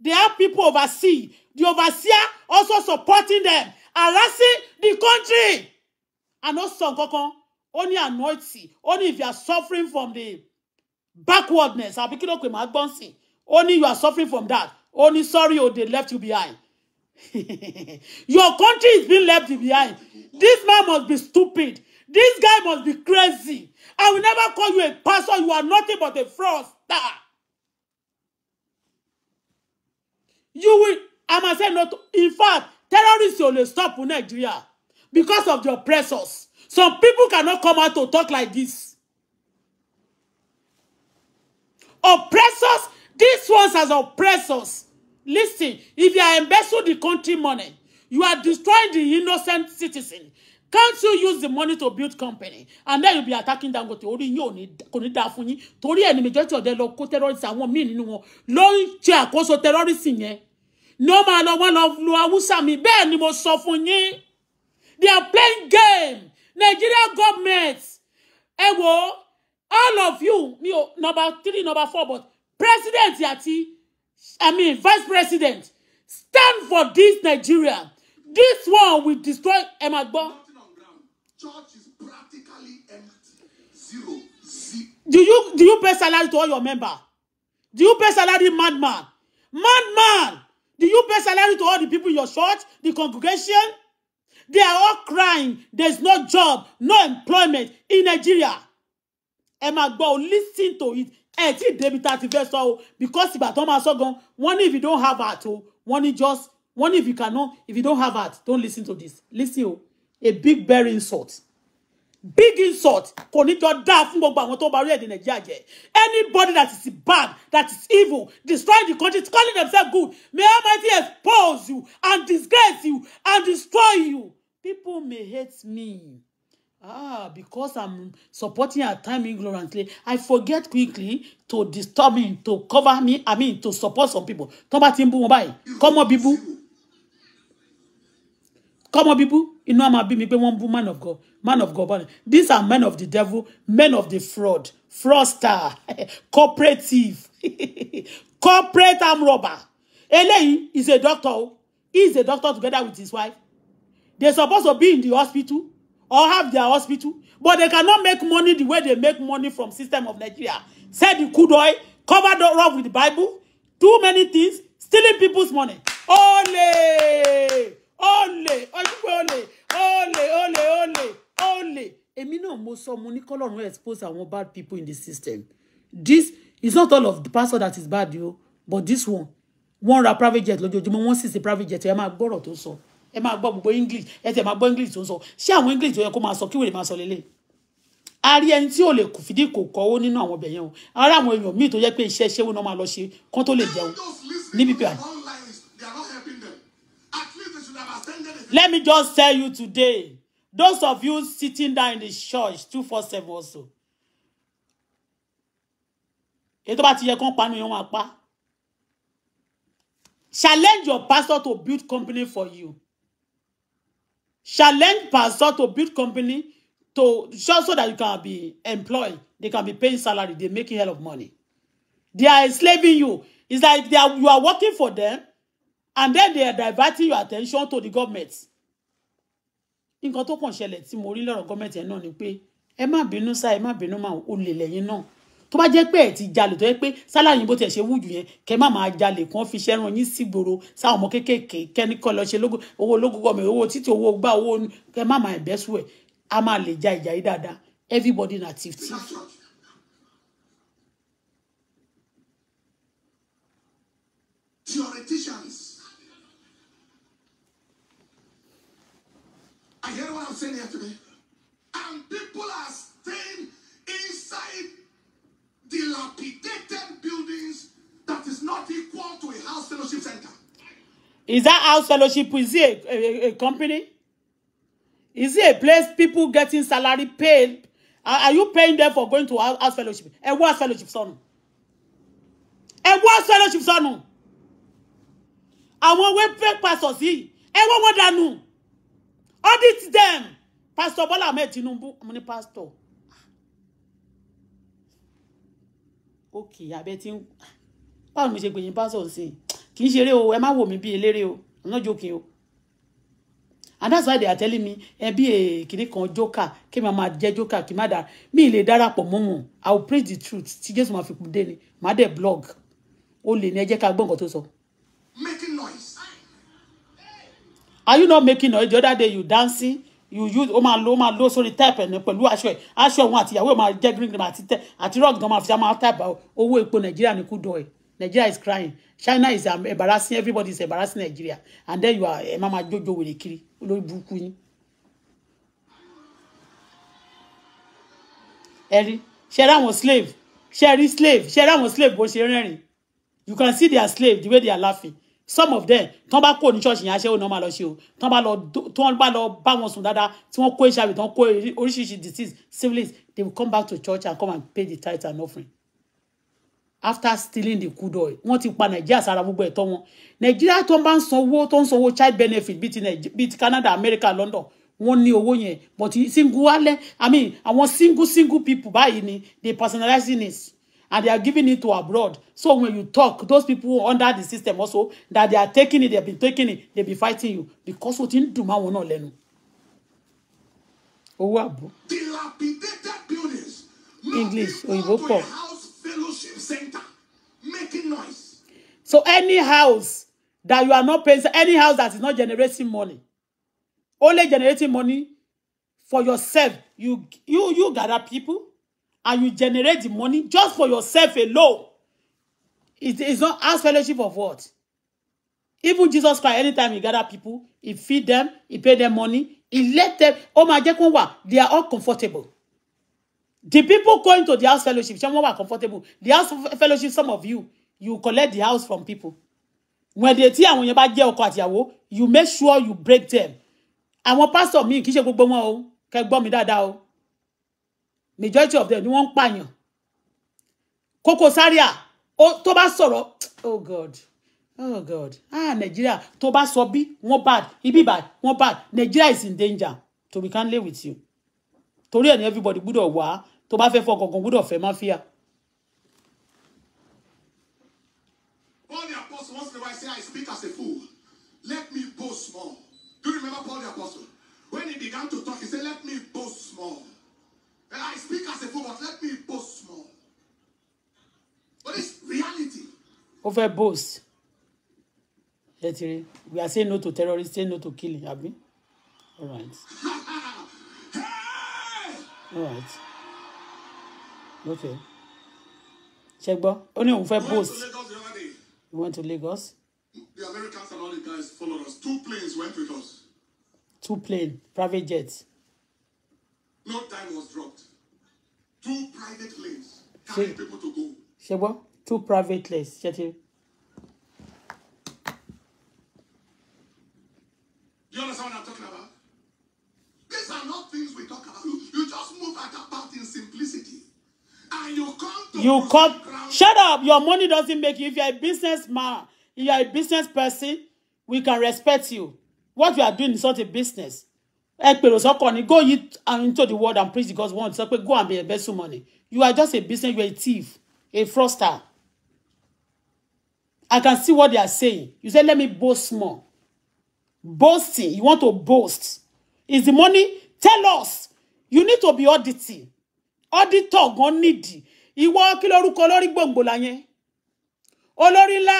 They have people oversee. The overseer also supporting them, harassing the country. And also, Kokon, only anointing, only if you are suffering from the backwardness, only you are suffering from that. Only sorry, or oh, they left you behind. Your country is being left behind. This man must be stupid. This guy must be crazy. I will never call you a pastor. You are nothing but a fraudster. You will, I must say, not. In fact, terrorists will stop in Nigeria because of the oppressors. Some people cannot come out to talk like this. Oppressors, This ones as oppressors. Listen, if you are embezzling the country money, you are destroying the innocent citizen can't you use the money to build company and then you be attacking Dangote orí yín ò ní kò ní dáa fún yín torí ẹni majority ọ̀dẹ lọ kó terrorist àwọn míì nínú wọn ló ń ṣe àkóso terrorist yẹn No ó máa lọ wọ́n lọ lu mi bẹ́ẹ̀ ni mo sọ fún yín they are playing game Nigeria government ẹ all of you mi ò number three number four but president Yati. i mean vice president stand for this Nigeria this one will destroy ẹ máa Church is practically empty. Zero. Zero. Do you do you pay salary to all your member? Do you pay salary, madman? Madman! Do you pay salary to all the people in your church, the congregation? They are all crying. There's no job, no employment in Nigeria. Emma, go gbọ́, listen to it. Ẹ tí débi tá a ti fẹ́ because ìgbà tó máa sọ gan, wọ́n ní if you don't have heart o, wọ́n just, wọ́n if you cannot, if you don't have heart, don't listen to this. Listen oh a big bearing insult big insult kò ní jọ dáa fún gbogbo àwọn tó bá orílẹ̀-èdè nàìjíríà jẹ́ anybody that is bad that is evil destroy the country calling themselves good may almighty expose you and disgrace you and destroy you people may hate me ah because i'm supporting at time ignorantly i forget quickly to disturb me to cover me i mean to support some people tó bá ti ń bú wọn báyìí kọ́mọ́ bíbú common people inú àmà bí mi pé wọ́n ń man of God man of God bọ́ni these are men of the devil men of the fraud fraudster cooperative corporate arm robber eléyìí is a doctor o he is a doctor together with his wife they supposed to be in the hospital or have their hospital but they cannot make money the way they make money from system of Nigeria sell the crude oil cover the rock with the Bible Too many things stealing people's money. Ole! olè ọjúgbò olè olè olè olè olè èmi náà mo sọ mo ní kọ́lọ́run expose àwọn bad people in the system this is not all of the pastor that is bad o but this one wọ́n ra private jet lójoojúmọ́ wọ́n sì sí private jet ẹ máa gbọ́rọ̀ tó sọ ẹ máa gbọ́ gbogbo english ẹ tẹ̀ máa gbọ́ english tó ń sọ ṣé àwọn english tó yẹ kó máa sọ kí wèrè máa sọ lélẹ̀ a rí ẹni tí ò lè kù fìdí kò kọ́wó nínú àwọn ọbẹ̀ yẹn o ara àwọn èèyàn míì tó yẹ pé iṣẹ́ ṣéwó náà máa lọ ṣe kán tó lè jẹun níbi pé àná Let me just tell you today, those of you sitting down in the church, 247 also. Ètò bá ti yẹ kán panu yẹn wọn Challenge your pastor to build company for you. Challenge pastor to build company to just so that you can be employed. They can be paying salary. They making hell of money. They are enslaving you. It's like they are, you are working for them and then they are diverting your attention to the government nǹkan tó kàn ṣẹlẹ̀ tí mo rí lọ́rọ̀ government yẹn náà ni pé ẹ má bínú sá ẹ má bínú mà ó lè lẹ́yìn náà tó bá jẹ́ pé ẹ̀ ti jalè tó jẹ́ pé sálàyìn bó tiẹ̀ ṣe wújù yẹn kẹ́ má máa jalè kàn fi iṣẹ́ ràn yín sígboro sáwọn ọmọ kéékèèké kẹ́ni lọ ṣe owó ológun gọ́ọ̀mẹ̀ owó títí owó gbá owó kẹ́ má máa ẹ̀bẹ́ sùn ẹ̀ a máa lè ja ìjà yìí dáadáa everybody na thief I hear what I'm saying here today. And people are staying inside dilapidated buildings that is not equal to a house fellowship center. Is that house fellowship? Is it a, a, a company? Is it a place people getting salary paid? Are, are you paying them for going to house, house fellowship? Ẹ wá house fellowship sọnù. Ẹ wá house fellowship sọnù. Àwọn wẹ́pẹ́ pastors A what what wọ́n know? audit them pastor Bọ́lá Ahmed Tinubu mo ní pastor Okay, abẹ ti ń báwo ni mo ṣe gbèyìn pastor sí kì í ṣeré o ẹ má wò mí bí eléré o I'm not joking o and that's why they are telling me ẹbí èkìní e, kan joker kí màá máa jẹ joker kí má dára mi lè darapọ̀ mọ́ wọn I will preach the truth tí Jésù máa fi kú dé ni màá dẹ̀ blog ó lè ní ẹ jẹ́ ká gbọ́ nǹkan tó sọ. So. are you not making noise the other day you dancing you use o máa lo o máa lo sórí type ẹni pẹ̀lú aṣọ ẹ̀ aṣọ òun àti ìyàwó ẹ̀ máa jẹ́ green green àti àti rock gan máa fi máa type owó epo nàìjíríà ní kúdọ̀ ẹ̀ nàìjíríà is crying china is um, embarrassing everybody is embarrassing nàìjíríà and then you are ẹ̀ máa máa jójo wèrè kiri olórí burúkú yín. ẹ rí ṣe rí àwọn slave ṣe rí slave ṣe rí àwọn slave bó ṣe rẹ́rìn you can see their slave the way they are laughing some of them tán bá kó ní ṣọ́ọ̀ṣì yẹn aṣẹ́wó náà máa lọ ṣe o tán bá lọ tán bá lọ bá wọn sùn dáadáa tí wọ́n kó hiv tán kó oríṣiríṣi disease syphilis they will come back to church and come and pay the tithe and offering after stealing the crude oil wọ́n ti pa nàìjíríà sára gbogbo ẹ̀tọ́ wọn nàìjíríà tó ń bá ń sanwó tó ń sanwó child benefit bíi ti bíi ti canada america london wọ́n ní owó yẹn but single alẹ́ i mean àwọn single single people báyìí ni they personalize this and they are giving it to abroad. So when you talk, those people under the system also, that they are taking it, they have been taking it, they be fighting you. Because what in Duma will not learn. Owó oh, àbọ̀. Dilapidated buildings. English, òyìnbó pọ̀. House fellowship center making noise. So any house that you are not paying, any house that is not generating money, only generating money for yourself, you you you gather people and you generate the money just for yourself alone. It is not house fellowship of what? Even Jesus Christ, anytime he gather people, he feed them, he pay them money, he let them. Oh my God, they are all comfortable. The people going to the house fellowship, some of are comfortable. The house fellowship, some of you, you collect the house from people. When they tí àwọn yẹn bá jẹ́ ọkọ àtìyàwó, you make sure you break them. And what pastor me, kì í ṣe gbogbo wọn o, kẹ́ gbọ́ mi dáadáa o majority of them ni wọ́n ń pààyàn Koko Zaria tó bá sọ̀rọ̀ oh god oh god ah Nigeria tó bá sọ bí wọ́n bad ibi bad wọ́n bad Nigeria is in danger so we can't live with you torí ẹ̀ ní everybody gbúdọ̀ wá tó bá fẹ́ fọ kankan gbúdọ̀ fẹ́ máfíà. Paul the apostle once in a while say I speak as a fool let me boast more. do you remember Paul the apostle when he began to talk he say let me boast more." I speak as a fool, but let me boast small. But it's reality. Over boast. Let's hear it. We are saying no to terrorists, saying no to killing, Have we? All right. hey! All right. Okay. Ṣé gbọ́, ó ní òun fẹ́ boast. We went to Lagos. The Americans and all the guys followed us. Two planes went with us. Two planes, private jets. No time was dropped two private lanes carry people to go. ṣe gbọ́ two private lanes ṣe ti. You understand what I'm talking about? These are not things we talk about. You just move at about in simplicity. And you come to you come shut up your money doesn't make you if you're a businessman if you're a business person we can respect you what you are doing is not a business ẹ pèrò sọ́kọ̀ ni go ye into the world and preach the gospel wọ́n sọ pé go and be a vessel money you are just a business you are a thief a fraudster I can see what they are saying you say let me boast more boasting you want to boast is the money tell us you need to be auditing auditor gan nídìí ìwọ kí lorúkọ olórí gbòǹgbò la yẹn olórí ńlá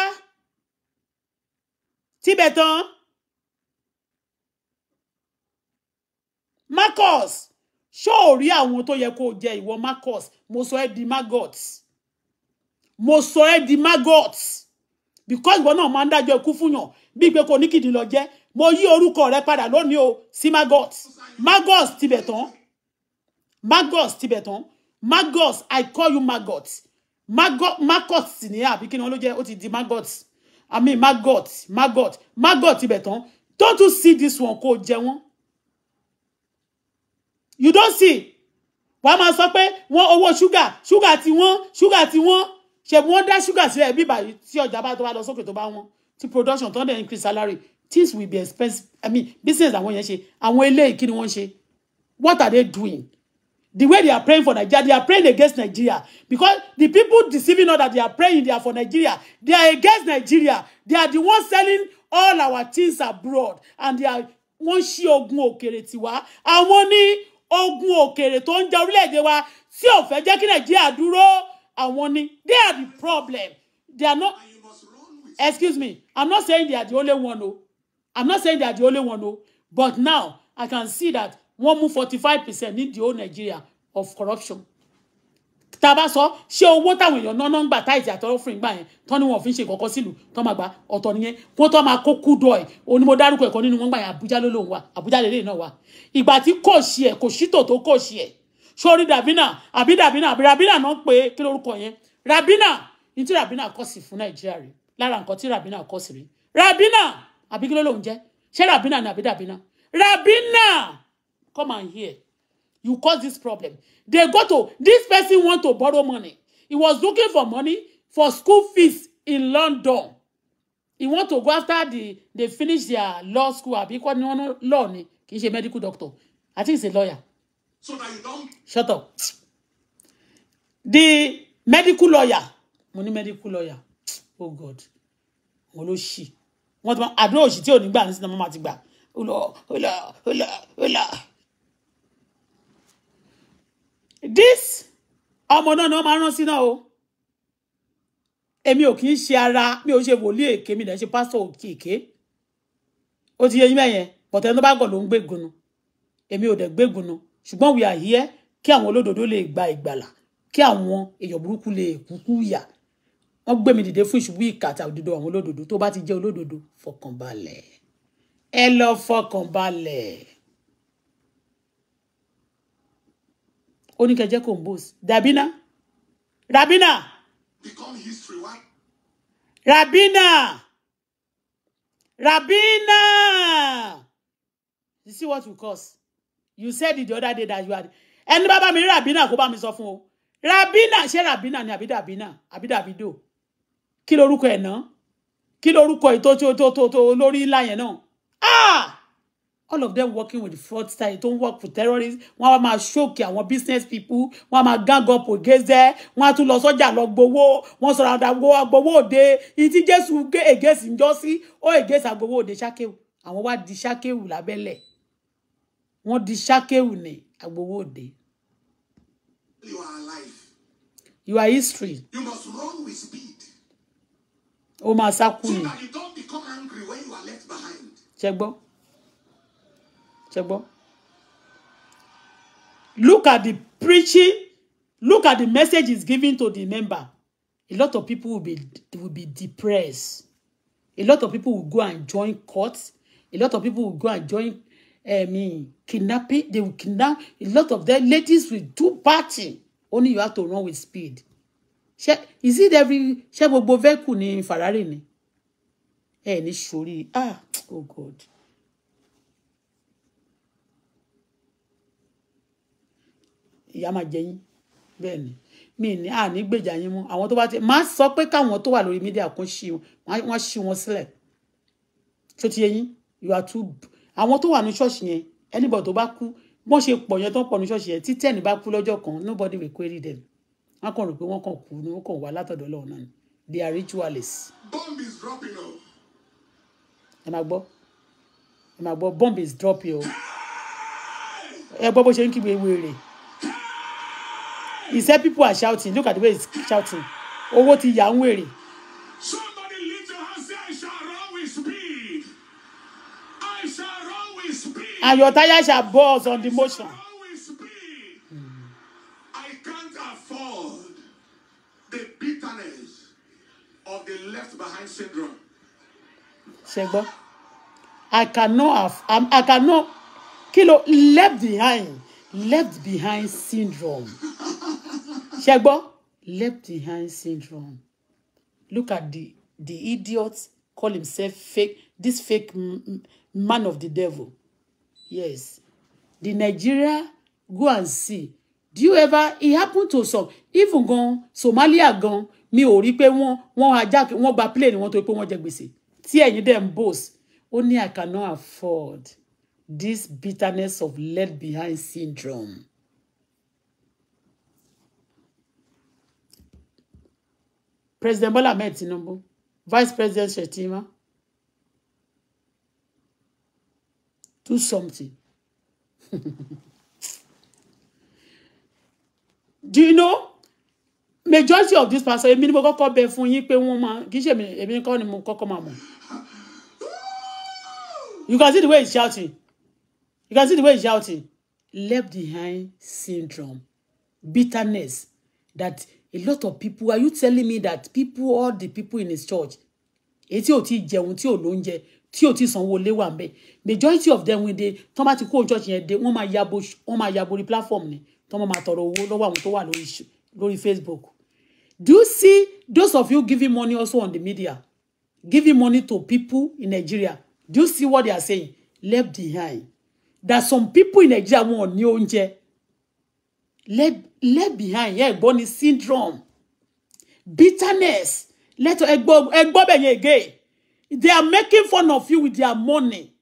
tíbẹ̀ tán. Marcus ṣó ò rí àwọn tó yẹ kó o jẹ ìwọ Marcus mo sọ ẹ́ di maggot mo sọ ẹ́ di maggot because ìwọ náà máa ń dájọ́ ikú fún yàn bíi pé kò ní kìdí lọ jẹ́ mo yí orúkọ rẹ padà lónìí o sí maggot maggot tibẹ̀ tán maggot tibẹ̀ tán maggot I call you maggot maggot maggot sì ní àbí kí ni wọn ló jẹ́ ó ti di maggot I mean maggot maggot maggot tibẹ̀ tán don't you see this one kó jẹ wọ́n you don't see wàá máa sọ pé wọ́n owó ṣúgà ṣúgà tí wọ́n ṣúgà tí wọ́n ṣẹ̀bùn wọ́n dá ṣúgà sílẹ̀ bí báyìí tí ọjà bá tó bá lọ sókè tó bá wọ́n tí production tó ń dẹ̀ increase salary things will be expensive i mean business àwọn yẹn ṣe àwọn eléyìí kí ni wọ́n ṣe what are they doing the way they are praying for Nigeria they are praying against Nigeria because the people deceiving us that they are praying they are for Nigeria they are against Nigeria they are the ones selling all our things abroad and they are wọ́n ṣí ogun òkèrè tiwa àwọn ní ogun òkèèrè tó ń jẹ orílẹ̀-èdè wa tí ò fẹ́ jẹ́ kí nàìjíríà dúró àwọn ni they are the problem they are not excuse me i'm not saying they are the only one o oh. i'm not saying they are the only one o oh. but now i can see that one mú forty five percent ní the whole nigeria of corruption tá a bá sọ ṣé owó táwọn èèyàn náà ń gbà táìsì àtọ́rọ́ fún ìgbà yẹn tán ni wọn fi ń ṣe kọ̀ọ̀kan sílùú tán máa gba ọ̀tọ̀ nìyẹn kó tán máa kó kúdọ̀ ẹ̀ òun ni mo dárúkọ ẹ̀kọ́ nínú wọn gbà yẹn Àbújá ló lòun wà Àbújá lélẹ́yìn náà wà ìgbà tí kò ṣí ẹ̀ kò ṣítò tó kò ṣí ẹ̀ sórí dàbínà àbí dàbínà àbí rabínà náà pé kí lórúkọ yẹn rabínà ní tí rabínà kò sí fún Nàìjíríà rè lára nǹkan tí come and hear you cause this problem they go to this person want to borrow money he was looking for money for school fees in London he want to go after the they finish their law school I think ní wọn law ni kì í medical doctor I think he's a lawyer so now you don't shut up the medical lawyer Money medical lawyer oh God mo ló ṣì wọn ti máa àdúrà òṣì tí ò ní gbà ní sinimá máa ti gbà ó lọ ó this ọmọ náà ni wọ́n máa ń rán sí náà o èmi ò kì í ṣe ara mi ò ṣe wòlíì èké mi dẹ̀ ṣe pásítọ̀ òkè èké ó ti yẹ yín mẹ́yẹn bọ̀tẹ́ tó bá gọ̀ ló ń gbégunu èmi ò dẹ̀ gbégunu ṣùgbọ́n we are here kí àwọn olódodo lè gba ìgbàlà kí àwọn èèyàn burúkú lè kúkú yà wọ́n gbé mi dìde fún ìṣubú ìkà àti òdodo àwọn olódodo tó bá ti jẹ́ olódodo fọkànbalẹ̀ ẹ lọ fọkànbalẹ̀. ó ní kẹjẹ combos dabina rabina rabina rabina you see what you cause you said it the other day that you had ẹni baba mi rabina kó bá mi sọ fún o rabina she rabina ni abidabina abidabido kí lorúkọ ẹ̀ náà kí lorúkọ to to to to. olórí ńlá yẹn náà ah all of them working with the fraudster tó don't work for terrorists wọ́n á máa ṣókè àwọn business people wọ́n á máa gang up against them wọ́n á tún lọ sọ́jà lọ gbowó wọ́n sọ̀rọ̀ àdàgbò agbowó òde ìtí jésù gé ègèsì ń jọ sí ó ègèsì agbowó òde ṣákéwù àwọn wá di ṣákéwù lábẹ́lẹ̀ wọ́n di ṣákéwù ní agbowó òde. you are alive. you are history. you must run with speed. ó máa sá kú ni. so that you don't become angry when you are left behind. ṣe gbọ́ ṣe gbọ́ look at the preaching look at the message is given to the member a lot of people will be will be depressed a lot of people will go and join courts. a lot of people will go and join I eh, mean, kidnapping. They will kidnap. A lot of them ladies will do party. Only you have to run with speed. She, is it every ṣé gbogbo vehicle ni Ferrari ni? Ẹ eh, Ah, oh God. ìyá máa jẹ yín bẹ́ẹ̀ ni mi ní àní gbèjà yín mú àwọn tó bá ti máa sọ pé káwọn tó wà lórí mídíà kan ṣí wọn ṣí wọn sílẹ̀ tó ti yẹ yín you are too àwọn tó wà ní ṣọ́ọ̀ṣì yẹn anybody tó bá kú wọ́n ṣe pọ̀ yẹn tó ń pọ̀ ní ṣọ́ọ̀ṣì yẹn tí tẹ́ẹ̀nì bá kú lọ́jọ́ kan nobody will query them wọ́n kàn rò pé wọ́n kàn kú ni wọ́n kàn wá látọ̀dọ̀ Ọlọ́run náà ni they are ritualists. bomb is dropping o. ẹ máa gbọ́ ẹ máa gbọ́ bomb is dropping o ẹ gbọ́ bó ṣe ń kígbe wèrè he said people are shouting look at the way he's shouting owó ti yà ń wèrè. and your tire shall burst on the motion. I shall can't afford the bitterness of the left behind syndrome. ṣẹgbọn i cannot have i cannot kí left behind left behind syndrome ṣe gbọ́ left behind syndrome look at the the idiot call himself fake this fake man of the devil yes the Nigeria go and see do you ever It happen to some even gan Somalia gan mi ò rí pé wọ́n wọ́n ajá wọ́n gba plane wọ́n tó pé wọ́n jẹ gbèsè tí ẹ̀yin dẹ̀ ń boast ó ní I cannot afford this bitterness of left behind syndrome. President Bola Ahmed Tinubu, Vice President Shettima, do something. do you know majority of these pastors èmi ni mo kọ́kọ́ bẹ fún yín pé wọ́n máa kì í ṣe èmi èmi kọ́ ni you can see the way he's shouting You can see the way he's shouting. Left behind syndrome, bitterness that a lot of people are you telling me that people all the people in his church majority of them when they tán bá ti kó church they dé wọ́n yabo wọ́n máa yabo ní platform ni tán máa tọrọ owó lọ́wọ́ àwọn tó wà lórí lórí Facebook do you see those of you giving money also on the media giving money to people in Nigeria do you see what they are saying left behind that some people in Nigeria wọn ò ní let let behind yeah gbọ́ syndrome bitterness let ẹgbọ́ egbo bẹ̀ yẹn again they are making fun of you with their money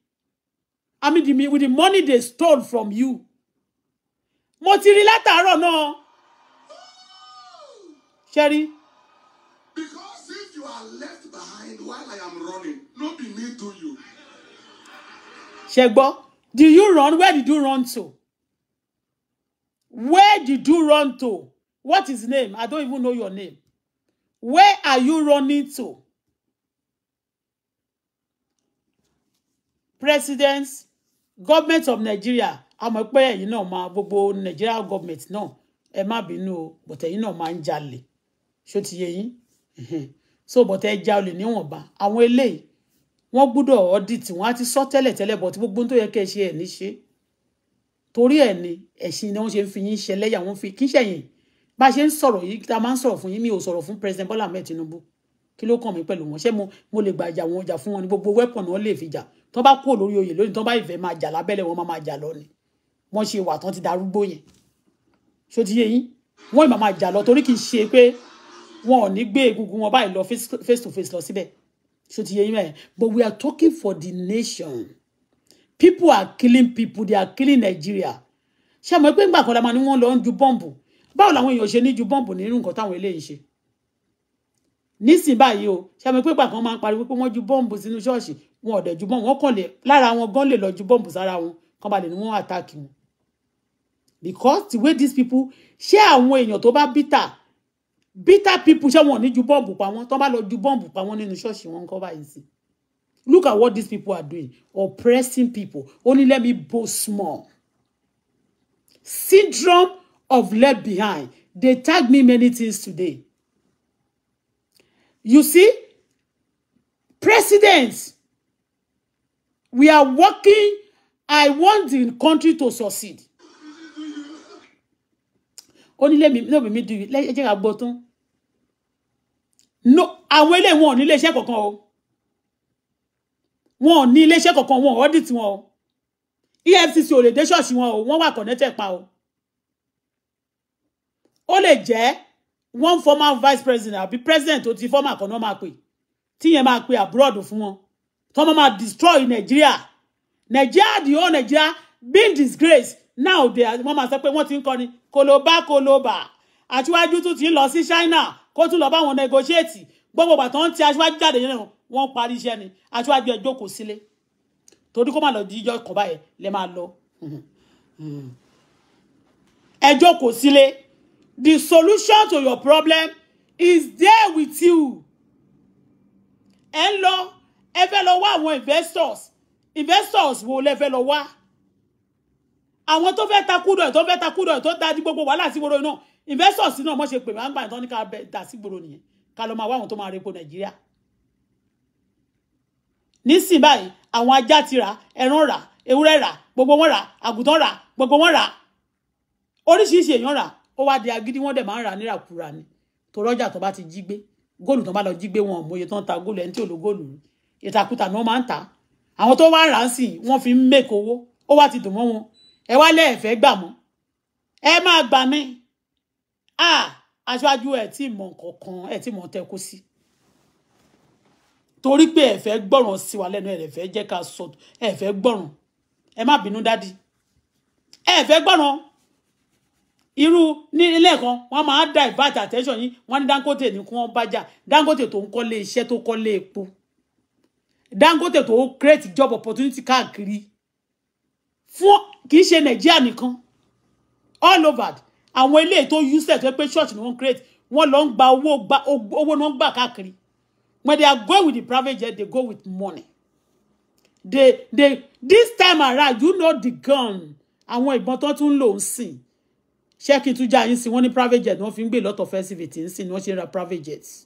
I mean the, with the money they stole from you mo ti no Sherry because if you are left behind while I am running no be me to you. ṣe Did you run? Where did you run to? Where did you run to? What is name? I don't even know your name. Where are you running to? Presidents, government of Nigeria, àmọ́ pé ẹ̀yin náà máa gbogbo Nigeria government No, it might be no, but you know máa jolly. jalè ṣó ti yé yín so but ẹ jalè níwọ̀nba àwọn eléyìí wọ́n gbúdọ̀ audit wọ́n á ti sọ tẹ́lẹ̀ tẹ́lẹ̀ bọ̀ tí gbogbo tó yẹ kẹ́ ṣe ẹ̀ ní ṣe torí ẹ̀ ni ẹ̀sìn ni wọ́n ṣe ń fi yín ṣẹlẹ́yà wọ́n fi kíṣẹ̀ yín bá a ṣe ń sọ̀rọ̀ yìí tá a máa ń sọ̀rọ̀ fún yín mi ò sọ̀rọ̀ fún president Bola Ahmed Tinubu kí ló kàn mí pẹ̀lú wọn ṣé mo lè gbàjà wọn jà fún wọn ní gbogbo weapon wọn lè fi jà tán bá kúrò lórí oyè lónìí tán bá ìfẹ́ máa jà lábẹ́lẹ̀ wọn máa máa jà lọ ni wọ́n ṣe wà tán ti darúgbó yẹn ṣó ti yé yín wọ́n ì máa jà lọ torí kì í ṣe pé wọn ò ní gbé egungun wọn báyìí lọ face to face lọ síbẹ̀ ṣó but we are talking for the nation people are killing people they are killing Nigeria ṣé àmọ́ pé back? kan mani máa ní wọ́n lọ ń ju bọ́ǹbù báwo làwọn èèyàn ṣe ní ju bọ́ǹbù nínú nǹkan táwọn eléyìí ṣe nísìn báyìí o ṣé àmọ́ pé ńgbà kan máa ń pariwo pé wọ́n ju bọ́ǹbù sínú ṣọ́ọ̀ṣì wọn ò dẹ̀ ju bọ́ǹbù wọn kàn lè lára wọn gan lè lọ ju bọ́ǹbù sára wọn kàn balẹ̀ ni wọ́n attack wọn because the way these people ṣé àwọn èèyàn tó bá bitter bitter people ṣé wọn ò ní ju bọ́ǹbù pa wọn tán bá lọ ju bọ́ǹbù pa wọn nínú ṣọ́ọ̀ṣì wọn kọ́ báyìí sí look at what these people are doing oppressing people only let me boast small syndrome of left behind they tag me many things today you see president we are working i want the country to succeed ó ní let me no be me do it Let me ká gbọ́ tán no àwọn eléyìí wọn ò ní iléeṣẹ́ kankan o wọn ò ní iléeṣẹ́ kankan wọn ò audit wọn o EFCC ò lè dé ṣọ́ọ̀ṣì wọn o wọ́n wà connected pa o ó lè jẹ́ one former vice president àbí president tó ti former kan náà máa pè tíyẹn máa pè abroad fún wọn tó máa máa destroy Nigeria Nigeria the whole Nigeria being disgraced now they are wọ́n máa sọ pé wọ́n ti ń koloba koloba àtiwájú tún ti ń lọ sí China kó tún lọ bá wọn negotiate gbogbo ìgbà tó ń ti aṣíwájú jáde yẹn wọ́n parí iṣẹ́ ni aṣíwájú ẹ jókòó sílé torí kó má lọ di ijọ́ kan báyẹn lè máa lọ ẹ jókòó sílé the solution to your problem is there with you ẹ ń lọ ẹ fẹ́ lọ wá àwọn investors investors wo lẹ fẹ́ lọ wá àwọn tó fẹ́ takúdọ̀ ẹ̀ tó fẹ́ takúdọ̀ ẹ̀ tó dájú gbogbo wàhálà sí gbogbo náà investors náà mọ̀ ṣe pè máa ń gbà tán ní ká dà sí gbòòrò nìyẹn ká lọ máa wá àwọn tó máa repo nàìjíríà nísìn báyìí àwọn ajá ti rà ẹran rà ewúrẹ́ rà gbogbo wọn rà àgùntàn rà gbogbo wọn rà oríṣiríṣi èèyàn rà ó wá di agídí wọn dẹ̀ máa ń rà níràkúrà ni torí ọjà tó bá ti jí gbé góòlù tó bá lọ jí gbé wọn mòye tó ń ta góòlù ẹni tí ò lo góòlù ìtàkùtà ni wọ́n máa ń ta àwọn tó wá ń rà á sì wọ́n fi ń mèkó owó ó wá ti dùn mọ́ wọn ẹ wá lẹ́ẹ̀fẹ́ gbà mọ́ ẹ máa gbà mí Ah, aṣáájú ẹ̀ tí mọ̀ kankan ẹ̀ tí mọ̀ tẹ́ kó sí torí pé ẹ fẹ́ gbọ́ràn sí wa lẹ́nu ẹ fẹ́ jẹ́ ká sọ ẹ fẹ́ gbọ́ràn ẹ má bínú dádì ẹ fẹ́ gbọ́ràn irú ní ilé kan wọ́n máa dá ìbáàtà attention yín wọ́n ní Dangote ní kí wọ́n bájà Dangote tó ń kọ́lé iṣẹ́ tó kọ́lé epo Dangote tó create job opportunity káàkiri fún kì í ṣe Nàìjíríà nìkan all over àwọn ilé tó useless tó pé church ni wọ́n create wọ́n lọ ń gba owó gba owó ni wọ́n gbà káàkiri when they are going with the private jet they go with money they they this time around you know the gun àwọn ìbọn tó tún lò ń sìn ṣé kí n tún já yín sí wọ́n ní private jet wọ́n fi ń gbé lot of festivity ń sìn ni wọ́n ṣe ra private jets.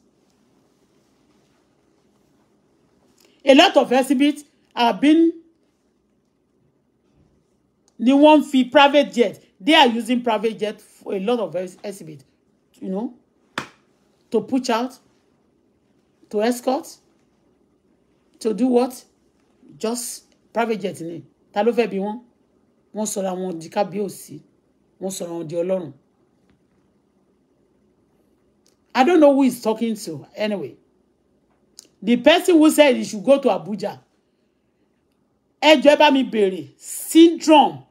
a lot of exhibits have been ni wọ́n fi private jet they are using private jet a lot of exhibit, you know, to push out, to escort, to do what? Just private jet it. Talo ló fẹ́ Won wọ́n? Wọ́n sọ̀rọ̀ àwọn di Won Wọ́n sọ̀rọ̀ àwọn di ọlọ́run. I don't know who he's talking to anyway. The person who said he should go to Abuja. Ẹ jọ̀ọ́ mi béèrè syndrome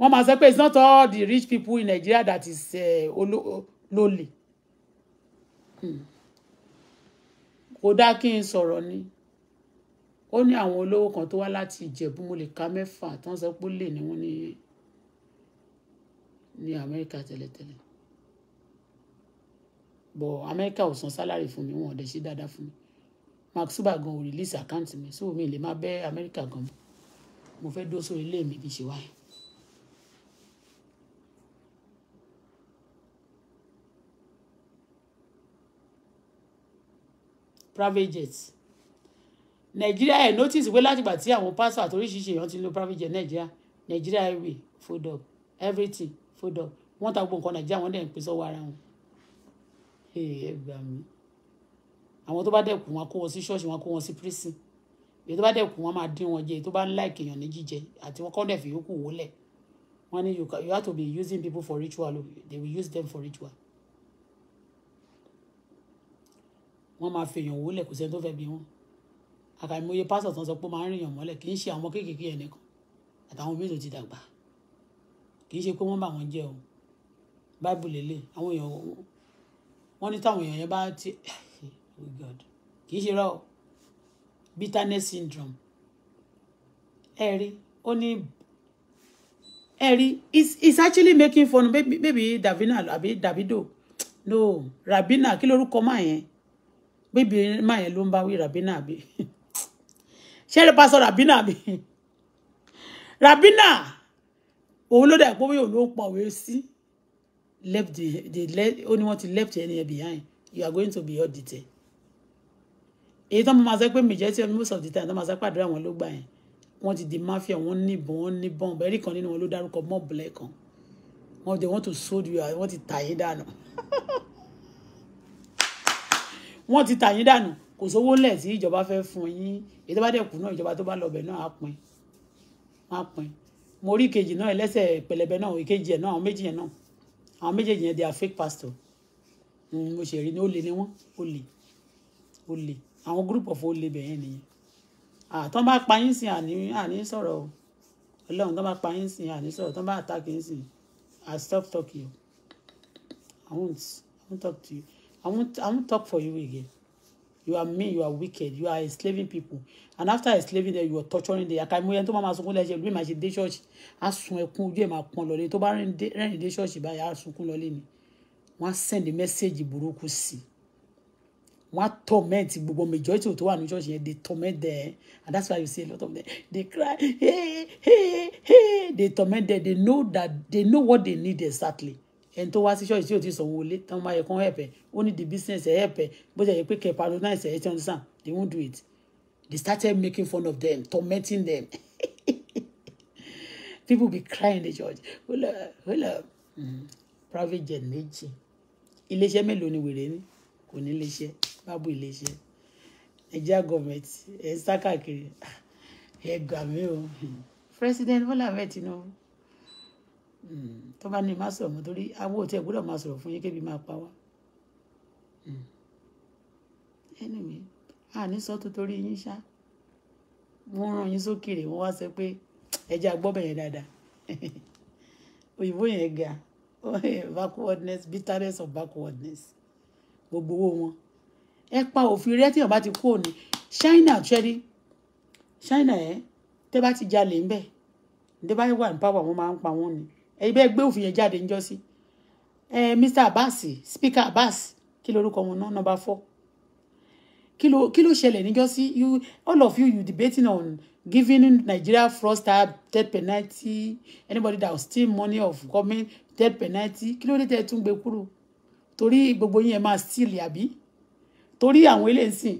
wọ́n máa sọ pé it's not all the rich people in Nigeria that is eh, lonely. lowly hmm. kò dá kí n sọ̀rọ̀ ni ó ní àwọn olówó kan tó wá láti Ìjẹ̀bú mo lè ka mẹ́fà tó ń sọ pé ó lè ní wọn ní ní Amẹ́ríkà tẹ́lẹ̀tẹ́lẹ̀ bọ̀ Amẹ́ríkà ò san sálárì fún mi wọn ò dẹ̀ ṣe dáadáa fún mi Mark Zuba gan ò release account, mi so mi lè má bẹ́ Amẹ́ríkà gan mo fẹ́ dó sórí ilé mi bí ṣe wáyé private jet Nigeria, ẹ̀ notice pé látìgbà tí àwọn pásítọ̀ àtòríṣiríṣi èèyàn ti lo private jet nàìjíríà nàìjíríà airway fold up everything fold up wọ́n ta gbogbo nǹkan nàìjíríà wọ́n dẹ̀ ń pè sọ́wọ́ ara wọn ẹ gbà mí àwọn tó bá dẹ̀ kù wọn kó wọn sí ṣọ́ọ̀ṣì wọn kó wọn sí prison èyí tó bá dẹ̀ kù wọn máa dín wọn jẹ èyí tó bá ń láìkè èèyàn ní jíjẹ àti wọn kọ́ dẹ̀ fi yókù wọlé wọn ní you have to be using people for ritual they will use them for ritual wọ́n máa fèèyàn wólẹ̀ kò sẹ́ni tó fẹ́ bí wọn àkàìmọye pásọ̀ tán sọ pé máa ń rìnyàn mọ́lẹ̀ kì í ṣe àwọn kéékèèké ẹ̀ nìkan àtàwọn míì tó ti dàgbà kì í ṣe pé wọ́n bá wọn jẹ́ o báìbù lélẹ̀ àwọn èèyàn wọ́n ní táwọn èèyàn yẹn bá ti oh God kì í ṣe rọ bitterness syndrome ẹ rí ó ní ẹ rí it's actually making fun baby Davina àbí Davido no Rabina kí lorúkọ máa yẹn bíbí má yẹn ló ń bá wí rabina àbí ṣé ló bá sọ rabina àbí rabina òun ló dà pé òun ló ń pa òwe sí left the the left ó ní wọ́n ti left ẹni yẹn behind you are going to be audited èyí tó máa sọ pé majority of most of the time tó máa sọ pé àdúrà wọn ló gbà yẹn wọ́n ti di mafia wọ́n ní ìbọn wọ́n ní bọ́ǹbù ẹ̀rí kan nínú wọn ló dárúkọ mọ́ọ̀bù lẹ́ẹ̀kan wọ́n they want to sold you wọ́n ti tà yín dànù wọ́n ti tà yín dànù kò sówó lẹ̀ tí ìjọba fẹ́ fún yín èyí tó bá dẹ̀ kù náà ìjọba tó bá lọ bẹ̀ náà á pín á pín mo rí ìkejì náà ẹlẹ́sẹ̀ pẹlẹbẹ náà ìkejì ẹ̀ náà àwọn méjì yẹn náà àwọn méjèèjì yẹn they are fake pastor hmm, mo ṣe rí ni ó le ni wọ́n ó le ó le àwọn group of ó le bẹ̀yẹn nìyẹn àtọ́n bá pa yín sìn àní àní sọ̀rọ̀ o ọlọ́run tọ́n bá pa yín sìn àní sọ̀rọ̀ tọ́n bá attack yín sìn i stop talking you i won't i won't talk to you I won't I won't talk for you again. You are mean, you are wicked, you are enslaving people. And after enslaving them, you are torturing them. Àkàìmọye tó máa ma sunkún lẹ́sẹ̀ lórí màá ṣe dé ṣọ́ọ̀ṣì. Á sun ẹkún ojú ẹ̀ máa pọn lọlé. Tó bá church. dé ṣọ́ọ̀ṣì báyìí, á sunkún lọlé ni. Wọ́n á send mẹ́sẹ̀gì burúkú sí i. Wọ́n á torment gbogbo majority tó wà ní ṣọ́ọ̀ṣì yẹn. They torment them. And that's why you see a lot of them. They cry, hey, hey, hey. They torment them. They know that they know what they need exactly ẹni tó wá sí ṣọ́ọ̀ṣì tí ò ti sanwó ilé tí wọ́n máa yẹ kán help ẹ̀ ó ní the business ẹ̀ help ẹ̀ bó ṣe yẹ pé kẹ̀ patronize ẹ̀ ẹ̀ ti understand they won't do it they started making fun of them tormenting them people be crying in the church wọ́n lọ mm-hmm. private jet méjì iléeṣẹ́ mélòó ni wèrè ní kò ní iléeṣẹ́ bábù iléeṣẹ́ Nigeria government ẹ̀ ń sá káàkiri ah, ẹ̀ gbà mí o hmm. President Bola Ahmed Tinubu tó bá ní má sọ̀rọ̀ mọ́ torí awo tí ẹ gbọ́dọ̀ máa sọ̀rọ̀ fún yín kébi máa pa wá ẹnu mi a ní sọ́tò torí yín ṣá wọ́n rán yín sókèrè wọ́n wá sọ pé ẹja gbọ́bẹ̀ yẹn dáadáa òyìnbó yẹn ga backwardness bitterness of backwardness gbogbo owó wọn ẹ pa òfin rẹ tí wọn bá ti kú òní China ṣẹ́rí China ẹ tẹ́ bá ti jalè ńbẹ̀ tẹ́ bá wà ní power wọn máa ń pa wọ́n ni ẹ̀yin bẹ́ẹ̀ gbé òfin yẹn jáde níjọ́ sí Mr Abbas Speaker Abbas kí lorúkọ wọn náà number four kí ló kí ló ṣẹlẹ̀ níjọ́ sí you all of you you debating on giving Nigeria fraudster death penalty anybody that will steal money of government death penalty kí ló dé tẹ́ ẹ tún gbé kúrò torí gbogbo yín ẹ máa steal àbí torí àwọn eléyìí sìn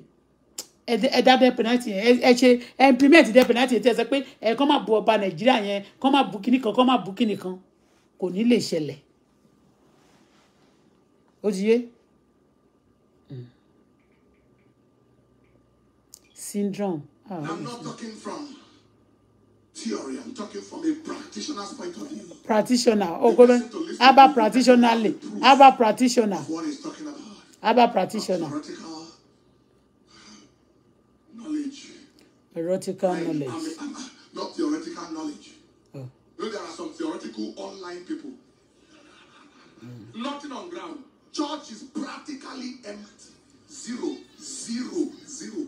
ẹ̀dá death penalty yẹn ẹ ṣe implement death penalty yẹn tẹ́ ẹ sọ pé ẹ kàn máa bu ọba Nàìjíríà yẹn kàn máa bu kíní kan kàn máa bu kíní kan kò ní lè ṣẹlẹ̀ ó ti yé hmm. syndrome. Ah, I'm not talking from theory I'm talking from a practitioner's point of view. practitioner oh go back herbal practitioner le herbal practitioner herbal practitioner. Erotical knowledge. I, I'm, I'm, not theoretical knowledge. Know there are some theoretical online people. Mm. Nothing on ground. Church is practically empty. Zero, zero, zero.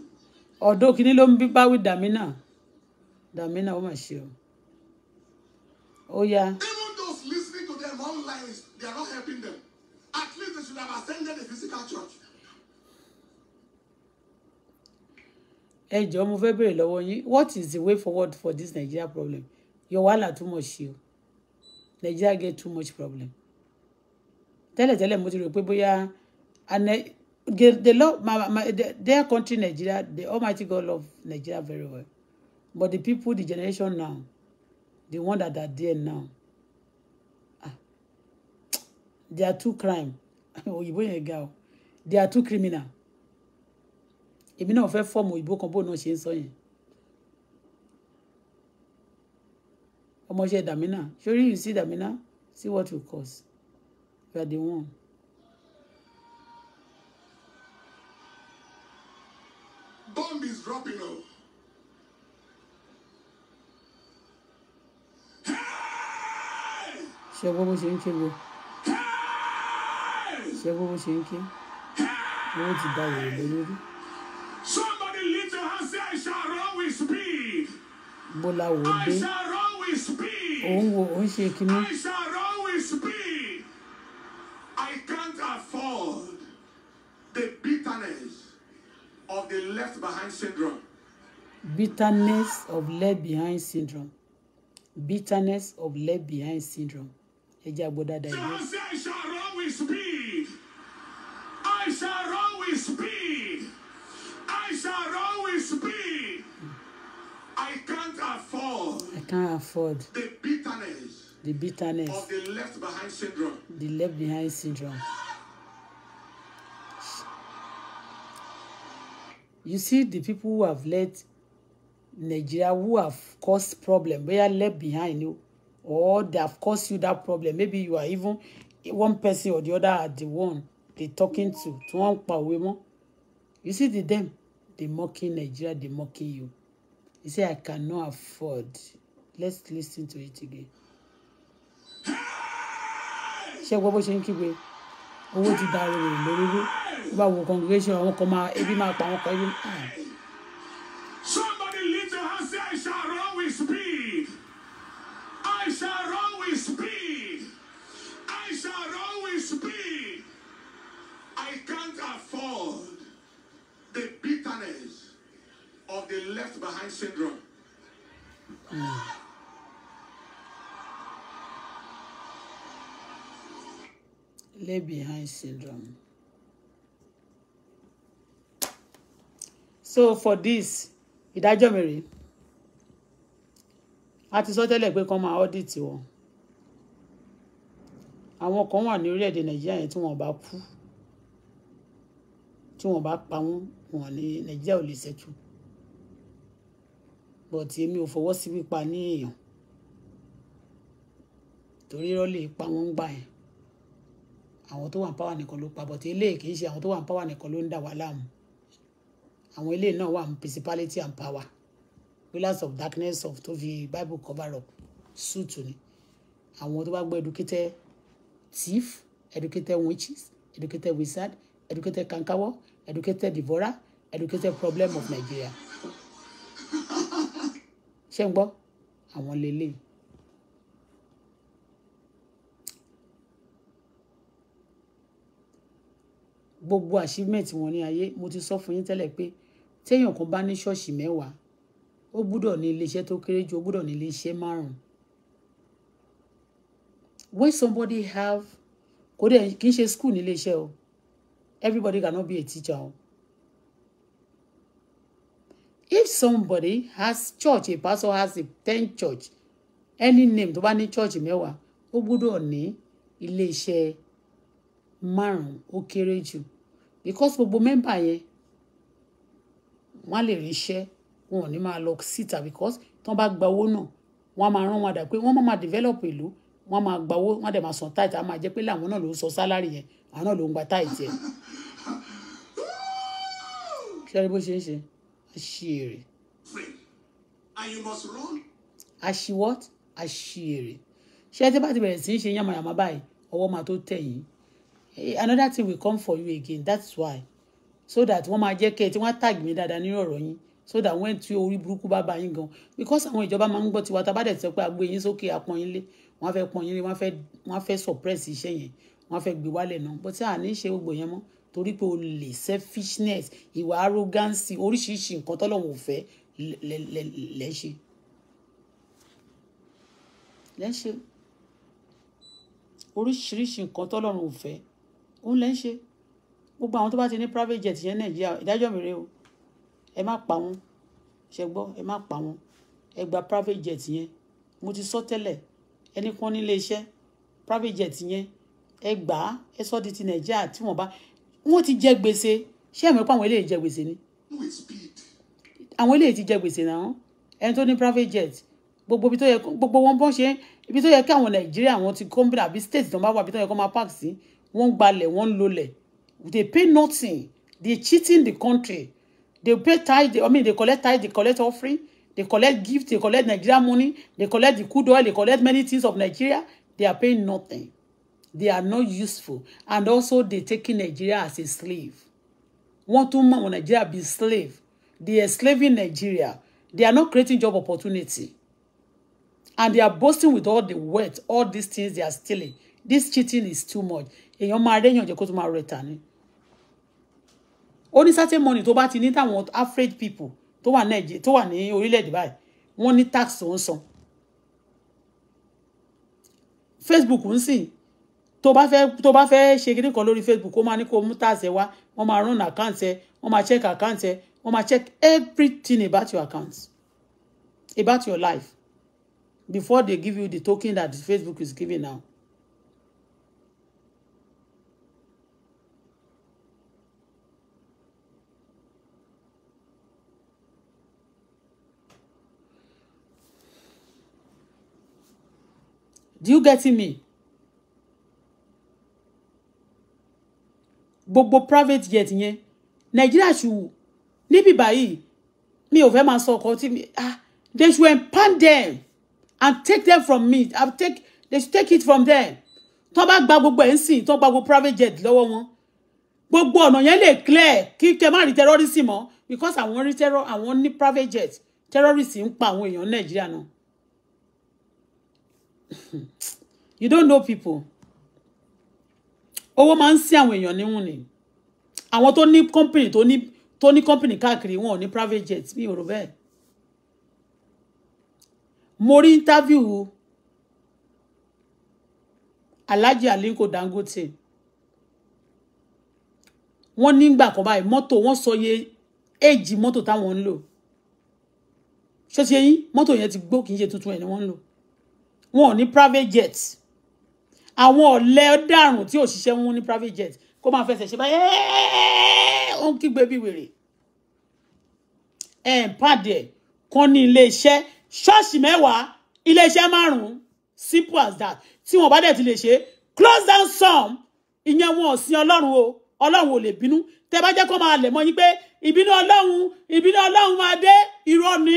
Ọ̀dọ́ kìíní you ń bí bá wí Dàmínà. Dàmínà ó mà Oh yeah. Even those listening to them online, they are not helping them. At least they should have attended a physical church. Ẹ jọ̀ọ́ mo fẹ́ what is the way forward for this Nigeria problem? your wahala too much o Nigeria get too much problem tẹ́lẹ̀tẹ́lẹ̀ mo ti rò pé bóyá the law, my, my, their country Nigeria the Almighty God love Nigeria very well but the people the generation now the one that are there now ah they are too crime òyìnbó yẹn ga o they are too criminal èmi náà fẹ́ fọ́ọ̀mù òyìnbó kan bó náà ṣe ń sọ yẹn ọmọọṣẹ́ Damina surely you see Damina see what you cause you are the one. bomb is dropping out. ṣe gbọ́ bó ṣe ń ké wo ṣe gbọ́ bó ṣe ń ké owó ti bá wòlé lórí. somebody lift your hand say I shall run with speed. bó la wò ó dé òun wo òun I shall always be. I can't afford the bitterness of the left behind syndrome. Bitterness of left behind syndrome. Bitterness of left behind syndrome. Ẹ I shall always be. I shall always be. I shall always be. I can't afford. I can't afford. The bitterness. The bitterness. Of the left behind syndrome. The left behind syndrome. You see the people who have led Nigeria who have caused problem, they are left behind you, or they have caused you that problem. Maybe you are even one person or the other are the one they talking to. To one power You see the them, they mocking Nigeria, they mocking you. He said, I cannot afford. Let's listen to it again. Ṣé gbọ́ bó ṣe ń kígbe? Owó ti da rere lórí rí. Bí bá wo congregation, àwọn kan máa ebi máa pa àwọn kan ebi. Somebody lift your hand say, I shall always be. I shall always be. I shall always be. I can't afford the bitterness of the left behind syndrome. Left behind syndrome. So for this, ìdájọ́ mi rèé a ti sọ tẹ́lẹ̀ pé kán máa audit wọn àwọn kan wà ní orílẹ̀-èdè nàìjíríà yẹn tí wọ́n bá kú tí wọ́n bá pa wọ́n wọ́n ní nàìjíríà ò lè ṣẹ́tù but èmi ò fọwọ́ sí pípa ní èèyàn torí irọ́ lè pa wọ́n ń gbà yẹn àwọn tó wà ń pàwà nìkan ló pa but eléyìí kì í ṣe àwọn tó wà ń pàwà nìkan ló ń dà wá láàmú àwọn eléyìí náà wà ń principality and power pillars of darkness of tó fi bible cover up suit ni àwọn tó bá gbọ́ educated thief educated witches educated wizard educated kankawo educated Divora. educated problem of Nigeria ṣé ń gbọ́ àwọn lélẹ̀. gbogbo achievement wọn ní ayé mo ti sọ fún yín tẹ́lẹ̀ pé téèyàn kan bá ní ṣọ́ọ̀ṣì mẹ́wàá ó gbúdọ̀ ní iléeṣẹ́ tó kéré jù ó gbúdọ̀ ní iléeṣẹ́ márùn-ún when somebody have kódà kì í ṣe school ní iléeṣẹ́ o everybody cannot be a teacher o if somebody has church a pastor has a ten church any name tó bá ní church mẹ́wàá ó gbọ́dọ̀ ní iléeṣẹ́ márùn-ún ó kéré jù because gbogbo mẹ́mbà yẹn wọ́n á lè ríṣẹ́ wọn ò ní máa lọ síta because tí wọ́n bá gba owó náà wọ́n á máa rán wọn dà pé wọ́n máa develop ìlú wọ́n máa gba owó wọ́n á dẹ̀ máa san tithe á máa jẹ́ pé làwọn náà ló ń sọ sálárì yẹn àwọn náà ló ń gba tithe yẹn. ṣé ẹ ṣe ń ṣe àṣìírè. and you must run. àṣì what àṣìírè ṣé tí bá ti bẹ̀rẹ̀ sí í ṣe yàmàyàmà báyìí ọwọ́ máa tó tẹ̀ yín eh, another thing will come for you again that's why so that one máa jẹ́ kẹ́ ẹ tí wọ́n á tag mi dáadáa nínú ọ̀rọ̀ yín so that when tí orí burúkú bá ba yín gan because àwọn ìjọba máa ń gbọ́ tiwa tá a bá dẹ̀ sọ pé agbo yín sókè apọ̀n yín lé wọ́n á fẹ́ pọ̀n yín lé wọ́n á fẹ́ suppress iṣẹ́ yẹn wọ́n á fẹ́ gbé wálẹ̀ náà bó tí àní ṣe gbogbo yẹn torí pé o lè selfishness ìwà arrogancy oríṣiríṣi nǹkan tọ́lọ́wọ̀n ò fẹ́ lẹ́ṣẹ̀ lẹ́ṣẹ̀ oríṣiríṣi nǹkan tọ́lọ́run ò fẹ́ òun lẹ́ ń ṣe gbogbo àwọn tó bá ti ní private jet yẹn nàìjíríà ìdájọ́ mi rèé o ẹ má pa wọn ṣe gbọ́ ẹ má pa wọn ẹ gba private jet yẹn mo ti sọ tẹ́lẹ̀ ẹni kan nílé iṣẹ́ private jet yẹn ẹ gbà á ẹ sọ di ti nàìjíríà tí wọ́n bá wọ́n ti jẹ gbèsè ṣé ẹ̀mọ́ pé àwọn eléyìí jẹ gbèsè ni àwọn eléyìí ti jẹ gbèsè náà ẹni tó ní private jet gbogbo ibi tó yẹ gbogbo wọn bọ́n ṣe ibi tó yẹ kí àwọn nàìjíríà wọn ti kọ́ńbìnà àbí state tó ń bá wà ibi tó yẹ kó máa park sí wọ́n gbalẹ̀ wọ́n lólẹ̀ they pay nothing they cheating the country they pay tithe i mean they collect tithe they collect offering they collect gift they collect nigeria money they collect the crude oil they collect many things of nigeria they are paying nothing they are not useful and also they taking Nigeria as a slave wọ́n tún man, wọ́n Nigeria be slave they are slaving Nigeria they are not creating job opportunity and they are boasting with all the wealth all these things they are stealing this cheating is too much èèyàn máa réyàn jẹ kó tó máa rẹ ni ó ní certain money tó bá ti ní táwọn average people tó wà nàìjíríà tó wà ní orílẹ̀-èdè báyìí wọ́n ní tax tó ń san Facebook ń sìn tó bá fẹ́ tó bá fẹ́ ṣe kíní kan lórí facebook ó máa ní kó mú tàṣẹ wá wọ́n máa run account ẹ wọ́n máa check account ẹ wọ́n máa check everything about your account about your life before they give you the token that facebook is giving now. Do you get me? gbogbo private jet yẹn nàìjíríà ṣù níbi báyìí mi ò fẹ́ máa sọ ọkọ tí ah they should empower them and take them from me i take they should take it from them tó bá gba gbogbo ẹ̀ ń sìn tó gba gbogbo private jet lọ́wọ́ wọn gbogbo ọ̀nà yẹn lè clear kí kẹ má rí terrorism mọ́ because àwọn rí terror àwọn ní private jet terrorist ń pa àwọn èèyàn nàìjíríà náà you don't know people owó máa ń sí àwọn èèyàn níhùn ni àwọn tó ní company tó ní tó ní company káàkiri wọn ò ní private jet mi ò rò bẹ́ẹ̀ mo rí interview Alhaji Aliko Dangote wọ́n nígbà kan báyìí mọ́tò wọ́n sọ iye éèjì mọ́tò táwọn ń lò ṣé ṣe yín mọ́tò yẹn ti gbó kì í ṣe tuntun ẹ̀ ni wọ́n ń lò wọn ò ní private jet àwọn ọ̀lẹ́ ọ̀daràn tí òṣìṣẹ́ wọn ní private jet kó máa fẹsẹ̀ ṣe báyìí ó ń kígbe bí wèrè ẹ̀ ń pàdé kan ní iléeṣẹ́ ṣọ́ọ̀ṣì mẹ́wàá iléeṣẹ́ márùn-ún simple as that tí wọ́n bá dẹ̀ ti lè ṣe close down some ìyẹn wọn ò sin ọlọ́run o ọlọ́run ò lè bínú tẹ bá jẹ́ kó máa lẹ̀ mọ́ yín pé ìbínú ọlọ́run ìbínú ọlọ́run máa dé irọ́ ni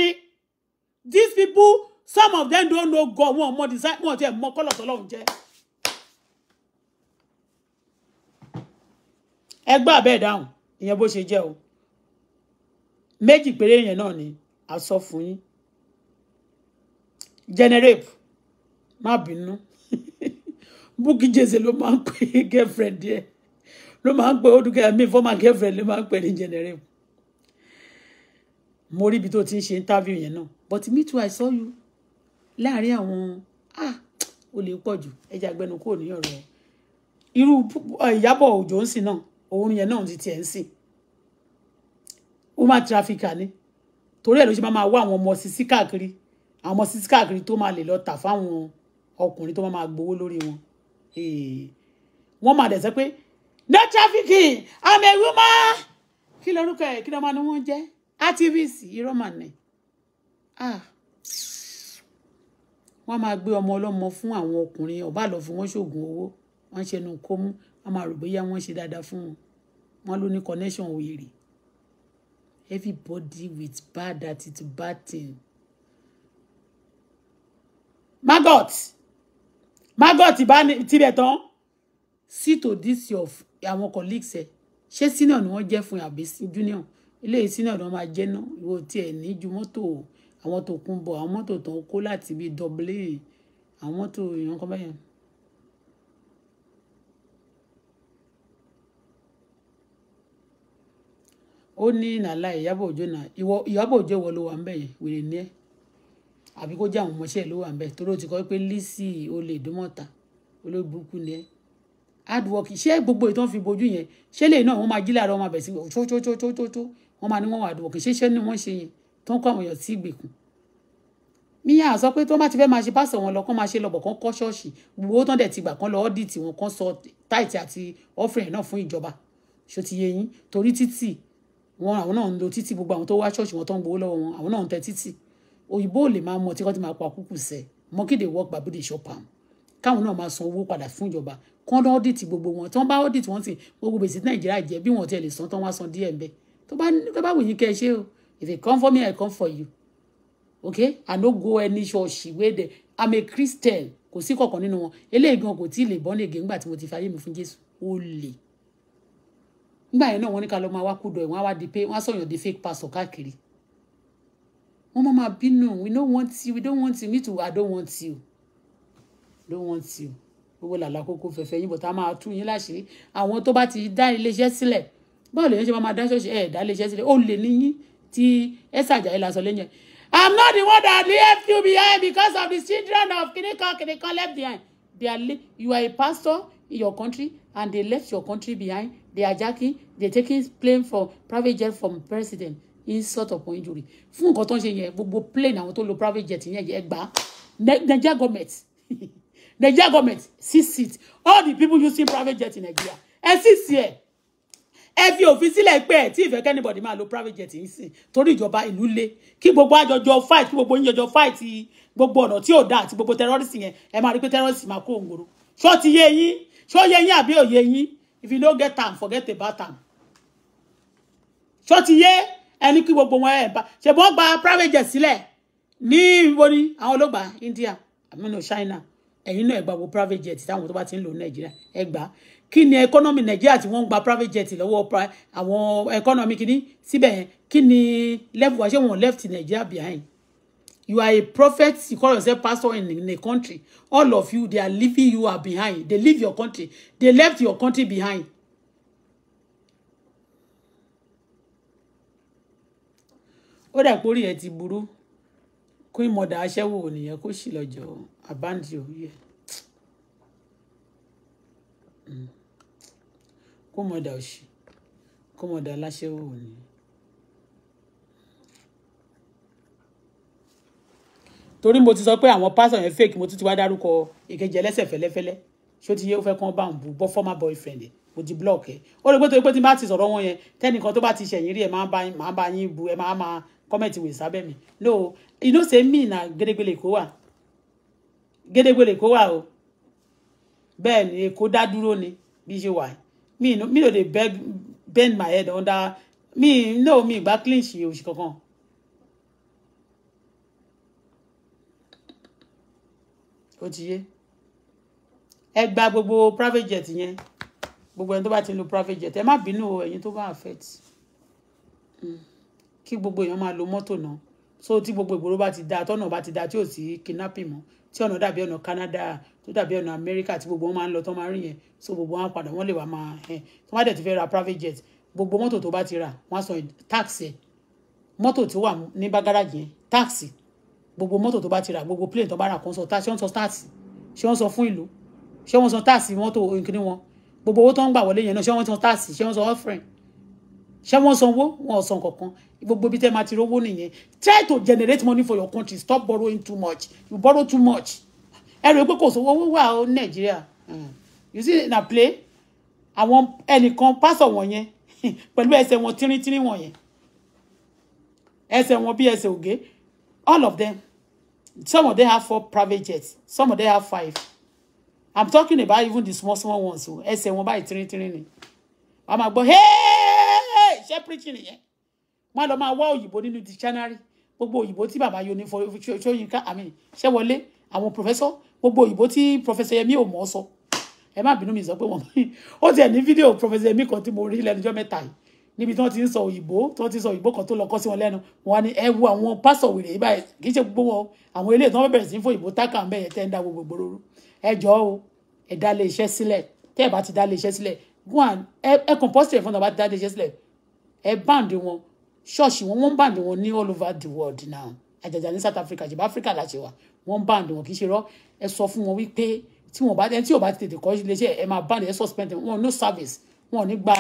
these people some of them don't know God wọn ò mọ design wọn ò tiẹ̀ mọ kọ́lọ̀ tọ́lọ́run jẹ́. ẹ gbà bẹ́ẹ̀ dáhùn ìyẹn bó ṣe jẹ́ o méjì péré yẹn náà ni a sọ fún yín generate má bínú Bukky Jesse ló máa ń pè é girlfriend yẹ ló máa ń pè ó dúkẹ́ mi former girlfriend ló máa ń pè ní generate mo rí ibi tó ti ń ṣe interview yẹn náà but me too I saw you láàrin àwọn ah o lè pọ̀ jù ẹja gbẹnu kúrò ní ọ̀rọ̀ irú Ìyábọ̀ Òjó ń sìn náà orin yẹn náà ti tiẹ̀ ń sìn woman trafficker ni torí ẹ̀ ló ṣe máa máa wá àwọn ọmọ sisi káàkiri àwọn ọmọ sisi káàkiri tó máa lè lọ tà fáwọn ọkùnrin tó máa gbowó lórí wọn wọ́n máa dẹ̀ sẹ́ pé no trafficking i'm a woman kí lorúkọ ẹ̀ kí lọ́mọ ni wọ́n jẹ́ activist irọ́ mà ní ah. wọ́n máa gbé ọmọ ọlọ́mọ fún àwọn ọkùnrin ọ̀bá lọ fún wọn ṣoògùn owó wọ́n ṣẹnu kó mú a máa rò bóyá wọ́n ṣe dáadáa fún wọn wọ́n ló ní connection wèrè everybody with bad attitude bad thing maggot maggot ìbá tirẹ̀ tán see to this your àwọn colleagues ẹ̀ ṣé senior ni wọ́n jẹ́ fún àbí junior eléyìí senior ni wọ́n máa jẹ́ náà ìwọ tiẹ̀ ní ju mọ́tò àwọn tó kún bọ̀ àwọn mọ́tò tó ń kó láti bíi dublin àwọn mọ́tò ìyànkan bẹ́yẹn ó ní nàlá ìyábọ̀ òjó náà ìwọ ìyábọ̀ òjó ìwọ ló wà ń bẹ̀ yẹn wèrè ní ẹ́ àbí kó jẹ́ àwọn ọmọọṣẹ́ ẹ̀ ló wà ń bẹ̀ torí ó ti kọ́ pé Lizzy olè ìdúmọ̀ta olóbùkún ni ẹ́ hard work ṣé gbogbo ìtàn fi bojú yẹn ṣé lè náà wọ́n máa jí láàárọ̀ wọn máa bẹ̀ sí tótótótótó wọ́n máa ní wọ́n hard work ṣé ṣé ni wọ́n ṣe yẹn tó ń kọ́ àwọn èèyàn sí ìgbèkùn míyà sọ pé tó má ti fẹ́ máa ṣe pásọ̀ wọn lọ kán máa ṣe lọ́bọ̀ kán kọ́ ṣọ́ọ̀ṣì gbogbo tán dẹ̀ ti gbà kán lọ ọ́dìtì wọn kán sọ táìtì àti ọ́fìrìn náà fún ìjọba ṣó yín torí títì wọn àwọn náà ń lo títì gbogbo àwọn tó wá ṣọ́ọ̀ṣì wọn tó ń gbowó lọ́wọ́ wọn àwọn náà ń tẹ títì òyìnbó ò lè máa mọ tí wọ́n ti máa pa kúkú sẹ́ mọ́kìdè work babu dey shop am káwọn náà máa san owó padà fún ìjọba kán lọ́ ọ́dìtì gbogbo wọn tí wọ́n bá ọ́dìtì wọ́n sì gbogbo gbèsè tí nàìjíríà jẹ bí wọ́n ti lè san tán wá san díẹ̀ ńbẹ tó bá tó bá wù yín ṣe o if you come for me i come for you okay i no go any church wey dey i'm a christian kò sí kọ̀ọ̀kan nínú wọn eléyìí gan kò tí ì lè bọ́n lè gé ńgbà tí mo ti fi ayé mi fún jésù ó lè nígbà yẹn náà wọ́n ní ká lọ máa wá kúdọ̀ ẹ̀ wọ́n á wá di pé wọ́n á sọ̀yàn di fake pastor káàkiri wọ́n máa máa bínú we no want you we don't want you me too I don't want you don't want you owó làlà kókó fẹ̀fẹ̀ yín bọ̀tá máa tú yín láṣìírí àwọn tó bá ti dá iléeṣẹ́ sílẹ̀ báwo lè yẹn ṣe máa dá ṣọ́ọ̀ṣì ẹ̀ dá iléeṣẹ́ sílẹ̀ ó lè níyín tí ẹ̀sà àjàyí la sọ lẹ́yìn I'm not the one that left you behind because of the children of kinikan kinikan left behind they are you are a pastor in your country and they left your country behind they are jacking they taking plane from private jet from president insult upon injury fún nǹkan tó ń ṣe yẹn gbogbo plane àwọn tó lo private jet yẹn yẹn gbà nigeria government nigeria government six seat all the people using private jet in nigeria ẹ six year ẹ fi òfin sílẹ̀ pé ẹ̀ anybody ìfẹ́ kẹ́nìbọ̀dì máa lo private jet yìí sìn torí ìjọba ìlú le kí gbogbo àjọjọ fight kí gbogbo yíjọjọ fight gbogbo ọ̀nà tí ò dáa àti gbogbo terrorist yẹn ẹ máa rí pé terrorist máa kó òǹgòrò ṣọ́ọ̀tì yé yín ṣó yẹ yín àbí òye yín if you no get time, forget about am So ti yé ẹni kí gbogbo wọn ẹ̀ bá ṣèbọn gba private jet sílẹ̀ ní ìwọ ni àwọn olóògbà India àmínú China ẹ̀yin náà ẹ gba gbogbo private jet táwọn tó bá ti ń lò ní Nàìjíríà ẹ gbà á kí ni economy Nàìjíríà tí wọ́n gba private jet lọ́wọ́ àwọn economy kìíní síbẹ̀ kí ni level wa ṣé wọ́n left Nàìjíríà behind You are a prophet, you call yourself pastor in, in a country. All of you, they are leaving you are behind. They leave your country. They left your country behind. ó dà pé orí ẹ ti burú kó ìmọ̀dà aṣẹ́wó nìyẹn kó sì lọ́jọ́ àbáǹdì òye ẹ̀ kó mọ̀dà òṣì kó mọ̀dà aláṣẹ́wó nìyẹn. torí mo ti sọ pé àwọn pásọ yẹn fake mo tún ti wá dárúkọ ìkejì ẹlẹ́sẹ̀ fẹ́lẹ́fẹ́lẹ́ ṣó ti yẹ ó fẹ́ kán bá òun bu bọ́ former boyfriend ẹ̀ mo ti block ẹ̀ ó rí pé torí pé tí n bá ti sọ̀rọ̀ wọn yẹn tẹ́nìkan tó bá ti ṣẹ̀yìn rí ẹ̀ máa bá yín bu ẹ̀ máa máa comment wò sábẹ́ mi no you know say na gédégbélé kó wà gédégbélé kó wà o bẹ́ẹ̀ ni èkó dá dúró ni bí ṣe wà me no me no bend my head under me no me gba clean ṣe òṣì kankan ó ti yé ẹ gba gbogbo private jet yẹn gbogbo ẹni tó bá ti lo private jet ẹ má bínú o ẹ̀yin tó bá affect hmm. kí gbogbo èèyàn máa lo mọ́tò náà so tí gbogbo ìgboro bá ti da tọ́nà bá ti da tí ò sí kidnapping mọ́ tí ọ̀nà dàbí ọ̀nà Canada tó dàbí ọ̀nà America tí gbogbo wọn máa ń lọ tó máa ń rìn yẹn so gbogbo wọn padà wọn lè wà máa ẹ tó má dẹ̀ ti fẹ́ ra private jet gbogbo mọ́tò tó bá ti rà wọ́n á sọ tax ẹ̀ mọ́tò tó wà ní bá yẹn tax gbogbo mọ́tò tó bá ti rà gbogbo plane tó bá rà consultation sọ start ṣé wọ́n sọ fún ìlú ṣé wọ́n sọ táàsì mọ́tò ìkíní wọn gbogbo owó tó ń gbà wọlé yẹn náà ṣé wọ́n sọ táàsì ṣé wọ́n sọ offering ṣé wọ́n sanwó wọn ò san kankan gbogbo ibi tẹ́ máa ti rówó nìyẹn try to generate money for your country stop borrowing too much you borrow too much ẹ rò pé kò sówó wíwà ó nàìjíríà hmm. you see na play àwọn ẹnìkan pásọ wọ̀nyẹn pẹ̀lú ẹsẹ̀ wọn tíríntírín wọ̀nyẹn ẹsẹ̀ wọn bí ẹsẹ̀ ògé all of them Some of them have four private jets. Some of them have five. I'm talking about even the small, small ones. So, oh. ẹsẹ̀ wọn báyìí tínrín tínrín ni. Wọ́n máa hey! Ṣé preaching nìyẹn? Wọ́n lọ máa wá òyìnbó nínú dictionary. Gbogbo òyìnbó tí bàbá yóò ní fọ Ṣóyínká, I mean, she wọlé? Àwọn professor. Gbogbo òyìnbó tí professor Yẹmí ò mọ̀ ọ́ sọ. Ẹ má bínú mi sọ pé wọ́n. Ó tiẹ̀ ní fídíò professor Yẹmí kan tí mo rí lẹ́nu ọjọ́ níbi tí wọ́n ti ń sọ òyìnbó tí wọ́n ti ń sọ òyìnbó kan tó lọ kọ́ sí wọn lẹ́nu wọn ni ẹ wo àwọn pásọ̀ wèrè yìí báyìí kì í ṣe gbogbo wọn àwọn eléyìí tí wọ́n bẹ̀rẹ̀ sí fún òyìnbó tákà ń bẹ̀yẹ tẹ́ ń da gbogbo gbòòrò ẹ jọ o ẹ dá lé iṣẹ́ sílẹ̀ tẹ́ ẹ bá ti dá lé iṣẹ́ sílẹ̀ one ẹ compulsory fún ọba ti dá lé iṣẹ́ sílẹ̀ ẹ band wọn ṣọ́ọ̀ṣì wọn wọ́n band wọn ní all over the world now àjàjà ní South Africa jìbá Africa láti wà wọ́n band wọn kì í ṣe rọ́ ẹ sọ fún wọn wípé tí wọn bá tí ò bá ti tètè kọ́ iléeṣẹ́ ẹ máa band ẹ suspend wọn no service wọn ò ní gba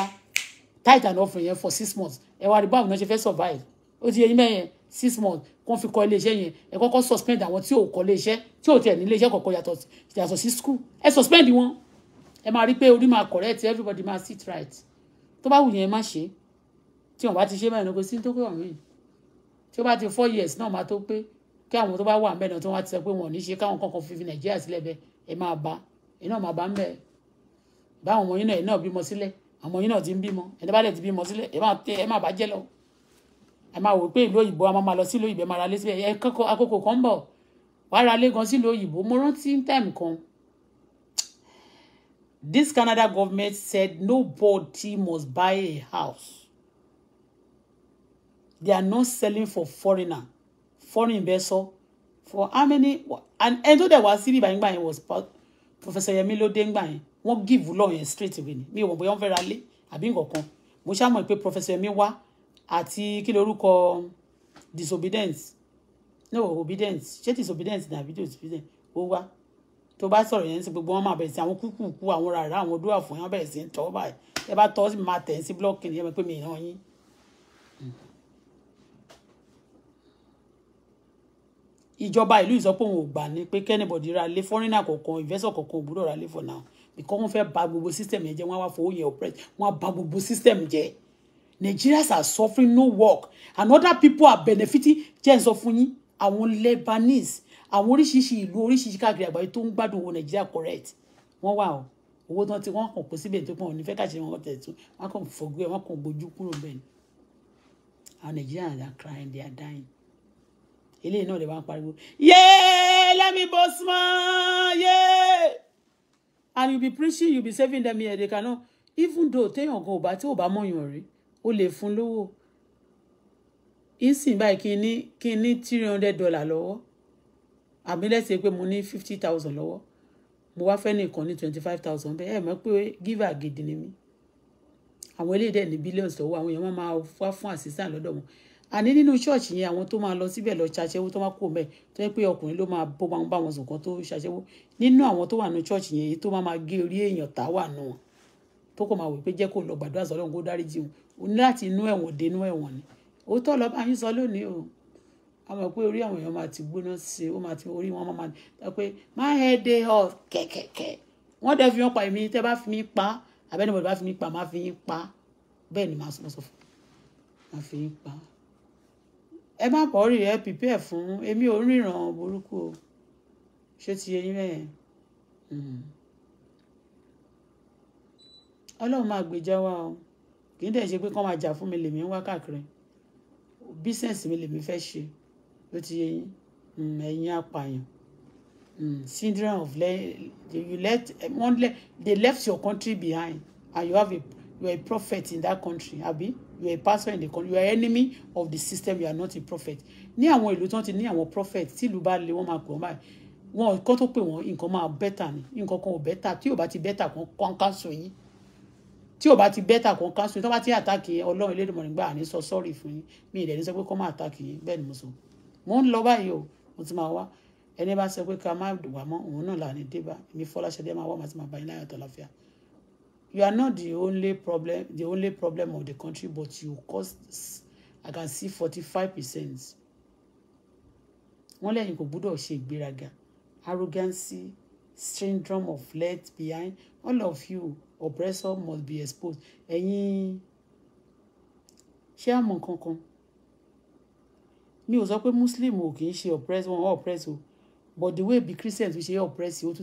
tithe and offering yẹn for six months ẹ wá rí báwo náà ṣe fẹ́ survive ó ti yẹ yín mẹ́yẹn six months kàn fi kọ́ iléeṣẹ́ yẹn ẹ kọ́kọ́ suspend àwọn tí ò kọ́ iléeṣẹ́ tí ò tẹ̀ ní iléeṣẹ́ kọ̀ọ̀kan yàtọ̀ yàtọ̀ sí school ẹ suspend wọn ẹ máa rí pé orí máa correct everybody máa sit right tó bá wù yẹn má ṣe tí wọn bá ti ṣe mẹ́rin kò sí tó pé tí ó bá ti four years náà máa tó pé kí àwọn tó bá wà mẹ́rin tó wá ti sọ pé wọn ò ní ṣe káwọn kankan fi fi Nàìjíríà sílẹ̀ bẹ́ẹ̀ ẹ máa bá ẹ náà máa bá ń bẹ́ẹ̀ báwọn ọmọ yín náà ẹ náà bímọ sílẹ̀ ọmọ yín náà ti ń bímọ ẹni bá dẹ̀ ti bímọ sílẹ̀ ẹ máa tẹ ẹ máa bàjẹ́ lọ ẹ máa wò pé ìlú òyìnbó a máa lọ sí ìlú òyìnbó ẹ máa ra lé ẹ kọ́kọ́ àkókò kan bọ̀ wàá ra lé gan sí ìlú òyìnbó mo rántí time kan this Canada government said nobody must buy a house they are not selling for foreigner foreign investor for how many and ẹni tó dẹ̀ wá sí ibà yín gbà yẹn was Professor Yemi ló wọ́n give law yẹn straight away ni mi ò mọ̀ bóyá wọ́n fẹ́ ra lé àbí nǹkan kan mo ṣáà mọ̀ pé professor emi wá àti kí ló orúkọ disobedience no obedience ṣé disobedience ni àbí disobedience ó wá tó bá sọ̀rọ̀ yẹn sí gbogbo wọn máa bẹ̀rẹ̀ sí àwọn kúkúkú àwọn rárá àwọn dúrà fún yẹn bẹ̀rẹ̀ sí ń tọ́ báyìí ẹ bá tọ́ sí máa tẹ̀ sí blọ́ọ̀kì ni ẹ mọ̀ pé mi ìran yín. ìjọba ìlú ìsọpọ̀ òun ò gbà ní pé kẹ́nìbọ̀dì ra lé fọ́rínà kọ̀ọ̀kan ìfẹ́sọ̀ kọ̀ọ̀kan òbúrò ra lé for now because wọ́n fẹ́ bà gbogbo system yẹn jẹ́ wọ́n wá fowó yẹn oppress wọ́n bà gbogbo system jẹ́ Nigerians are suffering no work and other people are benefiting jẹ́ n sọ fún yín àwọn Lebanese àwọn oríṣiríṣi ìlú oríṣiríṣi káàkiri àgbáyé tó ń gbádùn owó Nigeria correct wọ́n wà o owó tán ti wọ́n kàn kó síbẹ̀ tó pọ̀ nífẹ̀ẹ́ káṣí wọn tẹ̀ tún wọ́n kàn fọ́gbé wọ́n kàn gbójú kúrò bẹ́ẹ̀ ni àwọn Nigerians are crying they are dying eléyìí náà lè wá ń pariwo yéé let me boast small yéé and you be preaching you be saving them here they cannot even though téèyàn gan ò bá tí ò bá mọ̀yàn rí o lè fún lówó ìsìn báyìí kí n three hundred dollar lọ́wọ́ àmì lẹ́sẹ̀ pé mo ní fifty thousand lọ́wọ́ mo wá fẹ́ nìkan ní twenty five thousand bẹ́ẹ̀ ẹ̀ mọ̀ pé giver gidi ni mí àwọn eléyìí dẹ̀ ní billions lọ́wọ́ àwọn èèyàn máa wá fún assistant lọ́dọ̀ wọn àní nínú ṣọ́ọ̀ṣì yẹn àwọn tó máa lọ síbẹ̀ lọ ṣàṣẹ́wó tó máa kó mẹ́ tó yẹ pé ọkùnrin ló máa bó máa ń bá wọn sùn kan tó ṣàṣẹ́wó nínú àwọn tó wà nínú ṣọ́ọ̀ṣì yẹn èyí tó máa máa gé orí èèyàn tá wà nù wọn tó kọ̀ máa wò pé jẹ́ kó lọ gbàdúrà sọ́lọ́run kó dáríjì òun láti inú ẹ̀wọ̀n dé inú ẹ̀wọ̀n ni òótọ́ lọ bá yín sọ lónìí o a mọ̀ pé orí àwọn èèyàn máa ti gbóná sí i ó máa ti orí wọn máa my head dey hot kẹ̀kẹ̀kẹ̀ wọ́n dẹ̀ fi wọn pa èmi tẹ́ bá fi mí pa abẹ́ni bọ̀dọ̀ bá fi mí ẹ má bọ́ọ̀rì ẹ prepare fún èmi ò ríran burúkú o ṣé ti yẹ yín mẹ́yẹn mm-hmm. ọlọ́run máa gbèjà wa o kì í dẹ̀ ṣe pé kán máa jà fún mi lèmi ń wá káàkiri bísẹ̀nsì mi lèmi fẹ́ ṣe ló ti yẹ yín mm-hmm. ẹ̀yin apààyàn syndrome mm-hmm. of le you let one le they left your country behind and you have a you are a prophet in that country abi you are a pastor in the country you are enemy of the system you are not a prophet ní àwọn ìlú tó ń ti ní àwọn prophet tí ìlú bá le wọ́n máa pè wọ́n báyìí wọn kọ́ tó pè wọ́n nǹkan máa bẹ́tà ni nǹkan kan ò bẹ́tà tí ò bá ti bẹ́tà kan kàn káṣọ yín tí ò bá ti bẹ́tà kan káṣọ yín tó bá ti àtàkì yẹn ọlọ́run Elédùmarè nígbà àní sọ sọ́ọ̀rì fún yín mi ìdẹ̀ ní sọ pé kọ́ máa àtàkì yín bẹ́ẹ̀ ni mo sọ mo ń lọ báyìí o mo ti máa wá ẹni bá sọ pé ká má wà mọ́ òun náà là ní débà èmi Fọláṣadé máa wá màá ti máa bá yín láyàtọ̀ láfíà you are not the only problem the only problem of the country but you cost. i can see forty five percent wọ́n lẹ́yìn kò gbúdọ̀ ṣe Biraga. arrogancy syndrome of left behind all of you oppressor must be exposed Any ṣé àmọ́ kankan mi ò a pé muslim ò kì í ṣe oppress wọn but the way bí christians ṣe oppress ó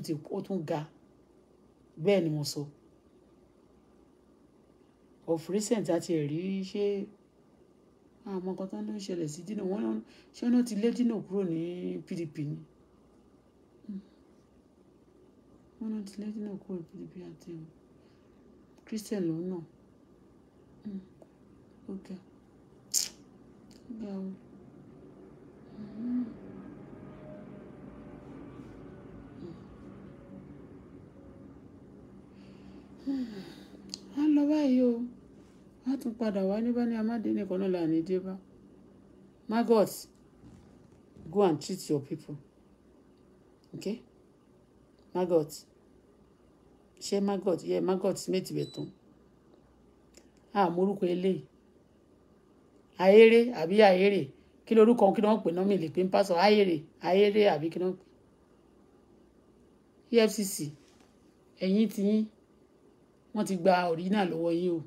tún ga bẹ́ẹ̀ ni mo sọ. So of recent àti ẹ̀rí ṣé àmọ́ nǹkan tó ń lọ ṣẹlẹ̀ sí Dino wọ́n ṣé wọ́n ti lé Dino kúrò ní PDP ni wọ́n náà ti lé Dino kúrò ní PDP àti Christian lòun náà okay gbàù. hmm, hmm à ń lọ báyìí o wọ́n tún padà wá níbá ní amáde nìkan náà là ní dé bá maggots go and treat your people okay maggots ṣé maggots yẹ maggots méjì bẹ̀ tán àmórúkọ eléyìí ayére àbí ayére kí lorúkọ kí wọ́n pè náà mi lè pè ń pásọ ayére ayére àbí kí wọ́n pè efcc ẹ̀yìn tiyín wọ́n ti gba original lọ́wọ́ yín o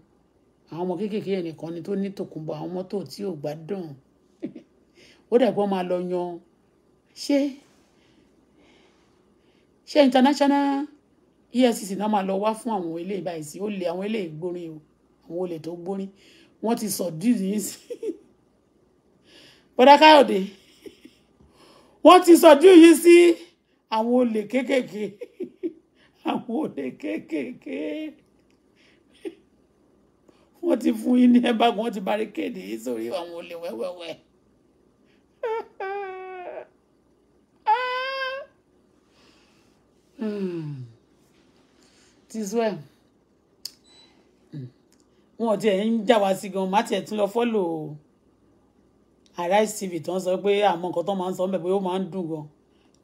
àwọn ọmọ kéékèèké yẹn nìkan ni tó ní tòkunbọ̀ àwọn mọ́tò tí ò gbádùn ó dẹ̀ gbọ́n máa lọ yan ṣé ṣé international EFCC náà máa lọ wá fún àwọn ilé ìbáyìí sí ó lè àwọn ilé ìgbórin o àwọn olè tó gbórin wọ́n ti sọ dìdì yín sí bọ́dá káyọ̀dé wọ́n ti sọ dìdì yín sí àwọn olè kéékèèké àwọn olè kéékèèké wọ́n ti fún yín ní ẹ̀bá wọ́n ti barricade yìí sórí àwọn olè wẹ́wẹ́wẹ́. Hmm. tizwell hmm. wọn ò tiẹ̀ ń já wa sí gan má tiẹ̀ tún lọ fọ́lò Arise TV tó ń sọ pé àmọ́ nǹkan tó máa ń sọ ńbẹ̀ pé ó máa ń dùn gan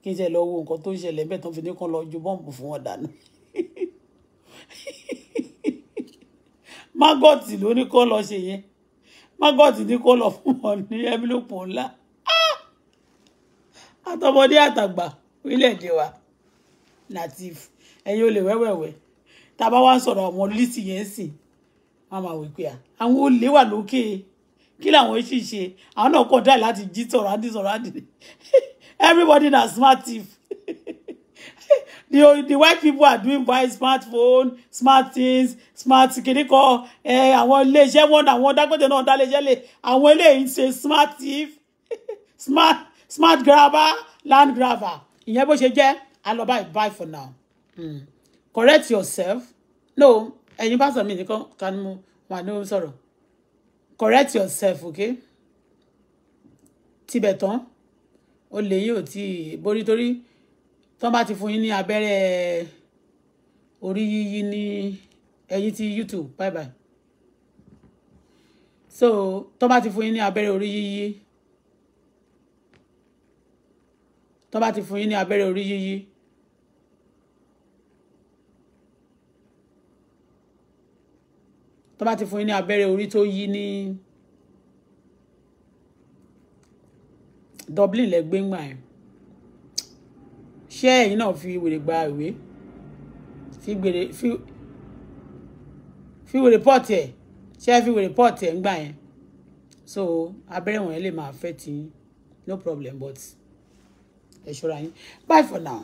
kí n ṣe lọ wo nǹkan tó ń ṣẹlẹ̀ ńbẹ̀ tó ń fi ní kan lọ ju bọ́ǹbù fún wọn dànù. mágọ́tì ló ní kó lọ ṣe yẹn mágọ́tì ní kó lọ fún wọn ní ẹmílòpọ̀ ńlá ah! àtọmọdé àtàgbà orílẹ̀-èdè wa latif ẹ̀yin olè wẹ́wẹ́wẹ́ tá a bá wá ń sọ̀rọ̀ àwọn lísì yẹn sì wọ́n máa wí pé àwọn olè wà lókè kí làwọn sì ṣe àwọn náà kọ̀ dáì láti jí sọ̀rọ̀ àdìsọ̀rọ̀ àdìsọ̀rọ̀ everybody na smart thief the the white people are doing buy smartphone smart things smart kìnnìkọ ẹ eh, àwọn iléeṣẹ́ wọn àwọn Dangote náà dá iléeṣẹ́ lè àwọn eléyìí ń ṣe smart thief smart smart grabber land grabber ìyẹn bó ṣe jẹ́ alọba buy for now mm. correct yourself no ẹ̀yin pásítọ̀ mi nìkan kan mo wà ní sọ̀rọ̀ correct yourself okay tibẹ̀ tán o lè yí ò tí borí tó bá ti fún yín ní abẹ́rẹ́ orí yíyí ní ẹ̀yìn ti YouTube bye bye so tó bá ti fún yín ní abẹ́rẹ́ orí yíyí tó bá ti fún yín ní abẹ́rẹ́ orí yíyí. tó bá ti fún yín ní abẹ́rẹ́ orí tó yí ní Dublin lẹ́gbẹ̀ngbà yẹn ṣé ẹ̀yin náà fi wèrè gba ìwé fi gbèrè fi fi wèrè pọ́ọ̀tì ẹ̀ ṣé fi wèrè pọ́ọ̀tì ẹ̀ ń gbà yẹn so abẹ́rẹ́ wọ̀nyẹn lè máa fẹ́ tí no problem but ẹ ṣọ́ra yín bye for now.